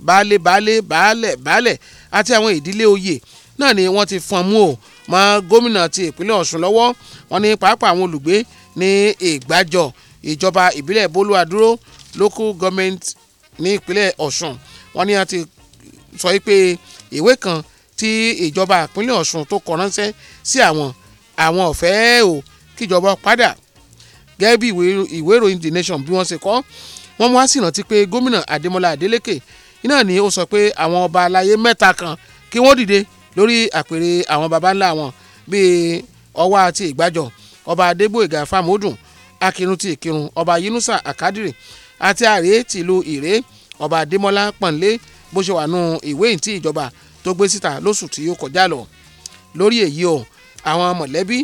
baálé baálé baálẹ̀ baálẹ̀ àti àwọn ìdílé oyè náà ni wọ́n ti fọn mú o mọ́ gómìnà ti ìpínlẹ̀ Ọ̀ṣun lọ́wọ́ wọn ni pàápàá àwọn olùgbé ní ìgbàjọ ìjọba ìbílẹ̀ bolúwadúró local government ní ìpínlẹ̀ Ọ̀ṣun wọ́n ní a ti sọ pé ìwé kan tí ìjọba ìpínlẹ̀ Ọ̀ṣun tó kọ ránṣẹ́ sí àwọn àwọn ọ̀fẹ́ o kíjọba padà gẹ́gẹ́ bí ìwé ìròyìn The Nation bí wọ́n ṣe kọ wọ́n mú wá sí ìrántí pé gómìnà Adémọ́lá Adélékè iná ni ó sọ pé àwọn ọba aláyé mẹ́ta kan kí wọ́n dìde lórí àpèrè àwọn baba ńlá wọn bíi ọwá àti ìgbàjọ ọba Adégbóyèga Fámọdún Akírun ti Ìkírun ọba Yínúsà Àkádìrì àti àrèé tìlú Ìrèé ọba adémọ́lá pọ̀nlé bó ṣe wà nù ìwé ìtì ìjọba tó gbé síta lóṣù tí ó kọjá lọ lórí èyí o àwọn mọ̀lẹ́bí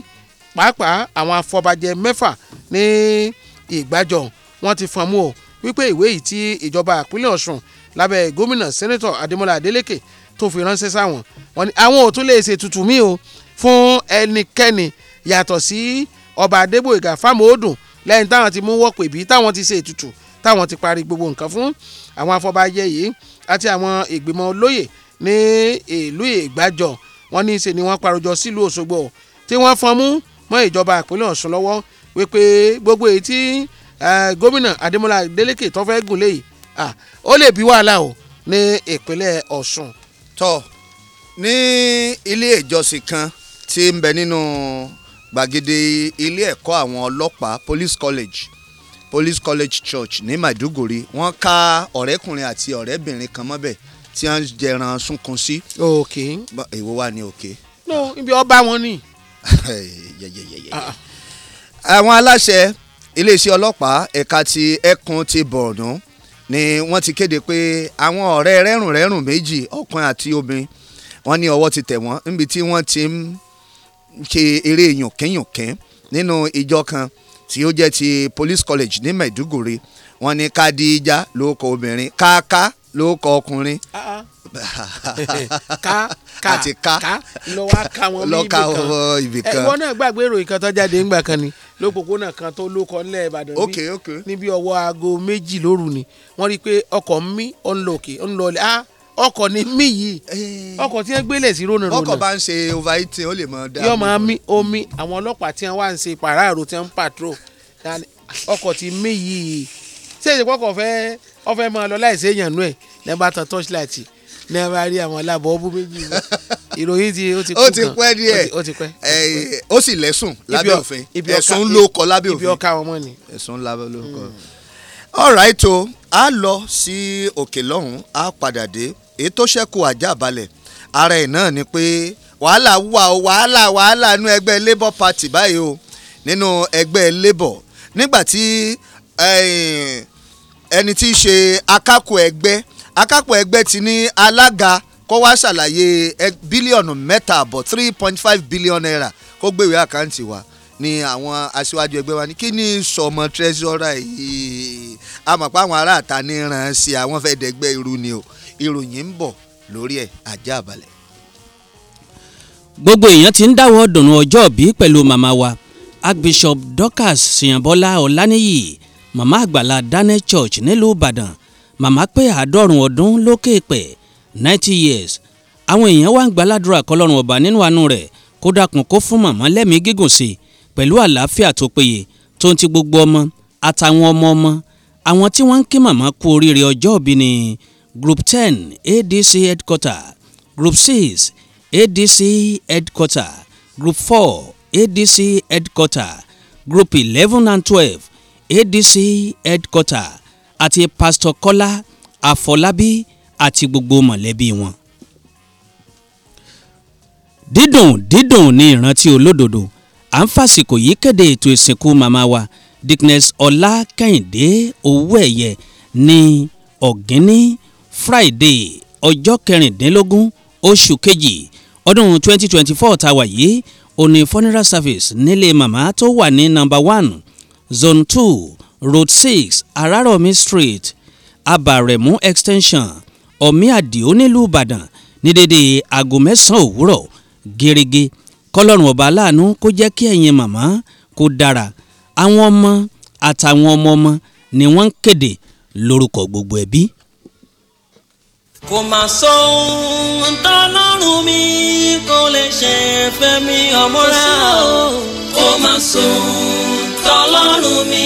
pàápàá àwọn afọbajẹ mẹ́fà ní ìgbàjọ wọn ti fọn mú o wípé ìwé yìí tí ìjọba àpínlẹ̀ ọ̀ṣun lábẹ́ gómìnà sẹ́nẹ́tọ̀ adémọ́lá adélèké tó fi ránṣẹ́ sáwọn wọn ni àwọn ò tún lè ṣe tutù mí o fún ẹnikẹ́ni yàtọ̀ sí ọba adégbòyègà fámọ́ọ́dún lẹ́yìn táwọn ti mú wọ́pẹ̀ bí táwọn ti ṣe ètùtù táwọn ti parí gbogbo nǹkan fún àwọn afọbajẹ yìí àti àwọn ìgbìmọ̀ olóyè ní ìlú ìgbàjọ wọn ní í ṣe ni wọ́n parojọ sílùú Òṣogbo tí wọ́n fọn mú mọ́ ìjọba ìpínlẹ̀ Ọ̀ṣun lọ́wọ́ wípé gbogbo èyí tí gómìnà Adémọ́lá Adélékè tó fẹ́ gùn léyìí ó lè bí wàhálà o ní ìpínlẹ̀ Ọ̀ṣun. tọ́ ní ilé ìjọsìn kan tí ń bẹ nínú gbàgede ilé ẹ̀kọ́ àwọn ọlọ́pàá Police College Police College Church ní Maiduguri wọ́n ká ọ̀rẹ́kùnrin àti ọ̀rẹ́bìnrin kan mọ́bẹ̀ tí wọ́n jẹran sunkun sí. òkè. èwo wa ni òkè. no ibi ọba wọn ni. àwọn aláṣẹ iléeṣẹ́ ọlọ́pàá ẹ̀ka ti ẹkùn ti Borno ni wọ́n ti kéde pé àwọn ọ̀rẹ́ rẹ́rùnrẹ́rùn méjì ọkùnrin àti obìnrin wọ́n ní ọwọ́ ti tẹ̀ wọ́n níbi tí wọ́n ti ń ṣe eré yùnkínyùnkín nínú ìjọ kan. No, tí ó jẹ́ ti police college ní Maiduguri wọ́n ní Kadija ló kọ obìnrin Kaka ló kọ ọkùnrin ká ah, ah. ká àti ká lọ wá ká wọn bí kan eh, náà gbàgbé ìròyìn kan tó jáde ńgbà kan ni kan tó Ìbàdàn níbi aago méjì lóru ni rí i pé ń lọ òkè ń lọ ah ọkọ̀ ni mí yìí eh. ọkọ̀ tí wọ́n gbélé sí rónà rónà ọkọ̀ bá ń ṣe overheating ó lè mọ dáa yọ máa mí omi àwọn ọlọ́pàá tí wọ́n wá ń ṣe pàráàrò tí wọ́n ń patrol ọkọ̀ ti mí yìí ṣé èsì pọ́kọ̀ fẹ́ ọfẹ́ máa lọ láì séèyàn nú ẹ̀ lẹ́bàá tan torchlight ní ẹ bá rí àwọn aláàbọ̀ ọbú méjì ìròyìn tí ó ti kú kan ó ti pẹ́ díẹ̀ ó ti pẹ́ eh, ó sì lẹ́sùn lábẹ́ òfin ẹ̀sùn ló kọ lábẹ́ òfin ibi ọkà ọmọ ni ẹ̀sùn lábẹ́ ló kọ all right o a lọ sí òkè lọ́hùn a padà dé èyí tó ṣẹ́kù àjàbalẹ̀ ara ẹ̀ náà ni pé wàhálà wà ó wàhálà wàhálà nínú ẹgbẹ́ labour party báyìí o nínú ẹgbẹ́ labour nígbàtí ẹni tí í ṣe akápò ẹgbẹ́ akápò ẹgbẹ́ ti ní alága kó wá ṣàlàyé bílíọ̀nù mẹ́ta àbọ̀ three point five billion naira kó gbéwèé àkáǹtì wa ni àwọn aṣíwájú ẹgbẹ́ wa ní kí ni sọmọ treasurer yìí àmọ̀pá àwọn aráàta ní ràn sí àwọn fẹ́ dẹ́gbẹ́ irú ni o ìròyìn ń bọ̀ lórí ẹ̀ ajá balẹ̀. gbogbo èèyàn ti ń dáwọ́ dùnú ọjọ́ bí pẹ̀lú màmá wa Archbishop Dorcas Siyanbọ́lá Ọláníyì màmá àgbàlá Daniel Church nílùú Ìbàdàn màmá pé àádọ́rùn ọdún lókè pẹ̀ ninety years àwọn èèyàn wá ń gbàládùra kọlọ́run ọba nínú àánú rẹ̀ kó dákun kó fún màmá lẹ́mìí gígùn sí i pẹ̀lú àlàáfíà tó péye tó ń ti gbogbo ọmọ àtàwọn ọmọ ọmọ àwọn tí wọ́n ń kí màmá kú oríire ọjọ́ òbí ni group ten adc headquarter group six adc headquarter group four adc headquarter group eleven and twelve adc headquarter àti pastor kọ́lá àfọlábí àti gbogbo mọ̀lẹ́bí wọn. dídùn dídùn ni ìrántí olódodo à ń fàsìkò yìí kéde ètò ìsìnkú màmá wa Dickness Ọlá Kẹ́hìndé owó ẹ̀yẹ ní ọ̀gínní Friday ọjọ́ kẹrìndínlógún oṣù kejì ọdún 2024 tá a wà yìí òní funeral service nílé màmá tó wà ní number one zone two road six Araromi street Abaremu extension omi àdìo nílùú Ìbàdàn ní dédé aago mẹ́sàn-án òwúrọ̀ gẹ́rẹ́gẹ́ kọlọ́run ọba aláàánú kó jẹ́ kí ẹ̀yin màmá kó dára àwọn ọmọ àtàwọn ọmọ ọmọ ni wọ́n ń kéde lórúkọ gbogbo ẹbí. kò mà sọ ohun tọ́lọ́run mi kò lè ṣe fẹ́ mi ọmọ rẹ̀ o. kò mà sọ ohun tọ́lọ́run mi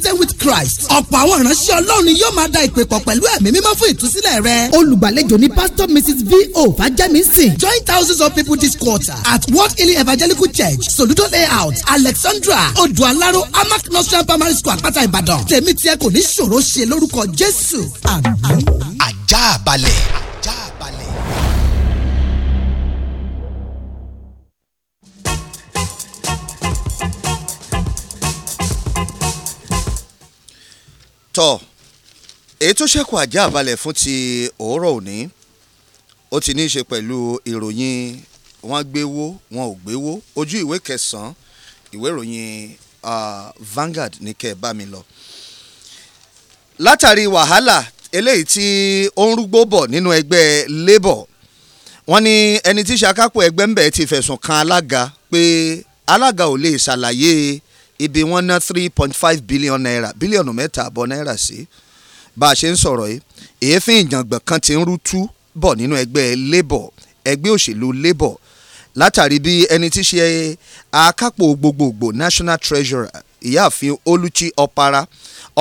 united with christ ọ̀pọ̀ àwọn ìránṣẹ́ ọlọ́run ni yóò máa da ìpè pọ̀ pẹ̀lú ẹ̀mí mímọ́ fún ìtúsílẹ̀ rẹ. olùgbàlejò ni pastor mrs v o fàjẹmísìn. join thousands of people this quarter at world healing evangelical church soludo layout alexandra odualaro amak nursery primary school àpáta ìbàdàn tèmi tiẹ̀ kò ní ṣòro ṣe lórúkọ jésù àjà balẹ̀. tọ́ èyí tó ṣẹ́kù àjá àbalẹ̀ fún ti òórọ̀ òní ó ti ní í ṣe pẹ̀lú ìròyìn wọ́n gbé wọn ò gbé ojú ìwé kẹsàn-án ìwé ìròyìn Vanguard ní kẹ́ ẹ bá mi lọ. látàrí wàhálà eléyìí tí ó ń rúgbó bọ̀ nínú ẹgbẹ́ Labour wọ́n ní ẹni tí ṣe ẹgbẹ́ ń bẹ̀ ti fẹ̀sùn kan alága pé alága ò lè ṣàlàyé ibi wọ́n ná three point five billion naira bílíọ̀nù mẹ́ta àbọ̀ naira sí bá a ṣe ń sọ̀rọ̀ yìí èéfín ìjàngbọ̀n kan ti ń rú tú bọ̀ nínú ẹgbẹ́ labour ẹgbẹ́ òṣèlú labour látàrí bí ẹni tí ṣe akápò gbogbogbò national treasurer ìyáàfin olùchí ọ̀para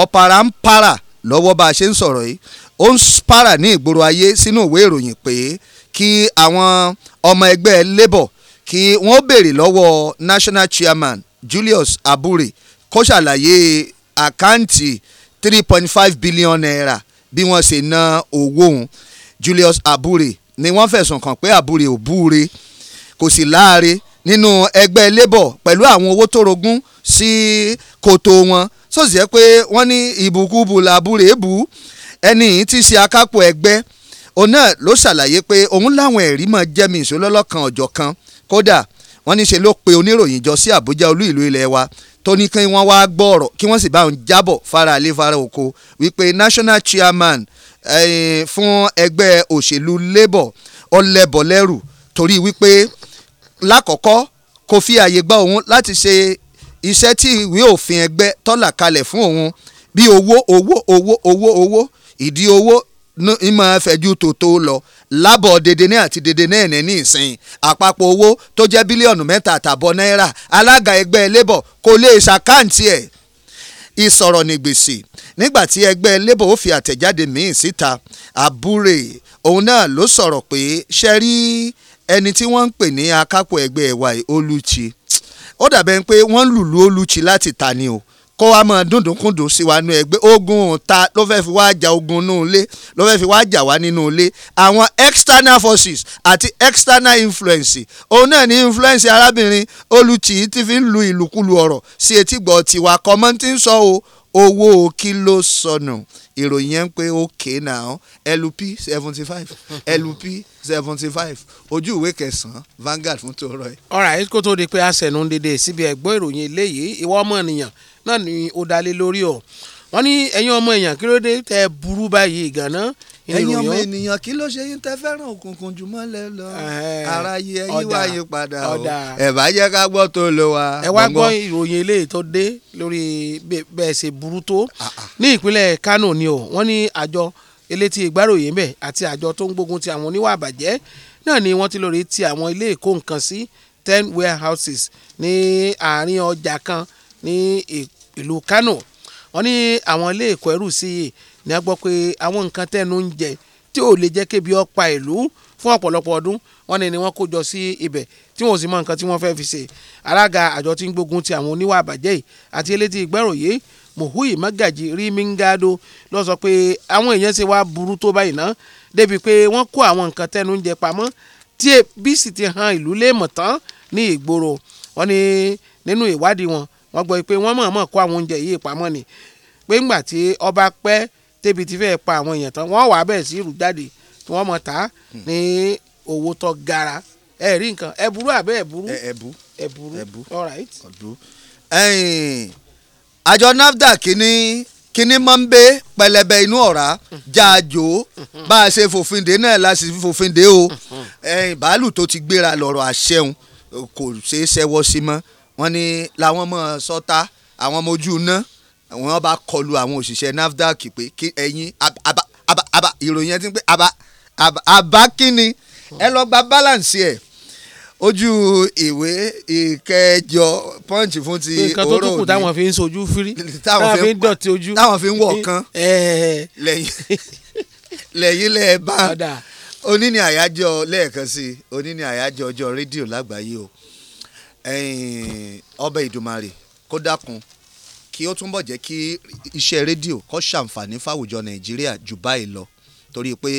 ọ̀para ń para lọ́wọ́ bá a ṣe ń sọ̀rọ̀ yìí ó ń para ní ìgboro ayé sínú ìwé ìròyìn pé kí àwọn ọmọ ẹgbẹ́ labour kí wọ́n béèrè lọ́wọ́ national chairman Julius Abure kó ṣàlàyé àkáǹtì three point five billion naira bí wọ́n ṣe ná owó òun Julius Abure ni wọ́n fẹ̀sùn kàn pé Abure ò búure kò sì láàre nínú ẹgbẹ́ labour pẹ̀lú àwọn owó tó rogún sí kòtò wọn sọ́sì jẹ́ pé wọ́n ní ìbùkúbù làbúrè bù ẹni yìí ti ṣe akápò ẹgbẹ́ òun náà ló ṣàlàyé pé òun láwọn ẹ̀rí mọ̀ jẹ́mi ìṣólọ́lọ́kan ọ̀jọ̀ kan kódà wọ́n ní ṣe ló pe oníròyìn jọ sí Àbújá olú ìlú ilẹ̀ wa tó ní kí wọ́n wá gbọ́ ọ̀rọ̀ kí wọ́n sì bá òun jábọ̀ fara àlè fara oko wípé national chairman eh, fún ẹgbẹ́ òṣèlú labour ọlẹ́bọ̀lẹ́rù torí wípé lákọ̀ọ́kọ́ kò fi àyè gba òun láti ṣe iṣẹ́ tí ìwé òfin ẹgbẹ́ tọ́là kalẹ̀ fún òun bí owó owó owó owó owó ìdí owó ìmọ̀ fẹ̀jú tòótó lọ lábọ̀ dèdè náà àti dèdè náà ní nísìnyí àpapọ̀ owó tó jẹ́ bílíọ̀nù mẹ́ta àtàbọ̀ náírà alága ẹgbẹ́ labour kò lè ṣàkáǹtì ẹ̀ ìsọ̀rọ̀ ní gbèsè nígbà tí ẹgbẹ́ labour ó fi àtẹ̀jáde míì síta àbúrè òun náà ló sọ̀rọ̀ pé ṣe rí ẹni tí wọ́n ń pè ní akápò ẹgbẹ́ ẹ̀wà olùchi ó dàbẹ̀ pé wọ́n lùlù olùchi láti ta ni o kó wa mọ̀ dúndùnkúndùn sí wa nú ẹgbẹ́ ogun ta ló fẹ́ fi wá jà ogun nú ilé ló fẹ́ fi wá jà wá nínú ilé àwọn external forces àti external influence òun náà ní influence arábìnrin olùtì ti fi ń lu ìlùkulù ọ̀rọ̀ sí etí gbọ́ tiwa kọ́mọ́ ti ń sọ o owó kí ló sọnù ìròyìn yẹn ń pé òkè náà LP seventy five LP seventy five ojú ìwé kẹsàn-án Vanguard fún tòrọ ẹ. ọ̀rọ̀ àyíkó tó di pé a ṣẹ̀nu dédé síbi ẹ̀gbọ́n ìròyìn eléyìí ìwọ ọmọ ènìyàn náà ni ó dalé lórí ọ̀ wọ́n ní ẹ̀yin ọmọ èèyàn kí ló dé tẹ́ burú báyìí gànà ẹ̀yin ọmọ ènìyàn kí ló ṣe yín tẹ́ fẹ́ràn òkùnkùn jù mọ́lẹ̀ lọ ara yìí ẹ̀yin wá yín padà o ẹ̀ bá jẹ́ ká gbọ́ tó lọ wa. ẹ wá gbọ́ ìròyìn eléyìí tó dé lórí bẹ́ẹ̀ ṣe burú tó ah, ah. ní ìpínlẹ̀ Kánò ni o wọ́n ní àjọ elétí ìgbáròyé ń bẹ̀ àti àjọ tó ń gbógun ti àwọn oníwà àbàjẹ́ náà ni wọ́n ti lórí ti àwọn ilé ìkó nǹkan sí ten warehouses ní àárín ọjà kan ní ìlú Kano wọ́n ní àwọn ilé ìkó ẹrù sí i ní a gbọ́ pé àwọn nǹkan tẹ́nu ń jẹ tí ò lè jẹ́ kébi ọ̀pá ìlú fún ọ̀pọ̀lọpọ̀ ọdún wọ́n ní ni wọ́n kó jọ sí ibẹ̀ tí wọ́n sì mọ nǹkan tí wọ́n fẹ́ fi ṣe alága àjọ tí ń gbógun ti àwọn oníwà àbàjẹ́ yìí àti elétí ìgbẹ́ròyé Muhui Magaji Rimingado ló sọ pé àwọn èèyàn ṣe wá burú tó báyìí ná débi pé wọ́n kó àwọn nǹkan tẹ́nu ń jẹ pamọ́ tí ebi sì ti han ìlú léèmọ̀ tán ní ìgboro wọ́n ní nínú ìwádìí wọn wọ́n gbọ́ pé wọ́n mọ̀ọ́mọ̀ kó àwọn oúnjẹ yìí pamọ́ ni pé ńgbà tí ọba pẹ́ tẹ́bi ti fẹ́ẹ́ pa àwọn èèyàn tán wọ́n wà bẹ́ẹ̀ sí ìrù jáde tí wọ́n mọ̀ ta hmm. ní owó tó gara ẹ rí nǹkan ẹ burú àbẹ́ ẹ burú ẹ bú ẹ burú all right. àjọ NAFDAC ní kíní máa ń bẹ pẹlẹbẹ inú ọ̀rá jáàjò bá a ṣe fòfin dé náà la sì fòfin dé o hmm. bàálù tó ti gbéra lọ́rọ̀ àṣẹun kò ṣeé ṣẹwọ́ sí mọ́ wọ́n ní làwọn ọmọ sọ́ta àwọn ọmọ ojú iná wọ́n bá kọlu àwọn òṣìṣẹ́ NAFDAC pé kí ẹ̀yin aba aba aba ìròyìn ẹ ti ń pé aba aba kíni ẹ lọ gba balance ẹ̀ ojú ìwé ìkẹjọ punch fún ti òórọ̀ òní nǹkan tó tún kù táwọn fi ń sojú firi táwọn fi ń dọ̀tí ojú táwọn fi ń wọ̀ kan eh, eh, eh. lẹ́yìn lẹ́yìn lẹ́ẹ̀bá òní ni àyájọ́ lẹ́ẹ̀kan sí òní ni àyájọ́ ọjọ́ rédíò lágbàáyé o ọbẹ̀ ìdùmarè kó dákun kí ó túnbọ̀ jẹ́ kí iṣẹ́ rédíò kó ṣàǹfààní fáwùjọ nàìjíríà jù báyìí lọ torí pé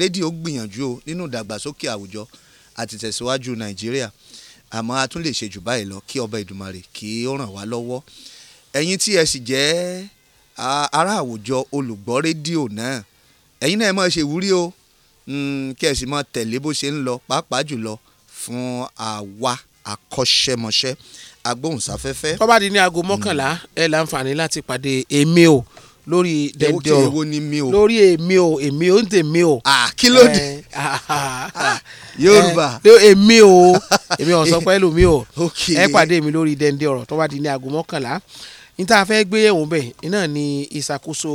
rédíò gbìyànjú o nínú ìdàgbàsókè àwùjọ àti tẹ̀síwájú nàìjíríà àmọ́ a tún lè ṣe jù báyìí lọ kí ọba ìdùmarè kí ó ràn wá lọ́wọ́ ẹ̀yin tí ẹ sì jẹ́ ará àwùjọ olùgbọ́ rédíò náà ẹ̀yin náà ẹ máa ṣe ìwúrí o hmm, kí ẹ sì máa tẹ̀lé bó ṣe ń lọ pàápàá jùlọ fún àwa akọ́ṣẹ́mọṣẹ́ agbóhùnsáfẹ́fẹ́. tó bá di ní aago mọ́kànlá ẹ láǹfààní láti pàdé èmi o lórí dẹ́dẹ́ o lórí èmi o èmi o ń tèmi o. kí ló dé ah, yorùbá. èmi o èmi ò sọ pé lómi o ẹ pàdé mi lórí dẹ́ndé ọ̀rọ̀ tó bá di ní aago mọ́kànlá níta fẹ́ gbé yẹ̀wò bẹ́ẹ̀ náà ni ìṣàkóso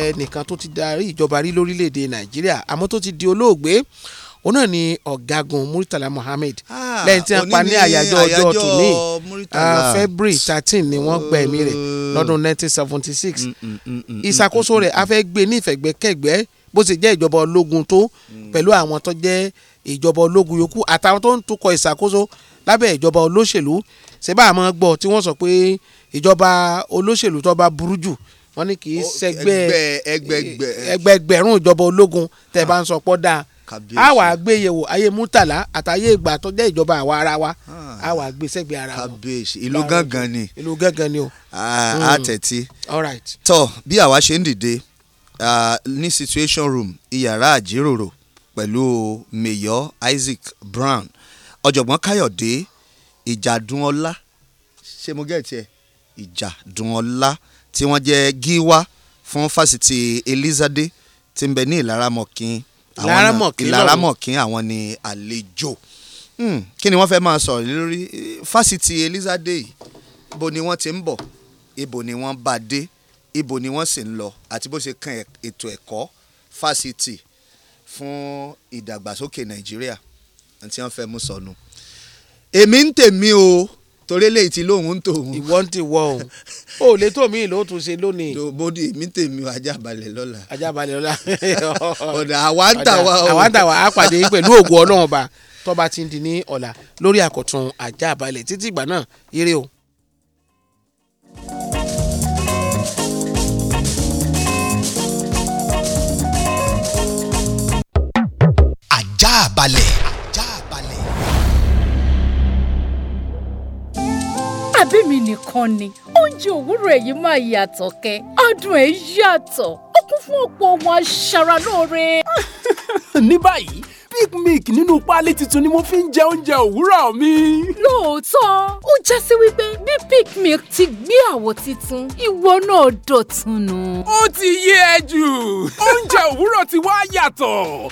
ẹnìkan tó ti darí ìjọba rí lórílẹ̀‐èdè nàìjíríà àmọ́ tó ti di olóògbé òun náà ni ọ̀gágun Murtala Muhammed ah, lẹ́yìn tí wọ́n pa ní àyájọ́ ọjọ́ tòní ah, February thirteen ni wọ́n gba ẹ̀mí rẹ̀ lọ́dún nineteen seventy six mm, mm, mm, ìṣàkóso rẹ̀ a fẹ́ gbé ní ìfẹ̀gbẹ́kẹ̀gbẹ́ bó ṣe jẹ́ ìjọba ológun tó pẹ̀lú àwọn tó jẹ́ ìjọba ológun yòókù àtàwọn tó ń tukọ̀ ìṣàkóso lábẹ́ ìjọba olóṣèlú ṣẹba àmọ́ gbọ́ tí wọ́n sọ pé ìjọba olóṣèlú tó bá burú jù wọ́n ní kì í ṣẹgbẹ́ ẹgbẹgbẹ̀rún ìjọba ológun tẹ̀ bá ń sọ pọ́ dáa a wà á gbé yẹ̀wò ayé mútàlá àtàyè ìgbà tó jẹ́ ìjọba àwa ara wa ah. a wà á gbé sẹ́gbẹ̀ ara wọn. kábíyèsí ìlú gángan ni ìlú gángan ni o. a hmm. tẹ̀tí tọ bí àwa ṣe ń dìde ní situation room iyàrá àjíròrò pẹ̀lú mayor Isaac Brown ọ̀jọ̀gbọ́n Káyọ̀dé Ìjàdùnọlá ṣé mo gẹ̀ tiẹ̀ Ìjàdùnọlá tí wọ́n jẹ́ gíwá fún fásitì Elizade tí ń bẹ ní Ìlaramọ̀kín ìlaramọ̀kín àwọn ni àlejò hmm, kí ni wọ́n fẹ́ máa sọ̀rọ̀ lórí fásitì elizade yìí ibo ni wọ́n ti ń bọ̀ ibo ni wọ́n bá dé ibo ni wọ́n sì ń lọ àti bó ṣe kan ètò ẹ̀kọ́ fásitì fún ìdàgbàsókè nàìjíríà àti wọ́n fẹ́ mú sọnù èmi ń tèmi o torí eléyìí ti lóhùn ń tòun. ìwọ ń ti wọ o ò lè tó mi ló tún ṣe lónìí. bòdì mi tèmi ajábalẹ̀ lọ́la. ajábalẹ̀ lọ́la. ọ̀dà àwa ń tà wá o. àwa ń tà wá á pàdé pẹ̀lú ògùn ọlọ́run ọba tọ́ba ti ń di ní ọ̀la lórí àkọ̀tun ajábalẹ̀ títí ìgbà náà ire o. ajábalẹ̀. àbí mi nìkan ni oúnjẹ òwúrọ̀ èyí máa yàtọ̀ kẹ́ adùn ẹ̀ yàtọ̀ ó kún fún ọ̀pọ̀ ohun aṣaralóore. ní báyìí big milk nínú páálí tuntun ni mo fi ń jẹ oúnjẹ òwúrọ̀ mi. lóòótọ́ ó jẹ́ sí wípé bí big milk ti gbé àwọ̀ titun ìwọ náà dọ̀tun nù. ó ti yé ẹ jù oúnjẹ òwúrọ̀ ti wá yàtọ̀.